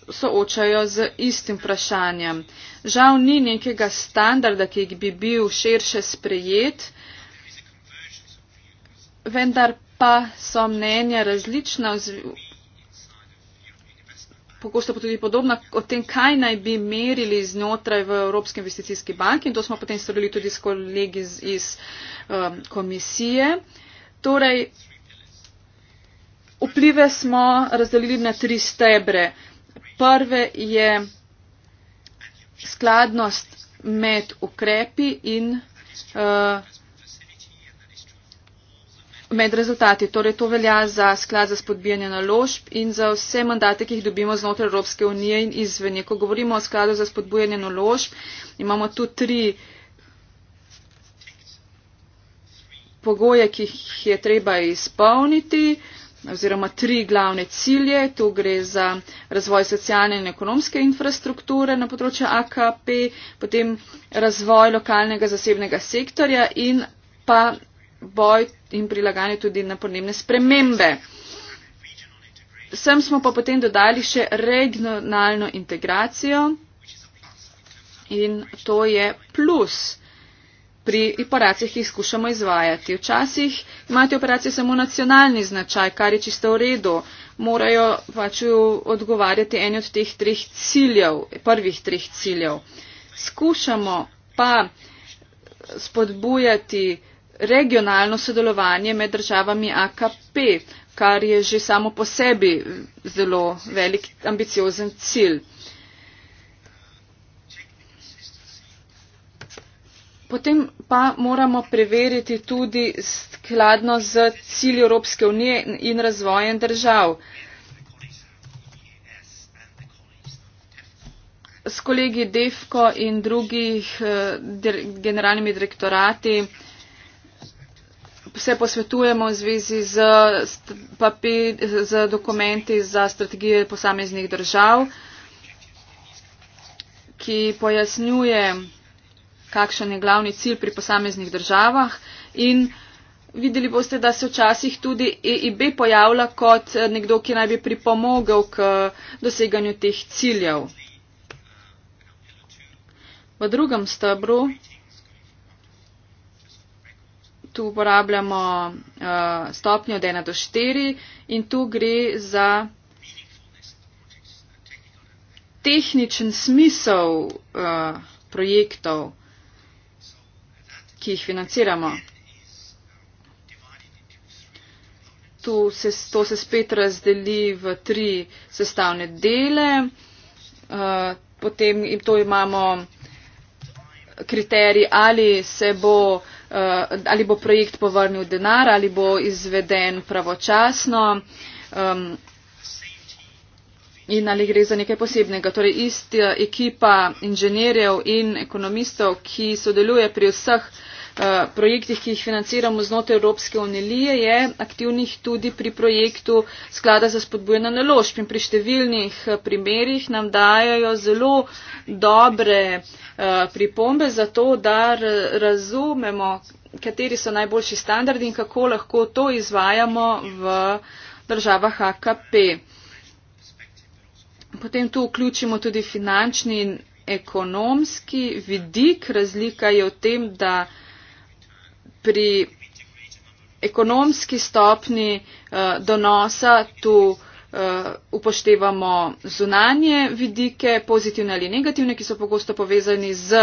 soočajo z istim vprašanjem. Žal ni nekega standarda, ki bi bil širše sprejet, vendar pa so mnenja različna, pogosto pa tudi podobna, o tem, kaj naj bi merili znotraj v Evropski investicijski banki in to smo potem storili tudi s kolegi iz, iz um, komisije. Torej, vplive smo razdelili na tri stebre. Prve je skladnost med ukrepi in uh, med rezultati. Torej, to velja za sklad za spodbijanje naložb in za vse mandate, ki jih dobimo znotraj Evropske unije in izven. Ko govorimo o skladu za spodbijanje naložb, imamo tu tri pogoje, ki jih je treba izpolniti. Uh, oziroma tri glavne cilje. Tu gre za razvoj socialne in ekonomske infrastrukture na področju AKP, potem razvoj lokalnega zasebnega sektorja in pa boj in prilagajanje tudi na podnebne spremembe. Sem smo pa potem dodali še regionalno integracijo in to je plus pri operacijah, ki jih skušamo izvajati. Včasih imajo te operacije samo nacionalni značaj, kar je čisto v redu. Morajo pač odgovarjati eni od teh treh ciljev, prvih treh ciljev. Skušamo pa spodbujati regionalno sodelovanje med državami AKP, kar je že samo po sebi zelo velik ambiciozen cilj. Potem pa moramo preveriti tudi skladno z cilj Evropske unije in razvojem držav. S kolegi Defko in drugih eh, dir generalnimi direktorati se posvetujemo v zvezi z, z dokumenti za strategije posameznih držav, ki pojasnjuje, kakšen je glavni cilj pri posameznih državah in videli boste, da se včasih tudi EIB pojavlja kot eh, nekdo, ki naj bi pripomogel k eh, doseganju teh ciljev. V drugem stebru tu uporabljamo uh, stopnjo od 1 do 4 in tu gre za tehničen smisel uh, projektov ki jih financiramo. Tu se, to se spet razdeli v tri sestavne dele. Uh, potem to imamo kriterij, ali, bo, uh, ali bo projekt povrnil denar, ali bo izveden pravočasno um, in ali gre za nekaj posebnega. Torej, ista ekipa inženirjev in ekonomistov, ki sodeluje pri vseh uh, Eh, projektih, ki jih financiramo znotraj Evropske unije, je aktivnih tudi pri projektu sklada za spodbujanje naložb in pri številnih eh, primerjih nam dajajo zelo dobre eh, pripombe za to, da razumemo, kateri so najboljši standardi in kako lahko to izvajamo v državah AKP. Potem tu vključimo tudi finančni in ekonomski vidik. Razlika je v tem, da pri ekonomski stopni uh, donosa tu uh, upoštevamo zunanje vidike, pozitivne ali negativne, ki so pogosto povezani z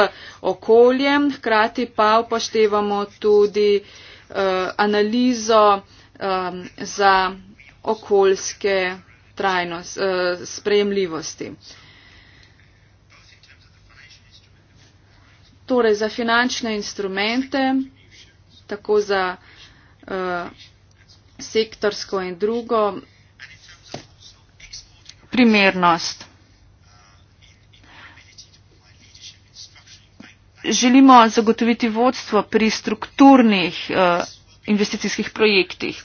okoljem, hkrati pa upoštevamo tudi uh, analizo um, za okoljske trajnost, uh, sprejemljivosti. Torej, za finančne instrumente tako za uh, sektorsko in drugo primernost. Želimo zagotoviti vodstvo pri strukturnih uh, investicijskih projektih.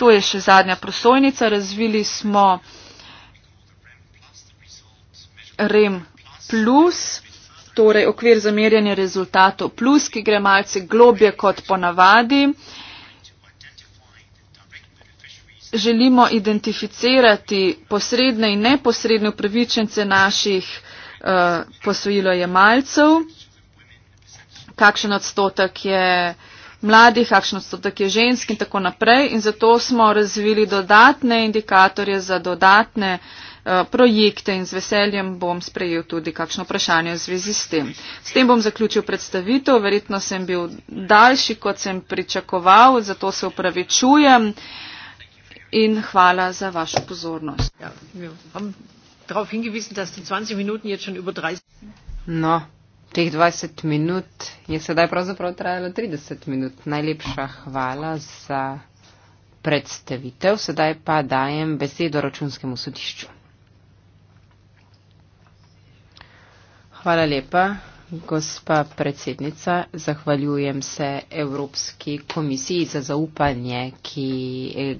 To je še zadnja prosojnica. Razvili smo REM plus. REM plus torej okvir za merjanje rezultatov plus, ki gre malce globje kot ponavadi. Želimo identificirati posredne in neposredne upravičence naših uh, posojilojemalcev, kakšen odstotek je mladih, kakšen odstotek je žensk in tako naprej. In zato smo razvili dodatne indikatorje za dodatne uh, Eh, projekte in z veseljem bom sprejel tudi kakšno vprašanje v zvezi s tem. S tem bom zaključil predstavitev, verjetno sem bil daljši, kot sem pričakoval, zato se upravičujem in hvala za vašo pozornost. Ja, no, teh 20 minut je sedaj pravzaprav trajalo 30 minut. Najlepša hvala za predstavitev. Sedaj pa dajem besedo računskemu sodišču. Hvala lepa, gospa predsednica. Zahvaljujem se Evropski komisiji za zaupanje, ki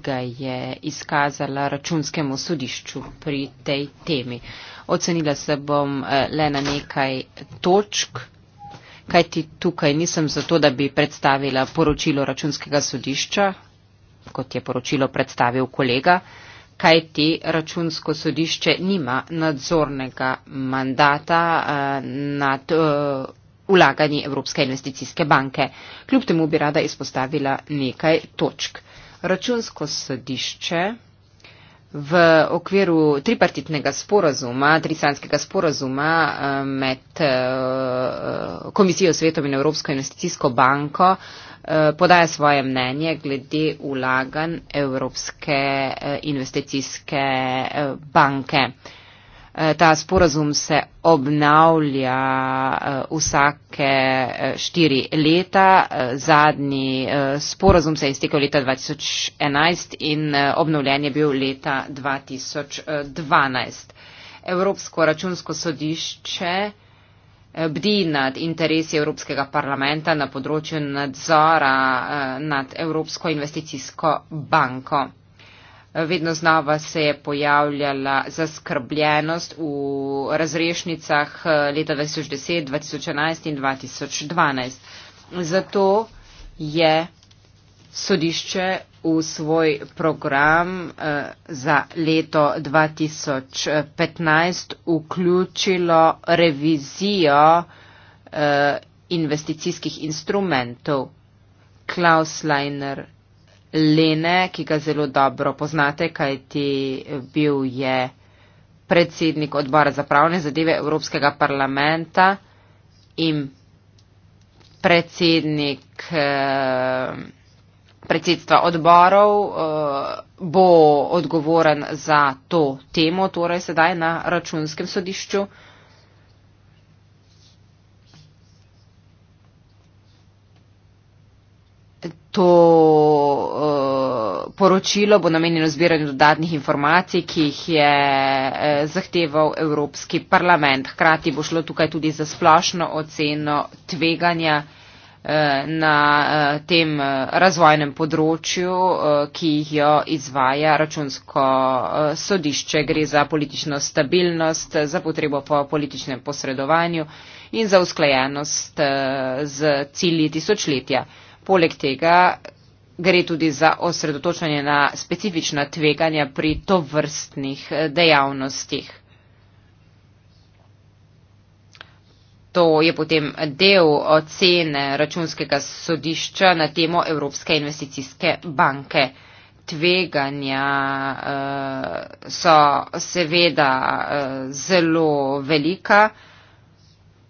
ga je izkazala računskemu sodišču pri tej temi. Ocenila se bom eh, le na nekaj točk, kajti tukaj nisem zato, da bi predstavila poročilo računskega sodišča, kot je poročilo predstavil kolega kaj ti računsko sodišče nima nadzornega mandata eh, nad ulaganji eh, Evropske investicijske banke. Kljub temu bi rada izpostavila nekaj točk. Računsko sodišče V okviru tripartitnega sporazuma, tristranskega sporazuma eh, med eh, eh, Komisijo svetov in Evropsko investicijsko banko podaja svoje mnenje glede vlagan Evropske investicijske banke. Eh, ta sporazum se obnavlja eh, vsake eh, štiri leta. Zadnji sporazum se je iztekel leta 2011 in obnovljen je bil leta 2012. Evropsko računsko sodišče bdi nad interesi Evropskega parlamenta na področju nadzora nad Evropsko investicijsko banko vedno znova se je pojavljala zaskrbljenost v razrešnicah eh, leta 2010, 2011 in 2012. Zato je sodišče v svoj program eh, za leto 2015 vključilo revizijo eh, investicijskih instrumentov. Klaus Leiner Lene, ki ga zelo dobro poznate, kajti bil je predsednik odbora za pravne zadeve Evropskega parlamenta in predsednik eh, predsedstva odborov eh, bo odgovoren za to temo, torej sedaj na računskem sodišču. Eh, to uh, poročilo bo namenjeno zbiranju dodatnih informacij, ki jih je uh, zahteval Evropski parlament. Hkrati bo šlo tukaj tudi za splošno oceno tveganja uh, na uh, tem razvojnem področju, uh, ki jih jo izvaja računsko uh, sodišče. Gre za politično stabilnost, za potrebo po političnem posredovanju in za usklajenost uh, z cilji tisočletja. Poleg tega gre tudi za osredotočanje na specifična tveganja pri tovrstnih eh, dejavnostih. To je potem del ocene računskega sodišča na temo Evropske investicijske banke. Tveganja eh, so seveda eh, zelo velika.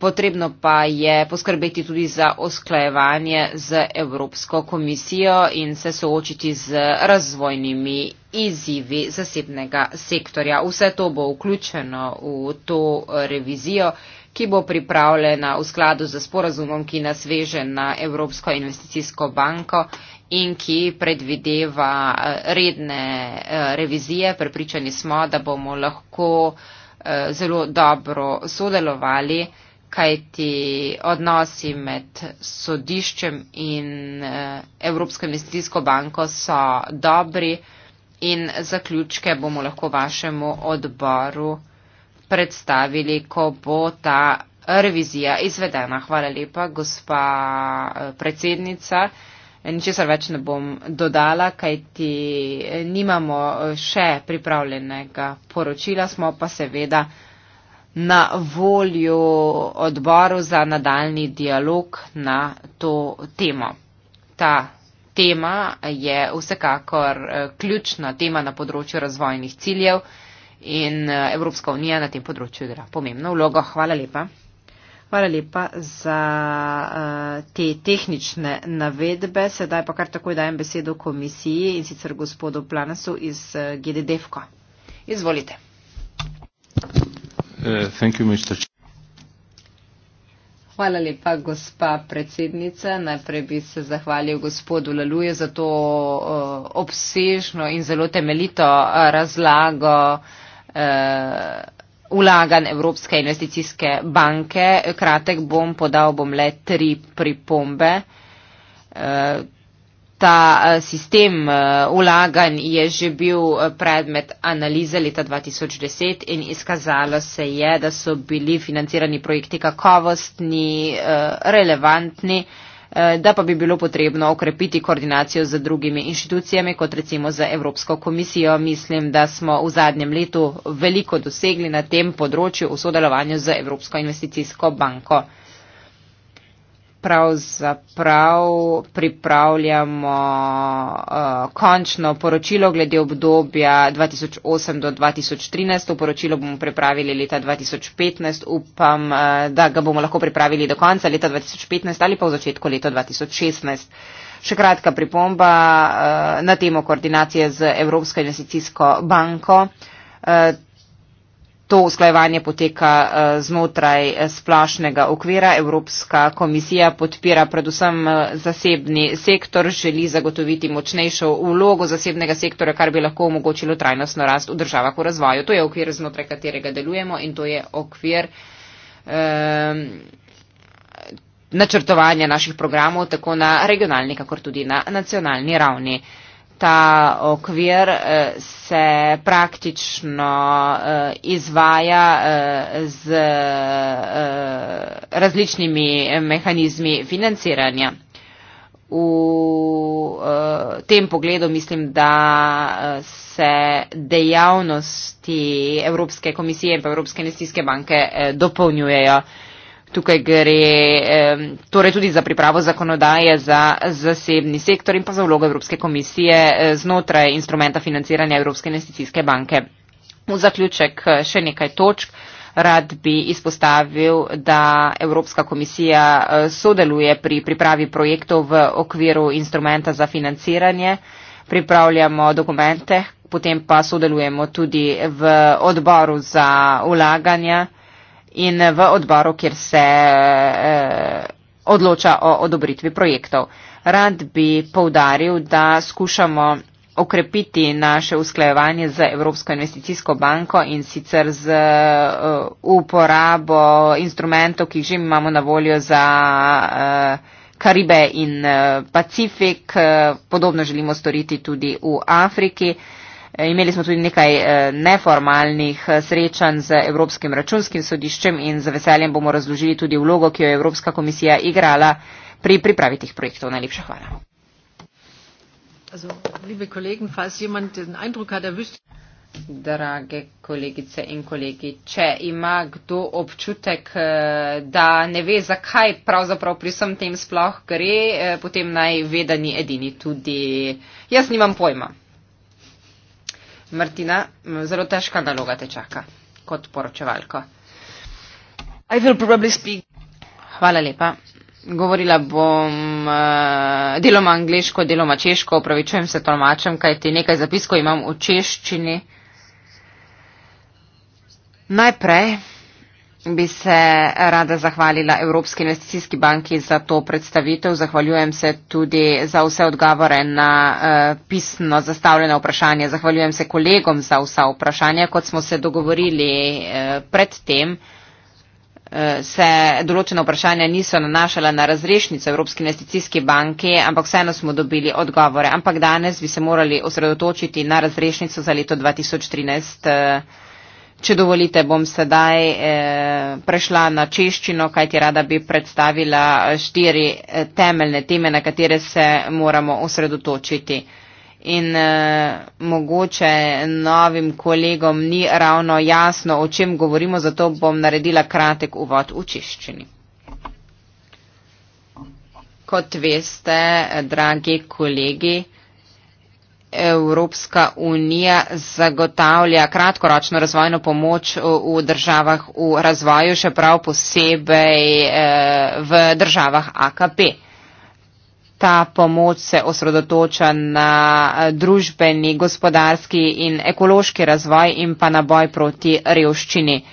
Potrebno pa je poskrbeti tudi za osklajevanje z Evropsko komisijo in se soočiti z razvojnimi izzivi zasebnega sektorja. Vse to bo vključeno v to revizijo, ki bo pripravljena v skladu z sporazumom, ki nas veže na Evropsko investicijsko banko in ki predvideva eh, redne eh, revizije. Prepričani smo, da bomo lahko eh, zelo dobro sodelovali kajti odnosi med sodiščem in eh, Evropsko investicijsko banko so dobri in zaključke bomo lahko vašemu odboru predstavili, ko bo ta revizija izvedena. Hvala lepa, gospa eh, predsednica. Ničesar več ne bom dodala, kajti eh, nimamo še pripravljenega poročila, smo pa seveda na voljo odboru za nadaljni dialog na to temo. Ta tema je vsekakor eh, ključna tema na področju razvojnih ciljev in eh, Evropska unija na tem področju igra pomembno vlogo. Hvala lepa. Hvala lepa za uh, te tehnične navedbe. Sedaj pa kar takoj dajem besedo komisiji in sicer gospodu Planasu iz uh, GDDF-ka. Izvolite. Uh, Hvala lepa, gospa predsednica. Najprej bi se zahvalil gospodu Laluje za to uh, obsežno in zelo temeljito uh, razlago uh, ulagan Evropske investicijske banke. Kratek bom, podal bom le tri pripombe. Uh, ta eh, sistem eh, ulaganj je že bil eh, predmet analize leta 2010 in izkazalo se je, da so bili financirani projekti kakovostni, relevantni, da pa bi bilo potrebno okrepiti koordinacijo z drugimi inštitucijami, kot recimo z Evropsko komisijo. Mislim, da smo v zadnjem letu veliko dosegli na tem področju v sodelovanju z Evropsko investicijsko banko pravzaprav pripravljamo uh, končno poročilo glede obdobja 2008 do 2013. To poročilo bomo pripravili leta 2015. Upam, uh, da ga bomo lahko pripravili do konca leta 2015 ali pa v začetku leta 2016. Še kratka pripomba uh, na temo koordinacije z Evropsko investicijsko banko. Uh, To usklajevanje poteka eh, znotraj eh, splošnega okvira. Evropska komisija podpira predvsem eh, zasebni sektor, želi zagotoviti močnejšo vlogo zasebnega sektora, kar bi lahko omogočilo trajnostno rast v državah v razvoju. To je okvir, znotraj katerega delujemo in to je okvir. Um, načrtovanja naših programov tako na regionalni, kakor tudi na nacionalni ravni ta okvir eh, se praktično eh, izvaja eh, z različnimi mehanizmi financiranja. V tem pogledu mislim, da se dejavnosti Evropske komisije in Evropske investicijske banke dopolnjujejo tukaj gre torej tudi za pripravo zakonodaje za zasebni sektor in pa za vlogo Evropske komisije eh, znotraj instrumenta financiranja Evropske investicijske banke. V zaključek eh, še nekaj točk. Rad bi izpostavil, da Evropska komisija eh, sodeluje pri pripravi projektov v okviru instrumenta za financiranje. Pripravljamo dokumente, potem pa sodelujemo tudi v odboru za ulaganja in v odboru, kjer se eh, odloča o odobritvi projektov. Rad bi povdaril, da skušamo okrepiti naše usklajevanje z Evropsko investicijsko banko in sicer z eh, uporabo instrumentov, ki jih že imamo na voljo za eh, Karibe in Pacifik. Podobno želimo storiti tudi v Afriki. Eh, imeli smo tudi nekaj eh, neformalnih eh, srečanj z Evropskim računskim sodiščem in z veseljem bomo razložili tudi vlogo, ki jo je Evropska komisija igrala pri pripravi teh projektov. Najlepša hvala. Er Drage kolegice in kolegi, če ima kdo občutek, da ne ve, zakaj pravzaprav pri vsem tem sploh gre, potem naj vedani edini tudi. Jaz nimam pojma. Martina, zelo težka naloga te čaka kot poročevalko. Hvala lepa. Govorila bom uh, deloma angliško, deloma češko, opravičujem se tolmačem, kajti nekaj zapiskov imam v češčini. Najprej bi se rada zahvalila Evropski investicijski banki za to predstavitev. Zahvaljujem se tudi za vse odgovore na uh, pisno zastavljene vprašanje. Zahvaljujem se kolegom za vsa vprašanja. Kot smo se dogovorili uh, eh, predtem, uh, eh, se določene vprašanja niso nanašala na razrešnico Evropski investicijski banki, ampak vseeno smo dobili odgovore. Ampak danes bi se morali osredotočiti na razrešnico za leto 2013. Uh, Če dovolite, bom sedaj eh, prešla na češčino, kaj ti rada bi predstavila eh, štiri eh, temeljne teme, na katere se moramo osredotočiti. In eh, mogoče novim kolegom ni ravno jasno, o čem govorimo, zato bom naredila kratek uvod v češčini. Kot veste, eh, dragi kolegi, eh, Evropska unija zagotavlja kratkoročno razvojno pomoč eh, v državah v razvoju, še prav posebej eh, v državah AKP. Ta pomoč se osredotoča na eh, družbeni, gospodarski in ekološki razvoj in pa na boj proti revščini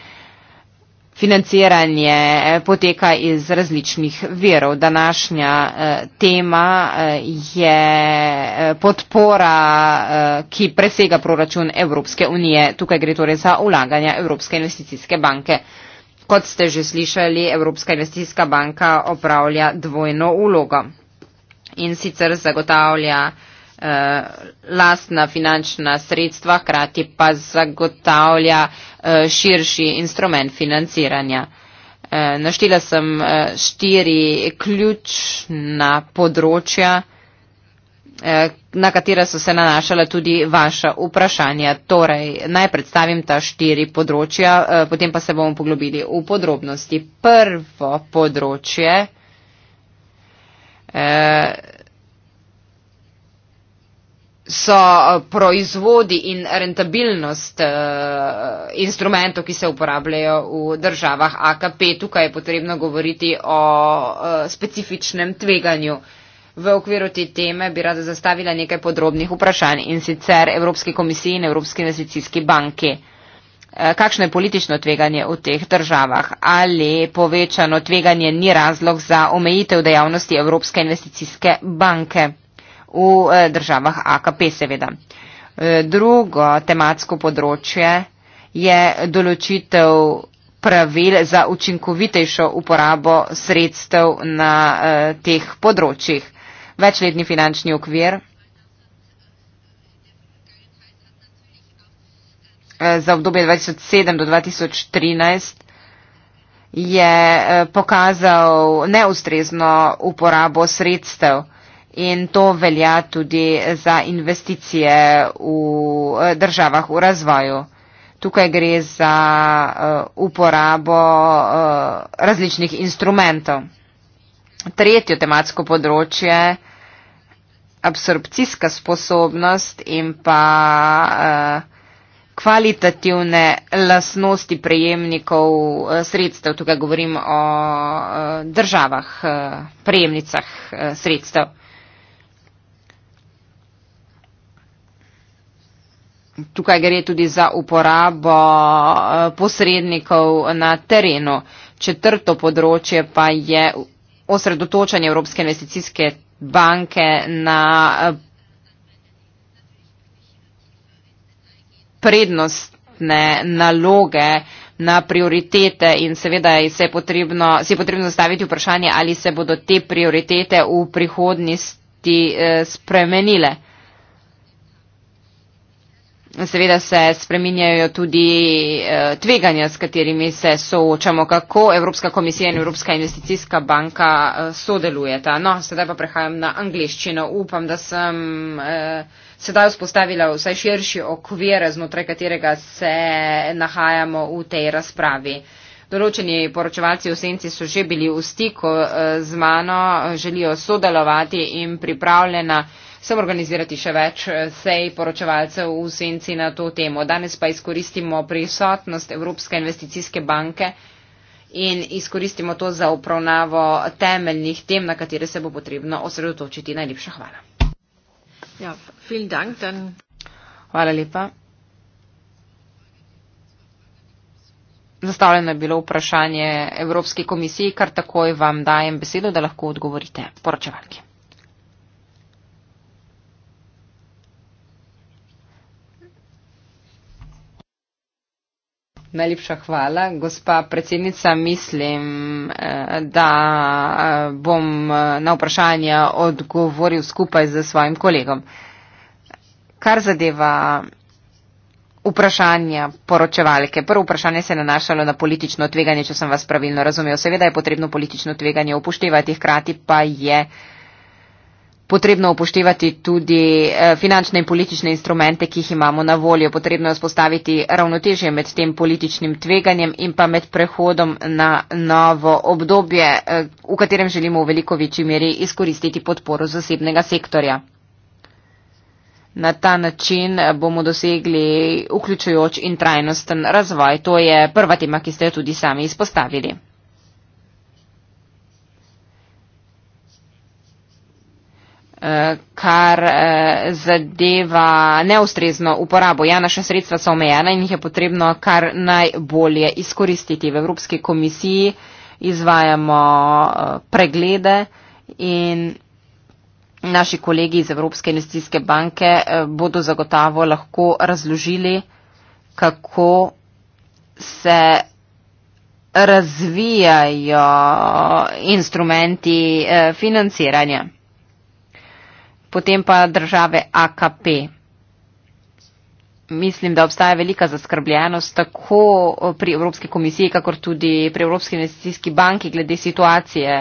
financiranje eh, poteka iz različnih verov. Današnja eh, tema eh, je podpora, ki presega proračun Evropske unije. Tukaj gre torej za ulaganja Evropske investicijske banke. Kot ste že slišali, Evropska investicijska banka opravlja dvojno ulogo in sicer zagotavlja Eh, lastna finančna sredstva, hkrati pa zagotavlja eh, širši instrument financiranja. Eh, naštela sem štiri ključna področja, na katera so se nanašala tudi vaša vprašanja. Torej, naj predstavim ta štiri področja, potem pa se bomo poglobili v podrobnosti. Prvo področje so eh, proizvodi in rentabilnost uh, instrumentov, ki se uporabljajo v državah AKP. Tukaj je potrebno govoriti o uh, specifičnem tveganju. V okviru te teme bi rada zastavila nekaj podrobnih vprašanj in sicer Evropske komisije in Evropske investicijske banke. Kakšno je politično tveganje v teh državah? Ali povečano tveganje ni razlog za omejitev dejavnosti Evropske investicijske banke? v eh, državah AKP seveda. Eh, drugo tematsko področje je določitev pravil za učinkovitejšo uporabo sredstev na eh, teh področjih. Večletni finančni okvir za obdobje 2007 do 2013 je pokazal neustrezno uporabo sredstev in to velja tudi za investicije v eh, državah v razvoju. Tukaj gre za eh, uporabo eh, različnih instrumentov. Tretje tematsko področje, absorpcijska sposobnost in pa kvalitativne lasnosti prejemnikov sredstev. Tukaj govorim o državah, prejemnicah sredstev. tukaj gre tudi za uporabo eh, posrednikov na terenu. Četrto področje pa je osredotočanje Evropske investicijske banke na eh, prednostne naloge, na prioritete in seveda se je potrebno, se je potrebno zastaviti vprašanje, ali se bodo te prioritete v prihodnosti eh, spremenile. Seveda se spreminjajo tudi eh, tveganja, s katerimi se soočamo, kako Evropska komisija in Evropska investicijska banka eh, sodelujeta. No, sedaj pa prehajam na angliščino. Upam, da sem eh, sedaj vzpostavila vsaj širši okvir, znotraj katerega se nahajamo v tej razpravi. Določeni poročevalci v senci so že bili v stiku z mano, želijo sodelovati in pripravljena sem organizirati še več eh, sej poročevalcev v senci na to temo. Danes pa izkoristimo prisotnost Evropske investicijske banke in izkoristimo to za upravnavo temeljnih tem, na katere se bo potrebno osredotočiti. Najlepša hvala. Ja, dank, dan. Hvala lepa. Zastavljeno je bilo vprašanje Evropske komisije, kar takoj vam dajem besedo, da lahko odgovorite poročevalki. Najlepša hvala. Gospa predsednica, mislim, eh, da eh, bom eh, na vprašanja odgovoril skupaj z svojim kolegom. Kar zadeva vprašanja poročevalke. Prvo vprašanje se je nanašalo na politično tveganje, če sem vas pravilno razumel. Seveda je potrebno politično tveganje upoštevati, hkrati pa je potrebno upoštevati tudi eh, finančne in politične instrumente, ki jih imamo na voljo. Potrebno je spostaviti ravnotežje med tem političnim tveganjem in pa med prehodom na novo obdobje, eh, v katerem želimo v veliko večji meri izkoristiti podporo zasebnega sektorja. Na ta način eh, bomo dosegli vključujoč in trajnosten razvoj. To je prva tema, ki ste jo tudi sami izpostavili. kar eh, zadeva neustrezno uporabo. Ja, naša sredstva so omejena in jih je potrebno kar najbolje izkoristiti. V Evropski komisiji izvajamo eh, preglede in naši kolegi iz Evropske investicijske banke eh, bodo zagotavo lahko razložili, kako se razvijajo instrumenti financiranja potem pa države AKP. Mislim, da obstaja velika zaskrbljenost tako pri Evropski komisiji, kakor tudi pri Evropski investicijski banki glede situacije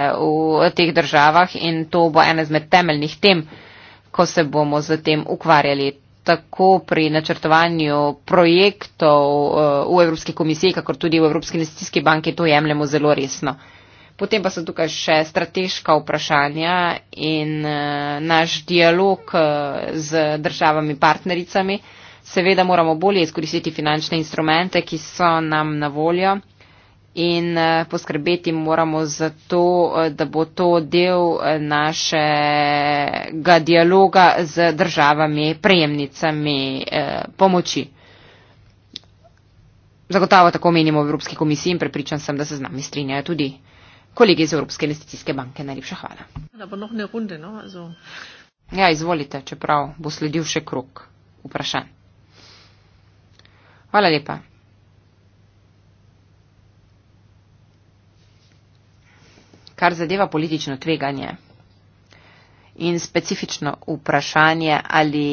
v teh državah in to bo ena izmed temeljnih tem, ko se bomo z tem ukvarjali tako pri načrtovanju projektov eh, v Evropski komisiji, kakor tudi v Evropski investicijski banki, to jemljemo zelo resno. Potem pa so tukaj še strateška vprašanja in eh, naš dialog eh, z državami partnericami. Seveda moramo bolje izkoristiti finančne instrumente, ki so nam na voljo in eh, poskrbeti moramo za to, da bo to del našega dialoga z državami prejemnicami pomoči. Zagotavo tako menimo v Evropski komisiji in prepričan sem, da se z nami strinjajo tudi kolegi iz Evropske investicijske banke. Najlepša hvala. Da bo noh ne runde, no? Also... Ja, izvolite, čeprav bo sledil še krok vprašanj. Hvala lepa. Kar zadeva politično tveganje in specifično vprašanje, ali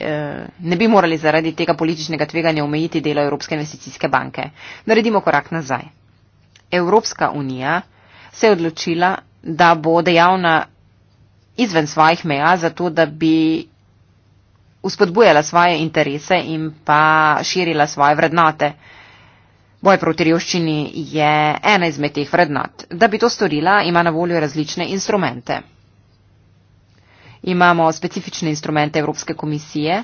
eh, ne bi morali zaradi tega političnega tveganja omejiti delo Evropske investicijske banke. Naredimo korak nazaj. Evropska unija se je odločila, da bo dejavna izven svojih meja, zato da bi uspodbujala svoje interese in pa širila svoje vrednote. Boj proti revščini je ena izmed teh vrednot. Da bi to storila, ima na voljo različne instrumente. Imamo specifične instrumente Evropske komisije,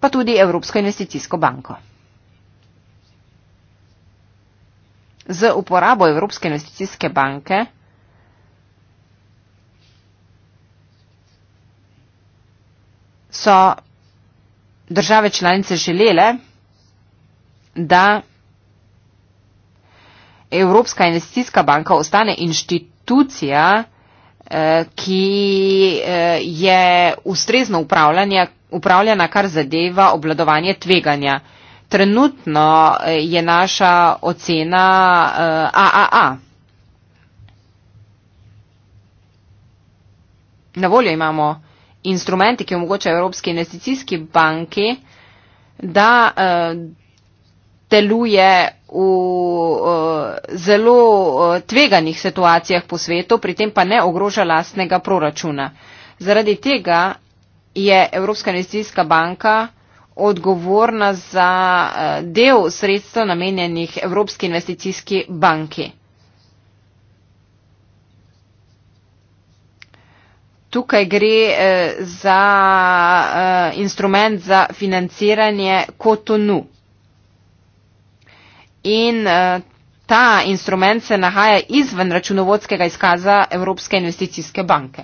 pa tudi Evropsko investicijsko banko. z uporabo Evropske investicijske banke so države članice želele, da Evropska investicijska banka ostane inštitucija, eh, ki eh, je ustrezno upravljanja, upravljena kar zadeva obladovanje tveganja trenutno eh, je naša ocena AAA. Eh, Na voljo imamo instrumenti, ki omogočajo Evropski investicijski banki, da eh, deluje v zelo tveganih situacijah po svetu, pri tem pa ne ogroža lastnega proračuna. Zaradi tega je Evropska investicijska banka odgovorna za eh, del sredstva namenjenih Evropski investicijski banki. Tukaj gre eh, za eh, instrument za financiranje Kotonu. In ta instrument se nahaja izven računovodskega izkaza Evropske investicijske banke.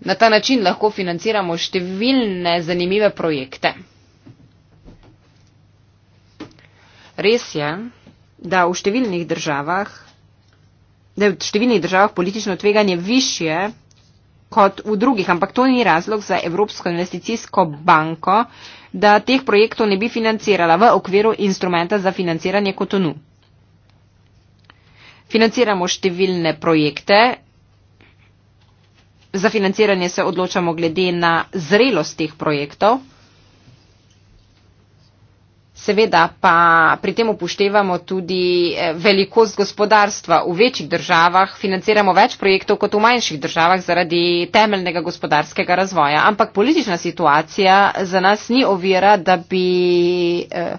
Na ta način lahko financiramo številne zanimive projekte. Res je, da v številnih državah, da je v številnih državah politično tveganje više kot v drugih, ampak to ni razlog za Evropsko investicijsko banko, da teh projektov ne bi financirala v okviru instrumenta za financiranje kotonu. Financiramo številne projekte, za financiranje se odločamo glede na zrelost teh projektov. Seveda pa pri tem upoštevamo tudi eh, velikost gospodarstva. V večjih državah financiramo več projektov kot v manjših državah zaradi temeljnega gospodarskega razvoja. Ampak politična situacija za nas ni ovira, da bi eh,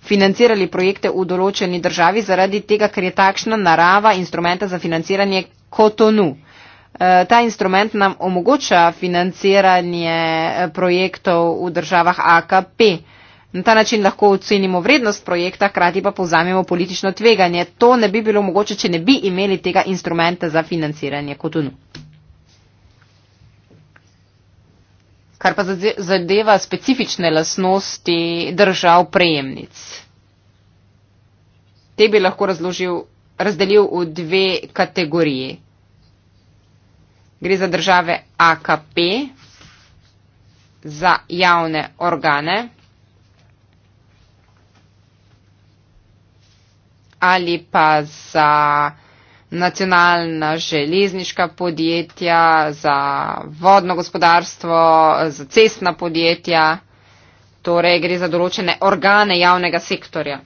financirali projekte v določeni državi zaradi tega, ker je takšna narava instrumenta za financiranje kotonu. Ta instrument nam omogoča financiranje eh, projektov v državah AKP. Na ta način lahko ocenimo vrednost projekta, hkrati pa povzamemo politično tveganje. To ne bi bilo mogoče, če ne bi imeli tega instrumenta za financiranje kot unu. Kar pa zadeva specifične lasnosti držav prejemnic. Te bi lahko razložil, razdelil v dve kategoriji. Gre za države AKP, za javne organe ali pa za nacionalna železniška podjetja, za vodno gospodarstvo, za cestna podjetja. Torej gre za določene organe javnega sektorja.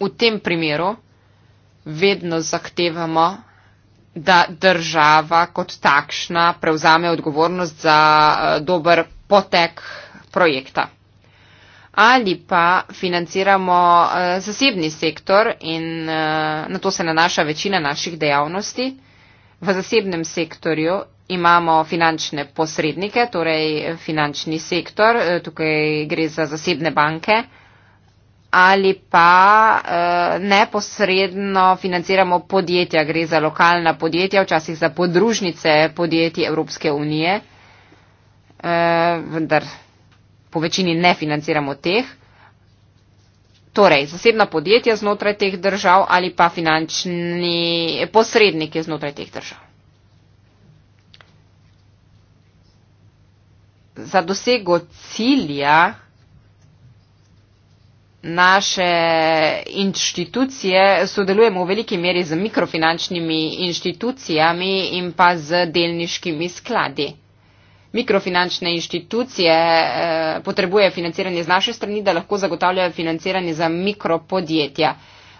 V tem primeru vedno zahtevamo, da država kot takšna prevzame odgovornost za eh, dober potek projekta. Ali pa financiramo eh, zasebni sektor in eh, na to se nanaša večina naših dejavnosti. V zasebnem sektorju imamo finančne posrednike, torej finančni sektor, tukaj gre za zasebne banke ali pa uh, neposredno financiramo podjetja, gre za lokalna podjetja, včasih za podružnice podjetij Evropske unije, uh, vendar po večini ne financiramo teh. Torej, zasebna podjetja znotraj teh držav ali pa finančni posredniki znotraj teh držav. Za dosego cilja naše inštitucije sodelujemo v veliki meri z mikrofinančnimi inštitucijami in pa z delniškimi skladi. Mikrofinančne inštitucije eh, potrebujejo financiranje z naše strani, da lahko zagotavljajo financiranje za mikropodjetja.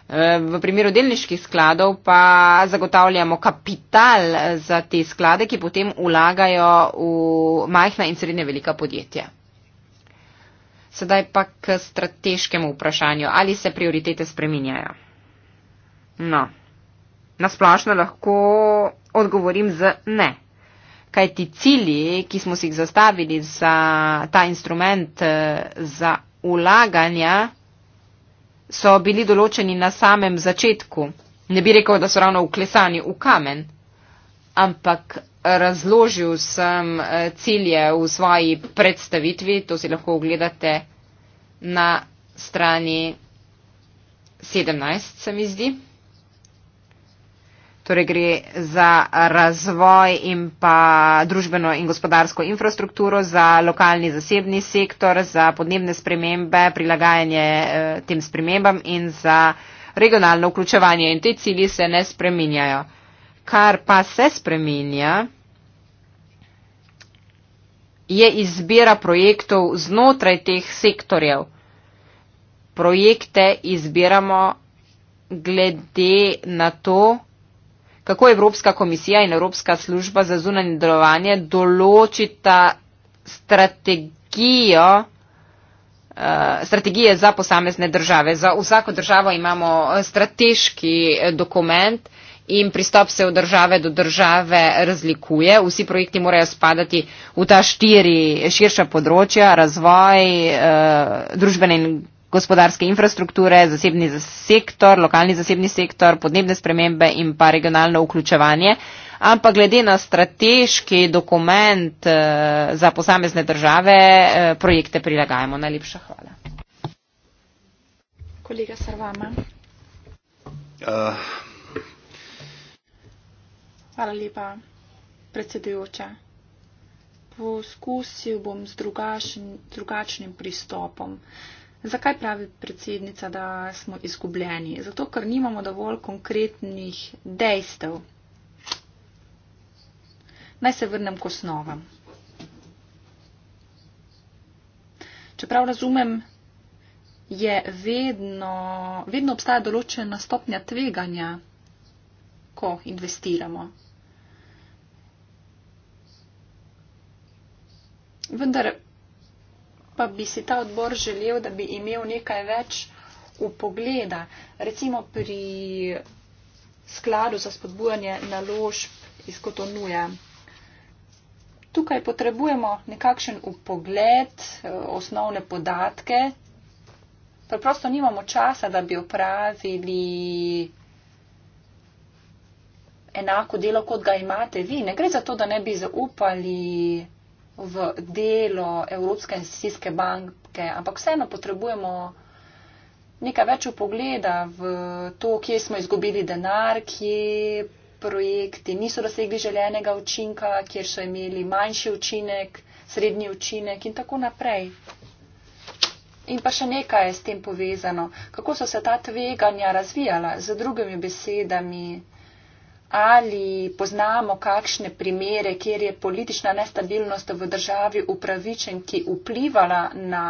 Eh, v primeru delniških skladov pa zagotavljamo kapital za te sklade, ki potem ulagajo v majhna in srednje velika podjetja. Sedaj pa k strateškemu vprašanju, ali se prioritete spreminjajo. No, nasplošno lahko odgovorim z ne. Kaj ti cilji, ki smo si jih zastavili za ta instrument eh, za ulaganja, so bili določeni na samem začetku. Ne bi rekel, da so ravno uklesani v kamen, ampak razložil sem eh, cilje v svoji predstavitvi, to si lahko ogledate na strani 17, se mi zdi. Torej gre za razvoj in pa družbeno in gospodarsko infrastrukturo, za lokalni zasebni sektor, za podnebne spremembe, prilagajanje eh, tem spremembam in za regionalno vključevanje. In te cilji se ne spreminjajo. Kar pa se spreminja, je izbira projektov znotraj teh sektorjev. Projekte izbiramo glede na to, kako Evropska komisija in Evropska služba za zunanje delovanje določita strategijo, eh, strategije za posamezne države. Za vsako državo imamo strateški dokument, in pristop se od države do države razlikuje. Vsi projekti morajo spadati v ta štiri širša področja, razvoj eh, družbene in gospodarske infrastrukture, zasebni sektor, lokalni zasebni sektor, podnebne spremembe in pa regionalno vključevanje. Ampak glede na strateški dokument eh, za posamezne države, eh, projekte prilagajamo. Najlepša hvala. Kolega Sarvama. Uh, Hvala lepa, predsedujoča. Poskusil bom z drugačen, drugačnim pristopom. Zakaj pravi predsednica, da smo izgubljeni? Zato, ker nimamo dovolj konkretnih dejstev. Naj se vrnem k osnovam. Čeprav razumem, je vedno, vedno obstaja določena stopnja tveganja, ko investiramo. Vendar pa bi si ta odbor želel, da bi imel nekaj več v pogleda. Recimo pri skladu za spodbujanje naložb izkotonuje. Tukaj potrebujemo nekakšen upogled, eh, osnovne podatke. Preprosto nimamo časa, da bi opravili enako delo, kot ga imate vi. Ne gre za to, da ne bi zaupali v delo Evropske investicijske banke, ampak vseeno potrebujemo nekaj več upogleda v to, kje smo izgubili denar, kje projekti niso dosegli željenega učinka, kjer so imeli manjši učinek, srednji učinek in tako naprej. In pa še nekaj je s tem povezano. Kako so se ta tveganja razvijala? Z drugimi besedami, ali poznamo kakšne primere, kjer je politična nestabilnost v državi upravičen, ki vplivala na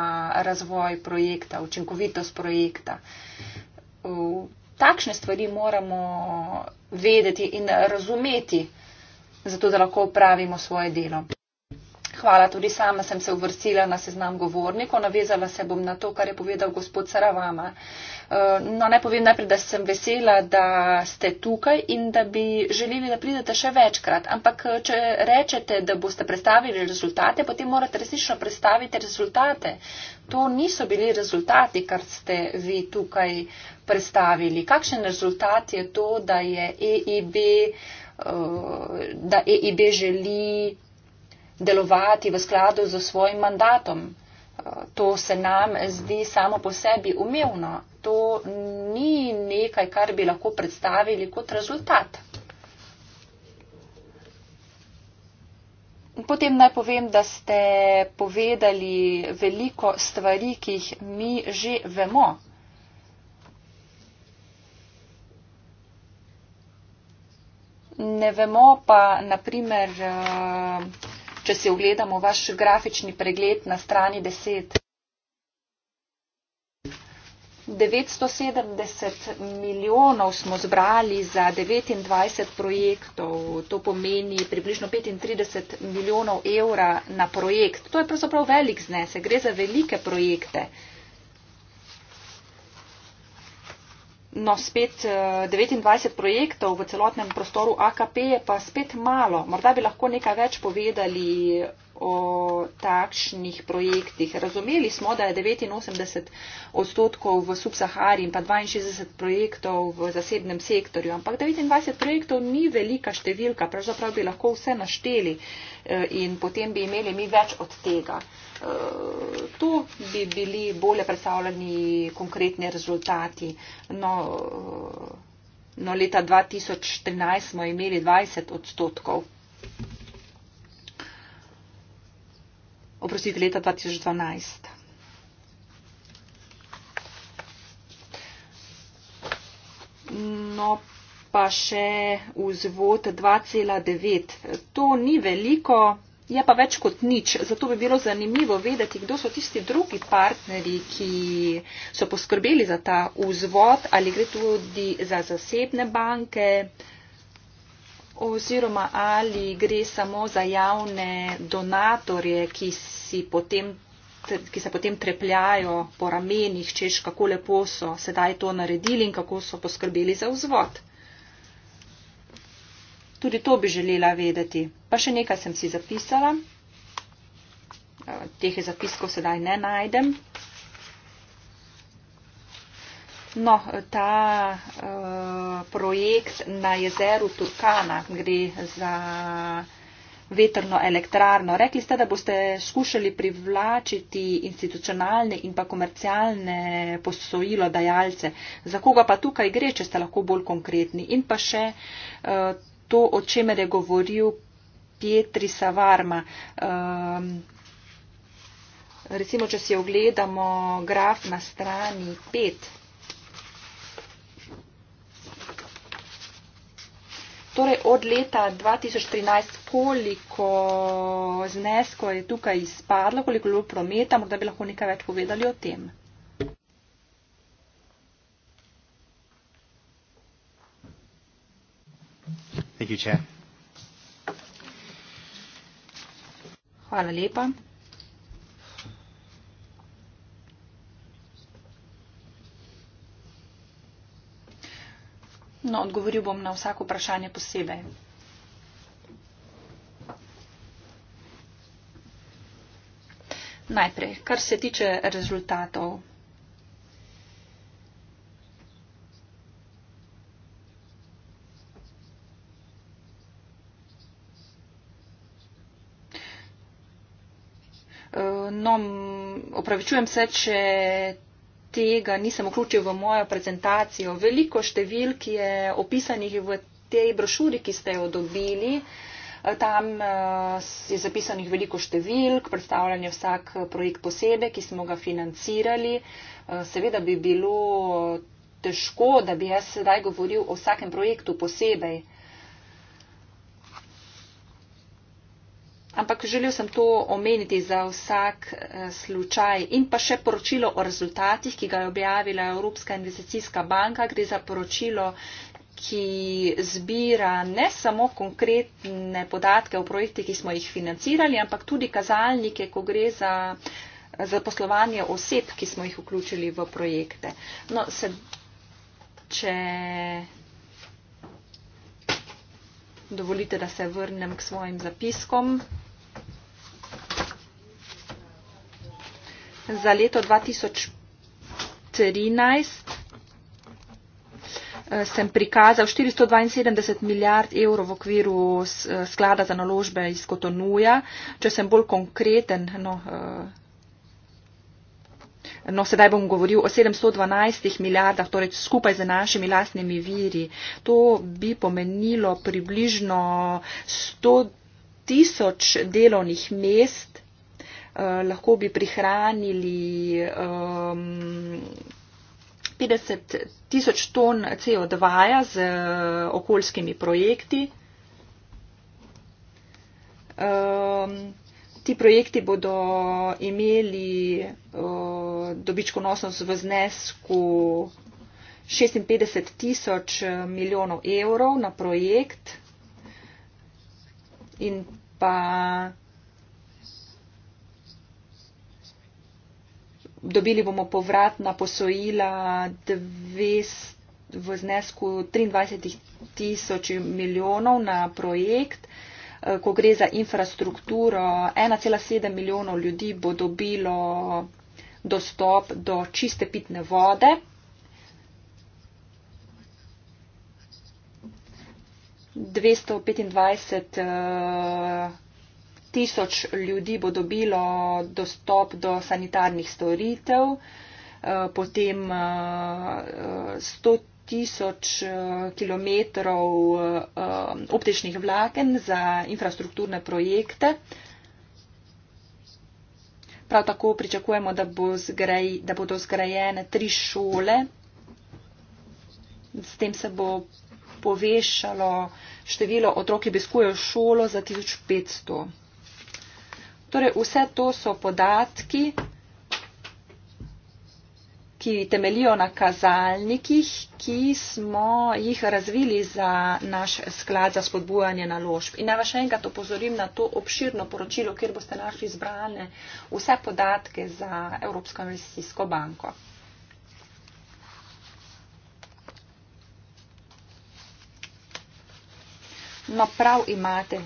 razvoj projekta, učinkovitost projekta. Takšne stvari moramo vedeti in razumeti, zato da lahko upravimo svoje delo hvala. Tudi sama sem se uvrstila na seznam govornikov. Navezala se bom na to, kar je povedal gospod Saravama. Eh, no, naj povem najprej, da sem vesela, da ste tukaj in da bi želeli, da pridete še večkrat. Ampak, eh, če rečete, da boste predstavili rezultate, potem morate resnično predstaviti rezultate. To niso bili rezultati, kar ste vi tukaj predstavili. Kakšen rezultat je to, da je EIB, eh, da EIB želi delovati v skladu z svojim mandatom. Eh, to se nam zdi samo po sebi umevno. To ni nekaj, kar bi lahko predstavili kot rezultat. Potem naj povem, da ste povedali veliko stvari, ki jih mi že vemo. Ne vemo pa, naprimer, eh, če si ogledamo vaš grafični pregled na strani 10. 970 milijonov smo zbrali za 29 projektov, to pomeni približno 35 milijonov evra na projekt. To je pravzaprav velik znesek, gre za velike projekte. no spet 29 eh, projektov v celotnem prostoru AKP je pa spet malo. Morda bi lahko nekaj več povedali o takšnih projektih. Razumeli smo, da je 89 odstotkov v subsahari in pa 62 projektov v zasebnem sektorju, ampak 29 projektov ni velika številka, pravzaprav bi lahko vse našteli eh, in potem bi imeli mi več od tega. Eh, to bi bili bolje predstavljeni konkretni rezultati. No, eh, no leta 2013 smo imeli 20 odstotkov. Thank you oprostite, leta 2012. No, pa še vzvod 2,9. To ni veliko, je pa več kot nič. Zato bi bilo zanimivo vedeti, kdo so tisti drugi partnerji, ki so poskrbeli za ta vzvod, ali gre tudi za zasebne banke oziroma ali gre samo za javne donatorje, ki, potem, ki se potem trepljajo po ramenih, češ kako lepo so sedaj to naredili in kako so poskrbeli za vzvod. Tudi to bi želela vedeti. Pa še nekaj sem si zapisala. Teh zapiskov sedaj ne najdem. No, ta uh, projekt na jezeru Turkana gre za vetrno elektrarno. Rekli ste, da boste skušali privlačiti institucionalne in pa komercialne posojilo dajalce. Za koga pa tukaj gre, če ste lahko bolj konkretni? In pa še uh, to, o čemer je govoril Pietri Savarma. Um, recimo, če si ogledamo graf na strani 5. Torej od leta 2013, koliko znesko je tukaj izpadlo, koliko je bilo prometa, morda bi lahko nekaj več povedali o tem. Hvala lepa. No, odgovoril bom na vsako vprašanje posebej. Najprej, kar se tiče rezultatov. No, opravičujem se, če tega nisem vključil v mojo prezentacijo. Veliko številk je opisanih v tej brošuri, ki ste jo dobili. Tam eh, je zapisanih veliko številk, predstavljen je vsak eh, projekt posebej, ki smo ga financirali. Eh, seveda bi bilo težko, da bi jaz sedaj govoril o vsakem projektu posebej. ampak želel sem to omeniti za vsak eh, slučaj. In pa še poročilo o rezultatih, ki ga je objavila Evropska investicijska banka. Gre za poročilo, ki zbira ne samo konkretne podatke o projektih, ki smo jih financirali, ampak tudi kazalnike, ko gre za eh, zaposlovanje oseb, ki smo jih vključili v projekte. No, se, če dovolite, da se vrnem k svojim zapiskom. za leto 2013 eh, sem prikazal 472 milijard evrov v okviru eh, sklada za naložbe iz Kotonuja. Če sem bolj konkreten, no, eh, no sedaj bom govoril o 712 milijardah, torej skupaj z našimi lastnimi viri. To bi pomenilo približno 100 tisoč delovnih mest Eh, lahko bi prihranili um, 50 tisoč ton CO2 -ja z eh, okoljskimi projekti. Um, ti projekti bodo imeli uh, dobičkonosnost v znesku 56 tisoč milijonov evrov na projekt in pa dobili bomo povratna posojila v znesku 23 tisoč milijonov na projekt. Eh, ko gre za infrastrukturo, 1,7 milijonov ljudi bo dobilo dostop do čiste pitne vode. dvesto petindvajset eh, tisoč ljudi bo dobilo dostop do sanitarnih storitev, eh, potem 100 eh, eh, tisoč kilometrov optičnih vlaken za infrastrukturne projekte. Prav tako pričakujemo, da, bo zgrej, da bodo zgrajene tri šole. S tem se bo povešalo število otrok, ki obiskujejo šolo za 1500. Torej, vse to so podatki, ki temelijo na kazalnikih, ki smo jih razvili za naš sklad za spodbujanje naložb. In naj vas še enkrat opozorim na to obširno poročilo, kjer boste našli zbrane vse podatke za Evropsko investicijsko banko. No, prav imate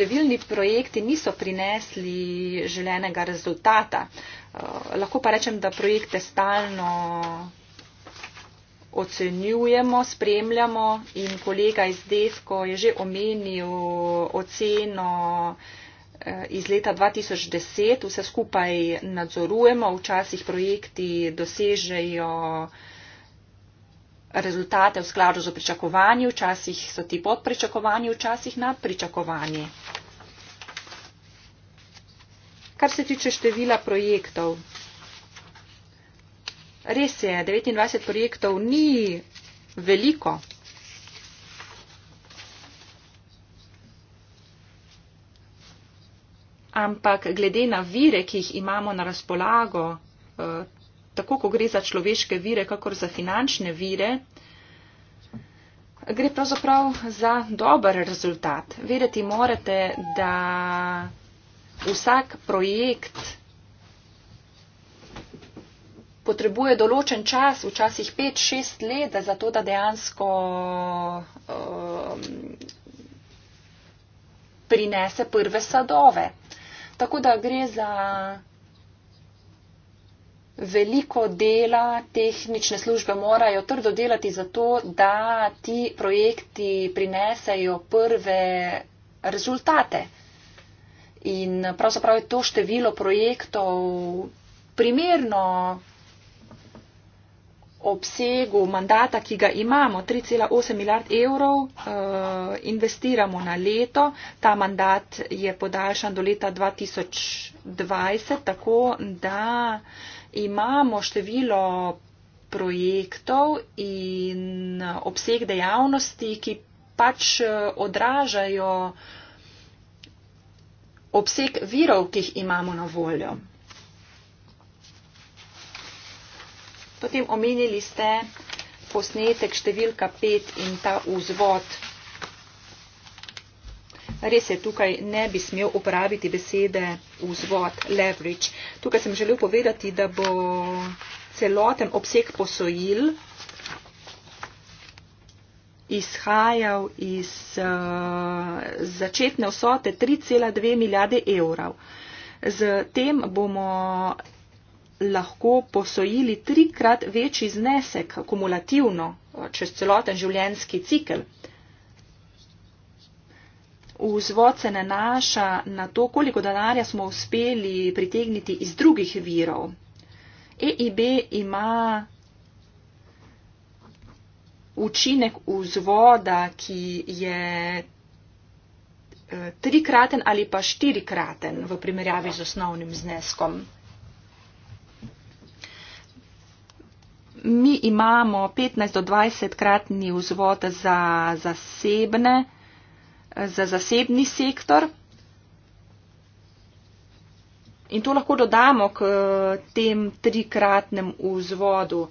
številni projekti niso prinesli želenega rezultata. Eh, lahko pa rečem, da projekte stalno ocenjujemo, spremljamo in kolega iz Defko je že omenil oceno eh, iz leta 2010. Vse skupaj nadzorujemo, včasih projekti dosežejo rezultate v skladu z pričakovanji, včasih so ti pod pričakovanji, včasih na pričakovanje. Kar se tiče števila projektov, res je, 29 projektov ni veliko. Ampak glede na vire, ki jih imamo na razpolago, eh, tako, ko gre za človeške vire, kakor za finančne vire, gre pravzaprav za dober rezultat. Vedeti morate, da vsak projekt potrebuje določen čas, včasih 5-6 let, za to, da dejansko um, prinese prve sadove. Tako da gre za veliko dela, tehnične službe morajo trdo delati za to, da ti projekti prinesejo prve rezultate. In pravzaprav je to število projektov primerno obsegu mandata, ki ga imamo, 3,8 milijard evrov uh, investiramo na leto. Ta mandat je podaljšan do leta 2020, tako da uh, imamo število projektov in obseg dejavnosti, ki pač eh, odražajo obseg virov, ki jih imamo na voljo. Potem omenili ste posnetek številka 5 in ta vzvod. Res je, tukaj ne bi smel uporabiti besede vzvod, leverage. Tukaj sem želel povedati, da bo celoten obseg posojil izhajal iz uh, začetne vsote 3,2 milijarde evrov. Z tem bomo lahko posojili trikrat večji znesek kumulativno eh, čez celoten življenjski cikl vzvod se nanaša na to, koliko denarja smo uspeli pritegniti iz drugih virov. EIB ima učinek vzvoda, ki je eh, trikraten ali pa štirikraten v primerjavi z osnovnim zneskom. Mi imamo 15 do 20 kratni vzvod za zasebne za zasebni sektor. In to lahko dodamo k eh, tem trikratnem vzvodu.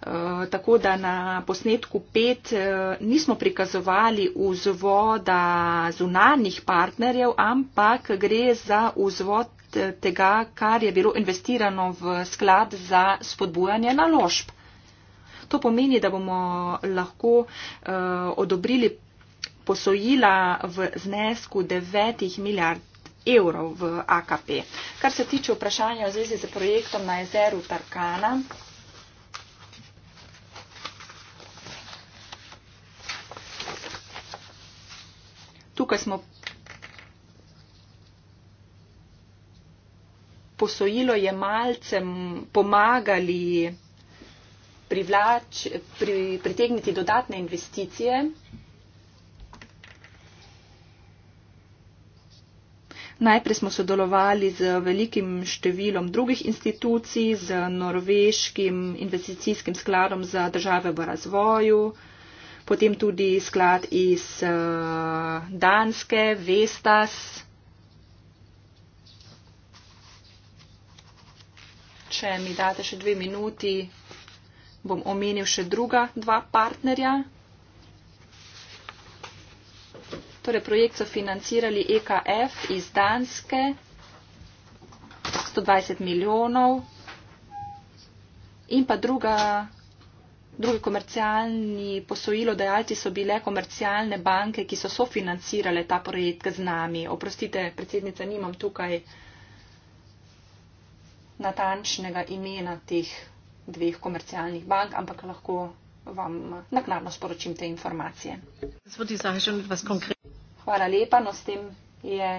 Eh, tako da na posnetku 5 eh, nismo prikazovali vzvoda zunanjih partnerjev, ampak gre za vzvod tega, kar je bilo investirano v sklad za spodbujanje naložb. To pomeni, da bomo lahko odobrili posojila v znesku 9 milijard evrov v AKP. Kar se tiče vprašanja v zvezi z projektom na jezeru Tarkana, tukaj smo posojilo je malcem pomagali privlač, pri, pritegniti dodatne investicije. Najprej smo sodelovali z velikim številom drugih institucij, z norveškim investicijskim skladom za države v razvoju, potem tudi sklad iz eh, Danske, Vestas. Če mi date še dve minuti, bom omenil še druga dva partnerja. Torej, projekt so financirali EKF iz Danske, 120 milijonov in pa druga, drugi komercialni posojilodajalci so bile komercialne banke, ki so sofinancirale ta projekt z nami. Oprostite, predsednica, nimam tukaj natančnega imena teh dveh komercialnih bank, ampak lahko vam naknadno sporočim te informacije. Hvala lepa. No, s tem je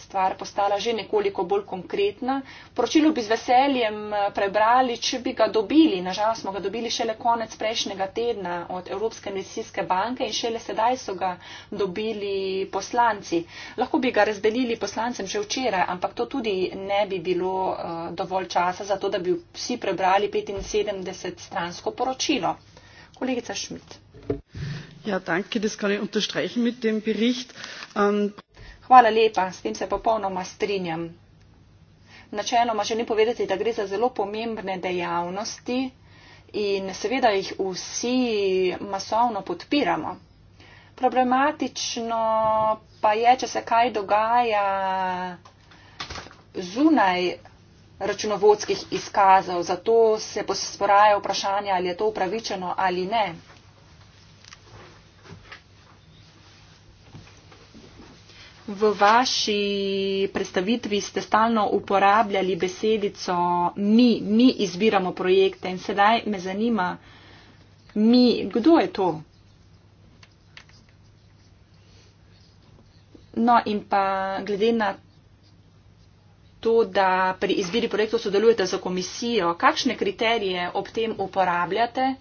stvar postala že nekoliko bolj konkretna. Poročilo bi z veseljem eh, prebrali, če bi ga dobili. Nažal smo ga dobili šele konec prejšnjega tedna od Evropske investicijske banke in šele sedaj so ga dobili poslanci. Lahko bi ga razdelili poslancem že včeraj, ampak to tudi ne bi bilo eh, dovolj časa za to, da bi vsi prebrali 75 stransko poročilo. Kolegica Šmit. Ja, ähm, Hvala lepa, s tem se popolnoma strinjam. Načeloma želim povedati, da gre za zelo pomembne dejavnosti in seveda jih vsi masovno podpiramo. Problematično pa je, če se kaj dogaja zunaj računovodskih izkazov, zato se posporaja vprašanje, ali je to upravičeno ali ne. V vaši predstavitvi ste stalno uporabljali besedico mi, mi izbiramo projekte in sedaj me zanima, mi, kdo je to? No in pa glede na to, da pri izbiri projektov sodelujete za komisijo, kakšne kriterije ob tem uporabljate?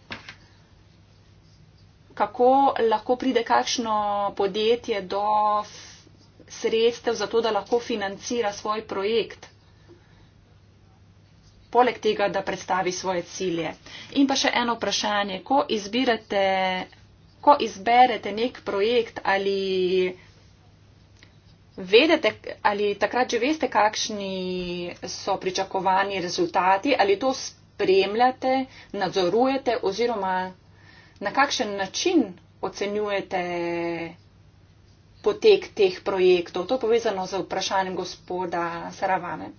Kako lahko pride kakšno podjetje do sredstev za to, da lahko financira svoj projekt. Poleg tega, da predstavi svoje cilje. In pa še eno vprašanje. Ko, izbirate, ko izberete nek projekt ali vedete, ali takrat že veste, kakšni so pričakovani rezultati, ali to spremljate, nadzorujete oziroma na kakšen način ocenjujete potek teh projektov. To je povezano z vprašanjem gospoda Saravane.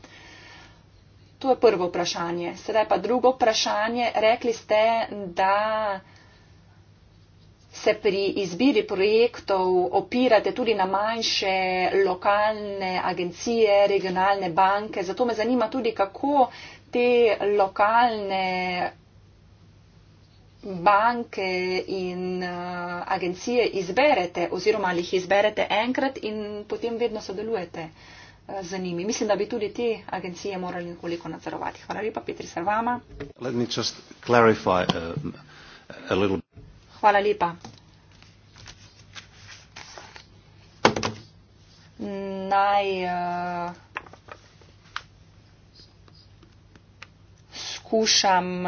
To je prvo vprašanje. Sedaj pa drugo vprašanje. Rekli ste, da se pri izbiri projektov opirate tudi na manjše lokalne agencije, regionalne banke. Zato me zanima tudi, kako te lokalne banke in uh, agencije izberete oziroma ali jih izberete enkrat in potem vedno sodelujete uh, z njimi. Mislim, da bi tudi te agencije morali nekoliko nadzorovati. Hvala lepa, Petri, se vama. Clarify, uh, Hvala lepa. Naj uh, skušam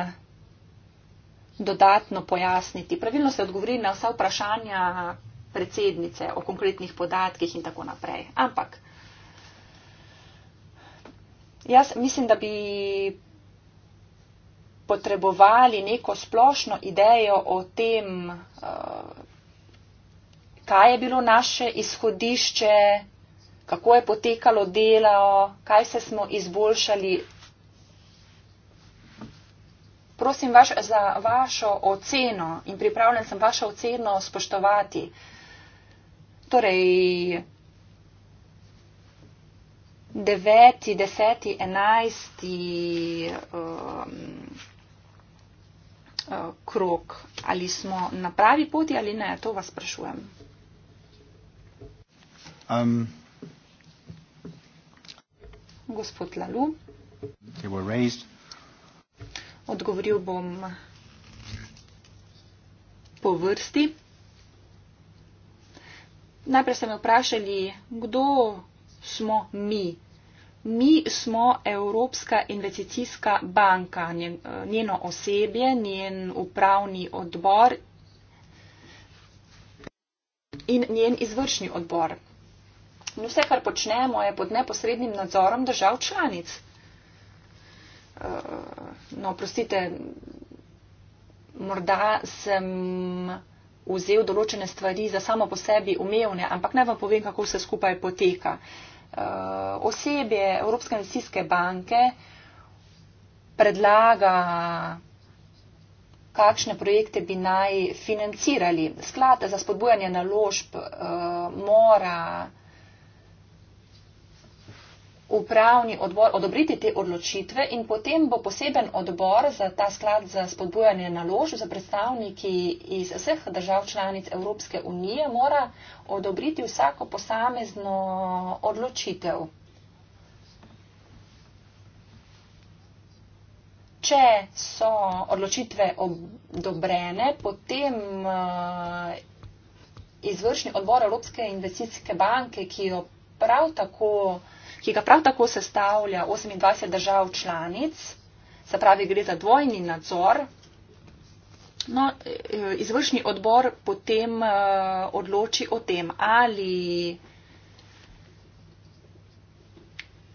dodatno pojasniti. Pravilno se odgovori na vsa vprašanja predsednice o konkretnih podatkih in tako naprej. Ampak jaz mislim, da bi potrebovali neko splošno idejo o tem, eh, kaj je bilo naše izhodišče, kako je potekalo delo, kaj se smo izboljšali prosim vaš, za vašo oceno in pripravljen sem vašo oceno spoštovati. Torej, 9., 10., 11. krok. Ali smo na pravi poti ali ne, to vas sprašujem. Um, Gospod Lalu. They were raised Odgovoril bom po vrsti. Najprej ste me vprašali, kdo smo mi. Mi smo Evropska investicijska banka, njeno osebje, njen upravni odbor in njen izvršni odbor. In vse, kar počnemo, je pod neposrednim nadzorom držav članic no, prostite, morda sem vzel določene stvari za samo po sebi umevne, ampak naj vam povem, kako vse skupaj poteka. Eh, osebje Evropske investicijske banke predlaga, kakšne projekte bi naj financirali. Sklad za spodbujanje naložb eh, mora upravni odbor odobriti te odločitve in potem bo poseben odbor za ta sklad za spodbujanje naložb za predstavniki iz vseh držav članic Evropske unije mora odobriti vsako posamezno odločitev. Če so odločitve odobrene, potem eh, izvršni odbor Evropske investicijske banke, ki jo prav tako ki ga prav tako sestavlja 28 držav članic, se pravi, gre za dvojni nadzor. No, eh, izvršni odbor potem eh, odloči o tem, ali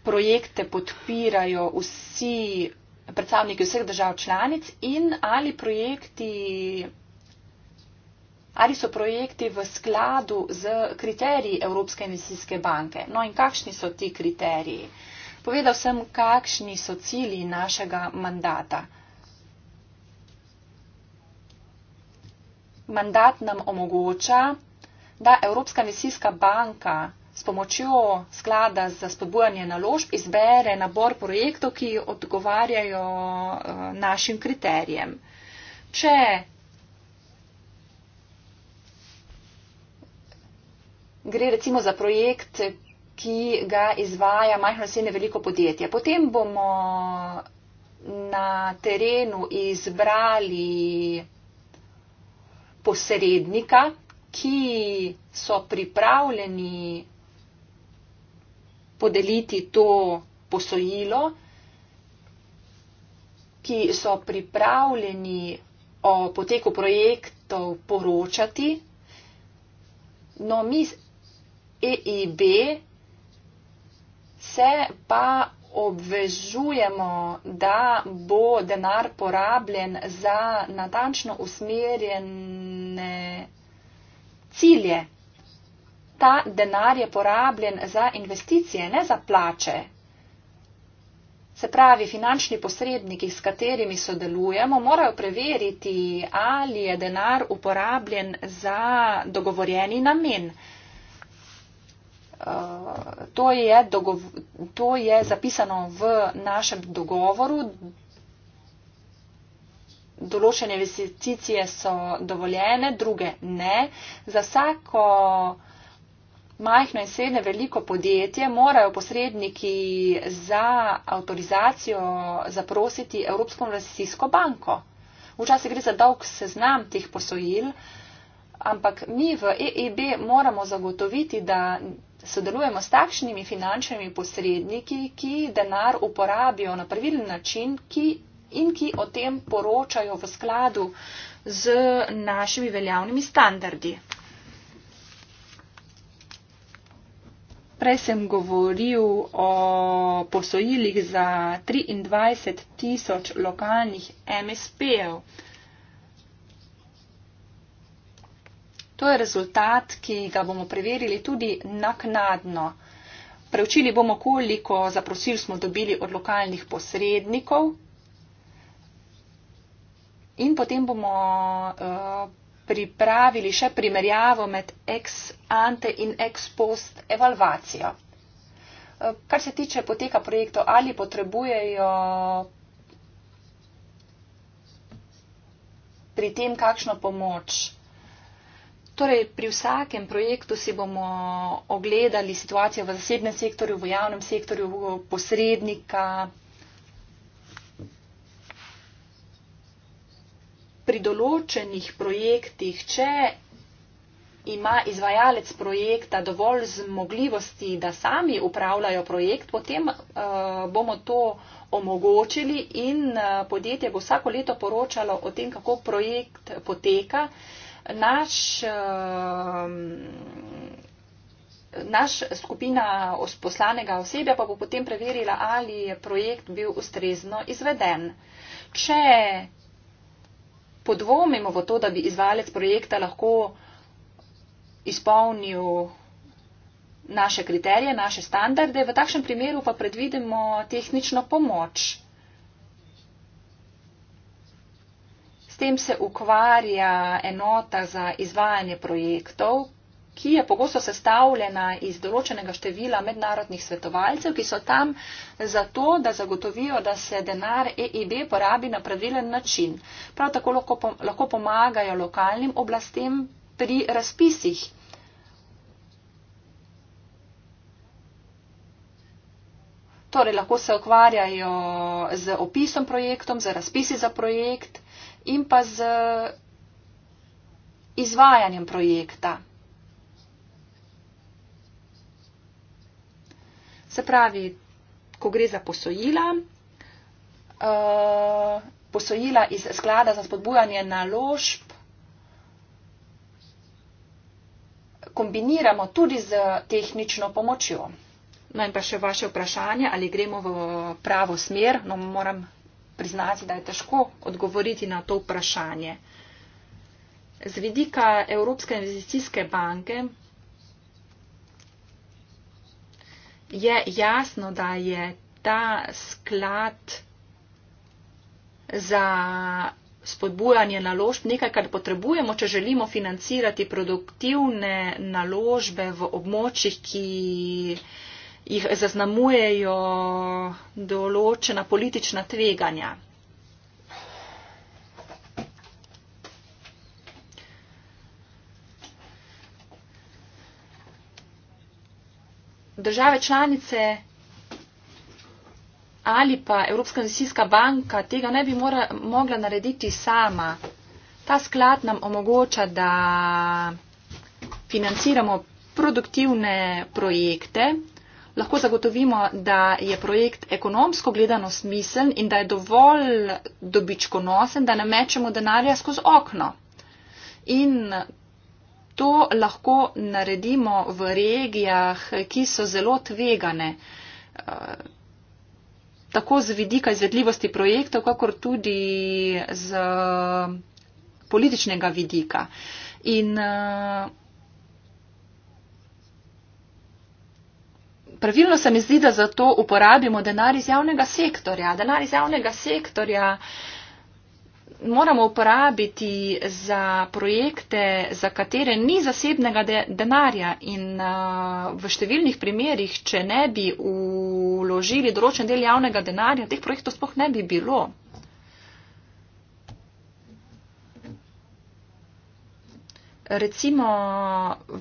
projekte podpirajo vsi predstavniki vseh držav članic in ali projekti ali so projekti v skladu z kriteriji Evropske investicijske banke. No in kakšni so ti kriteriji? Povedal sem, kakšni so cilji našega mandata. Mandat nam omogoča, da Evropska investicijska banka s pomočjo sklada za spodbujanje naložb izbere nabor projektov, ki odgovarjajo eh, našim kriterijem. Če gre recimo za projekt, ki ga izvaja majhno srednje veliko podjetje. Potem bomo na terenu izbrali posrednika, ki so pripravljeni podeliti to posojilo, ki so pripravljeni o poteku projektov poročati. No, mi EIB, se pa obvežujemo, da bo denar porabljen za natančno usmerjene cilje. Ta denar je porabljen za investicije, ne za plače. Se pravi, finančni posredniki, s katerimi sodelujemo, morajo preveriti, ali je denar uporabljen za dogovorjeni namen to, je dogov, to je zapisano v našem dogovoru. Določene investicije so dovoljene, druge ne. Za vsako majhno in srednje veliko podjetje morajo posredniki za avtorizacijo zaprositi Evropsko investicijsko banko. Včasih gre za dolg seznam teh posojil, ampak mi v EEB moramo zagotoviti, da sodelujemo s takšnimi finančnimi posredniki, ki denar uporabijo na pravilen način ki, in ki o tem poročajo v skladu z našimi veljavnimi standardi. Prej sem govoril o posojilih za 23 tisoč lokalnih MSP-ev. To je rezultat, ki ga bomo preverili tudi naknadno. Preučili bomo, koliko zaprosil smo dobili od lokalnih posrednikov in potem bomo uh, pripravili še primerjavo med ex ante in ex post evalvacijo. Eh, kar se tiče poteka projektov, ali potrebujejo pri tem kakšno pomoč, Torej, pri vsakem projektu si bomo ogledali situacijo v zasebnem sektorju, v javnem sektorju, posrednika, pri določenih projektih, če ima izvajalec projekta dovolj zmogljivosti, da sami upravljajo projekt, potem uh, bomo to omogočili in uh, podjetje bo vsako leto poročalo o tem, kako projekt poteka. Uh, naš, ehm, naš skupina poslanega osebja pa bo potem preverila, ali je projekt bil ustrezno izveden. Če podvomimo v to, da bi izvalec projekta lahko izpolnil naše kriterije, naše standarde, v takšnem primeru pa predvidimo tehnično pomoč. tem se ukvarja enota za izvajanje projektov, ki je pogosto sestavljena iz določenega števila mednarodnih svetovalcev, ki so tam zato, da zagotovijo, da se denar EIB porabi na pravilen način. Prav tako lahko, pom lahko pomagajo lokalnim oblastem pri razpisih. Torej lahko se ukvarjajo z opisom projektom, z razpisi za projekt in pa z izvajanjem projekta. Se pravi, ko gre za posojila, uh, posojila iz sklada za spodbujanje naložb, kombiniramo tudi z tehnično pomočjo. No in pa še vaše vprašanje, ali gremo v pravo smer. No, moram priznati, da je težko odgovoriti na to vprašanje. Z vidika Evropske investicijske banke je jasno, da je ta sklad za spodbujanje naložb nekaj, kar potrebujemo, če želimo financirati produktivne naložbe v območjih, ki jih zaznamujejo določena politična tveganja. Države članice ali pa Evropska investicijska banka tega ne bi mora, mogla narediti sama. Ta sklad nam omogoča, da financiramo produktivne projekte, lahko zagotovimo, da je projekt ekonomsko gledano smiseln in da je dovolj dobičkonosen, da ne mečemo denarja skozi okno. In to lahko naredimo v regijah, ki so zelo tvegane, eh, tako z vidika izvedljivosti projektov, kakor tudi z političnega vidika. In uh, pravilno se mi zdi, da za to uporabimo denar iz javnega sektorja. Denar iz javnega sektorja moramo uporabiti za projekte, za katere ni zasebnega de denarja in uh, v številnih primerjih, če ne bi vložili določen del javnega denarja, teh projektov spoh ne bi bilo. Recimo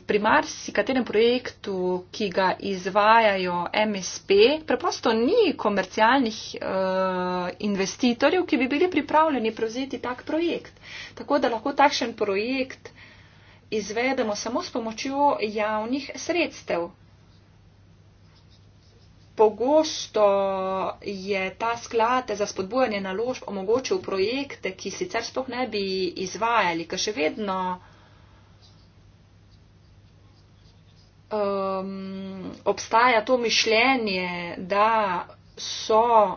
pri marsikaterem projektu, ki ga izvajajo MSP, preprosto ni komercialnih uh, investitorjev, ki bi bili pripravljeni prevzeti tak projekt. Tako da lahko takšen projekt izvedemo samo s pomočjo javnih sredstev. Pogosto je ta sklad za spodbujanje naložb omogočil projekte, ki sicer sploh ne bi izvajali, ker še vedno um, obstaja to mišljenje, da so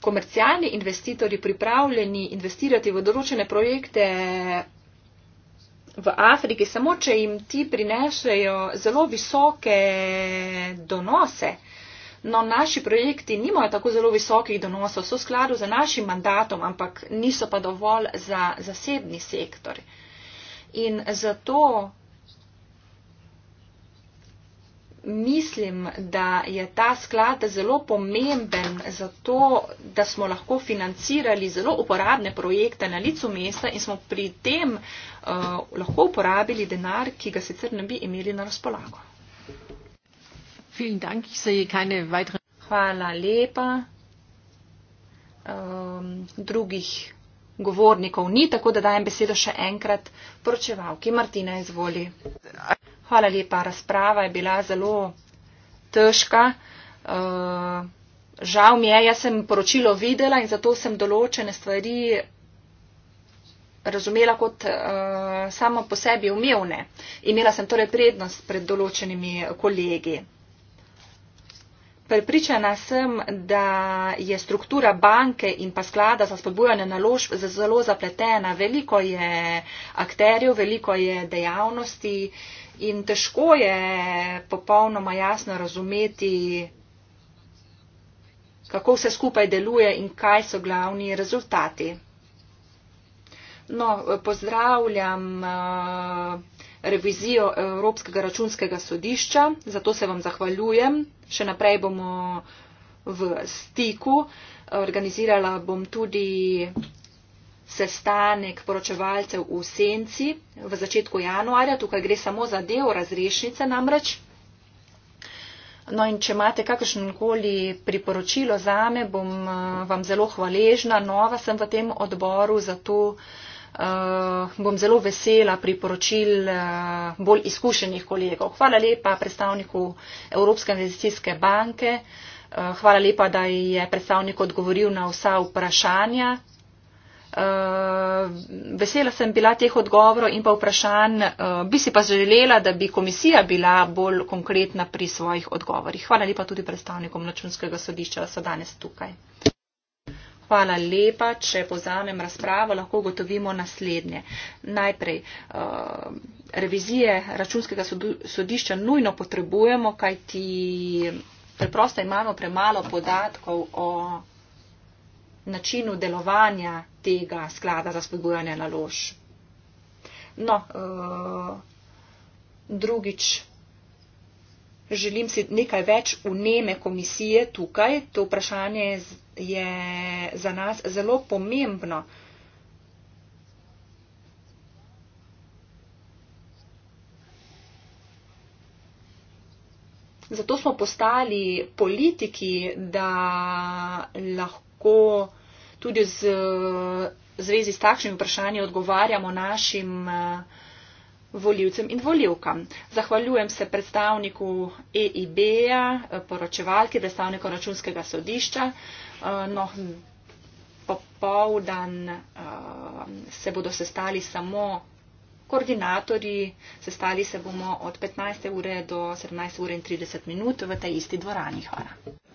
komercialni investitorji pripravljeni investirati v določene projekte v Afriki, samo če jim ti prinesejo zelo visoke donose. No, naši projekti nimajo tako zelo visokih donosov, so v skladu z našim mandatom, ampak niso pa dovolj za zasebni sektor. In zato mislim, da je ta sklad zelo pomemben za to, da smo lahko financirali zelo uporabne projekte na licu mesta in smo pri tem uh, lahko uporabili denar, ki ga sicer ne bi imeli na razpolago. Hvala lepa. Um, drugih govornikov ni, tako da dajem besedo še enkrat poročevalki. Martina, izvoli. Hvala lepa, razprava je bila zelo težka. Uh, žal mi je, jaz sem poročilo videla in zato sem določene stvari razumela kot uh, samo po sebi umevne. Imela sem torej prednost pred določenimi kolegi. Pripričana sem, da je struktura banke in pa sklada za spodbujanje naložb zelo zapletena. Veliko je akterjev, veliko je dejavnosti. Uh, In težko je popolnoma jasno razumeti, kako vse skupaj deluje in kaj so glavni rezultati. No, pozdravljam eh, revizijo Evropskega računskega sodišča, zato se vam zahvaljujem. Še naprej bomo v stiku. Organizirala bom tudi sestanek poročevalcev v Senci v začetku januarja. Tukaj gre samo za del razrešnice namreč. No in če imate kakršnokoli priporočilo za me, bom eh, vam zelo hvaležna. Nova sem v tem odboru, zato eh, bom zelo vesela priporočil eh, bolj izkušenih kolegov. Hvala lepa predstavniku Evropske investicijske banke. Hvala lepa, da je predstavnik odgovoril na vsa vprašanja. Eh, vesela sem bila teh odgovorov in pa vprašanj. Eh, bi si pa želela, da bi komisija bila bolj konkretna pri svojih odgovorih. Hvala lepa tudi predstavnikom načunskega sodišča, da so danes tukaj. Hvala lepa. Če povzamem razpravo, lahko gotovimo naslednje. Najprej, eh, revizije računskega sodišča nujno potrebujemo, kajti preprosto imamo premalo podatkov o načinu delovanja tega sklada za spodbujanje nalož. No, uh, drugič, želim si nekaj več uneme komisije tukaj. To vprašanje je za nas zelo pomembno. Zato smo postali politiki, da lahko tudi z, v zvezi s takšnimi vprašanji odgovarjamo našim eh, voljivcem in voljivkam. Zahvaljujem se predstavniku EIB-ja, eh, poročevalki, predstavniku računskega sodišča. Eh, no, popovdan se bodo sestali samo koordinatorji, sestali se bomo od 15. ure do 17. ure in 30 minut v tej isti dvorani. Hvala.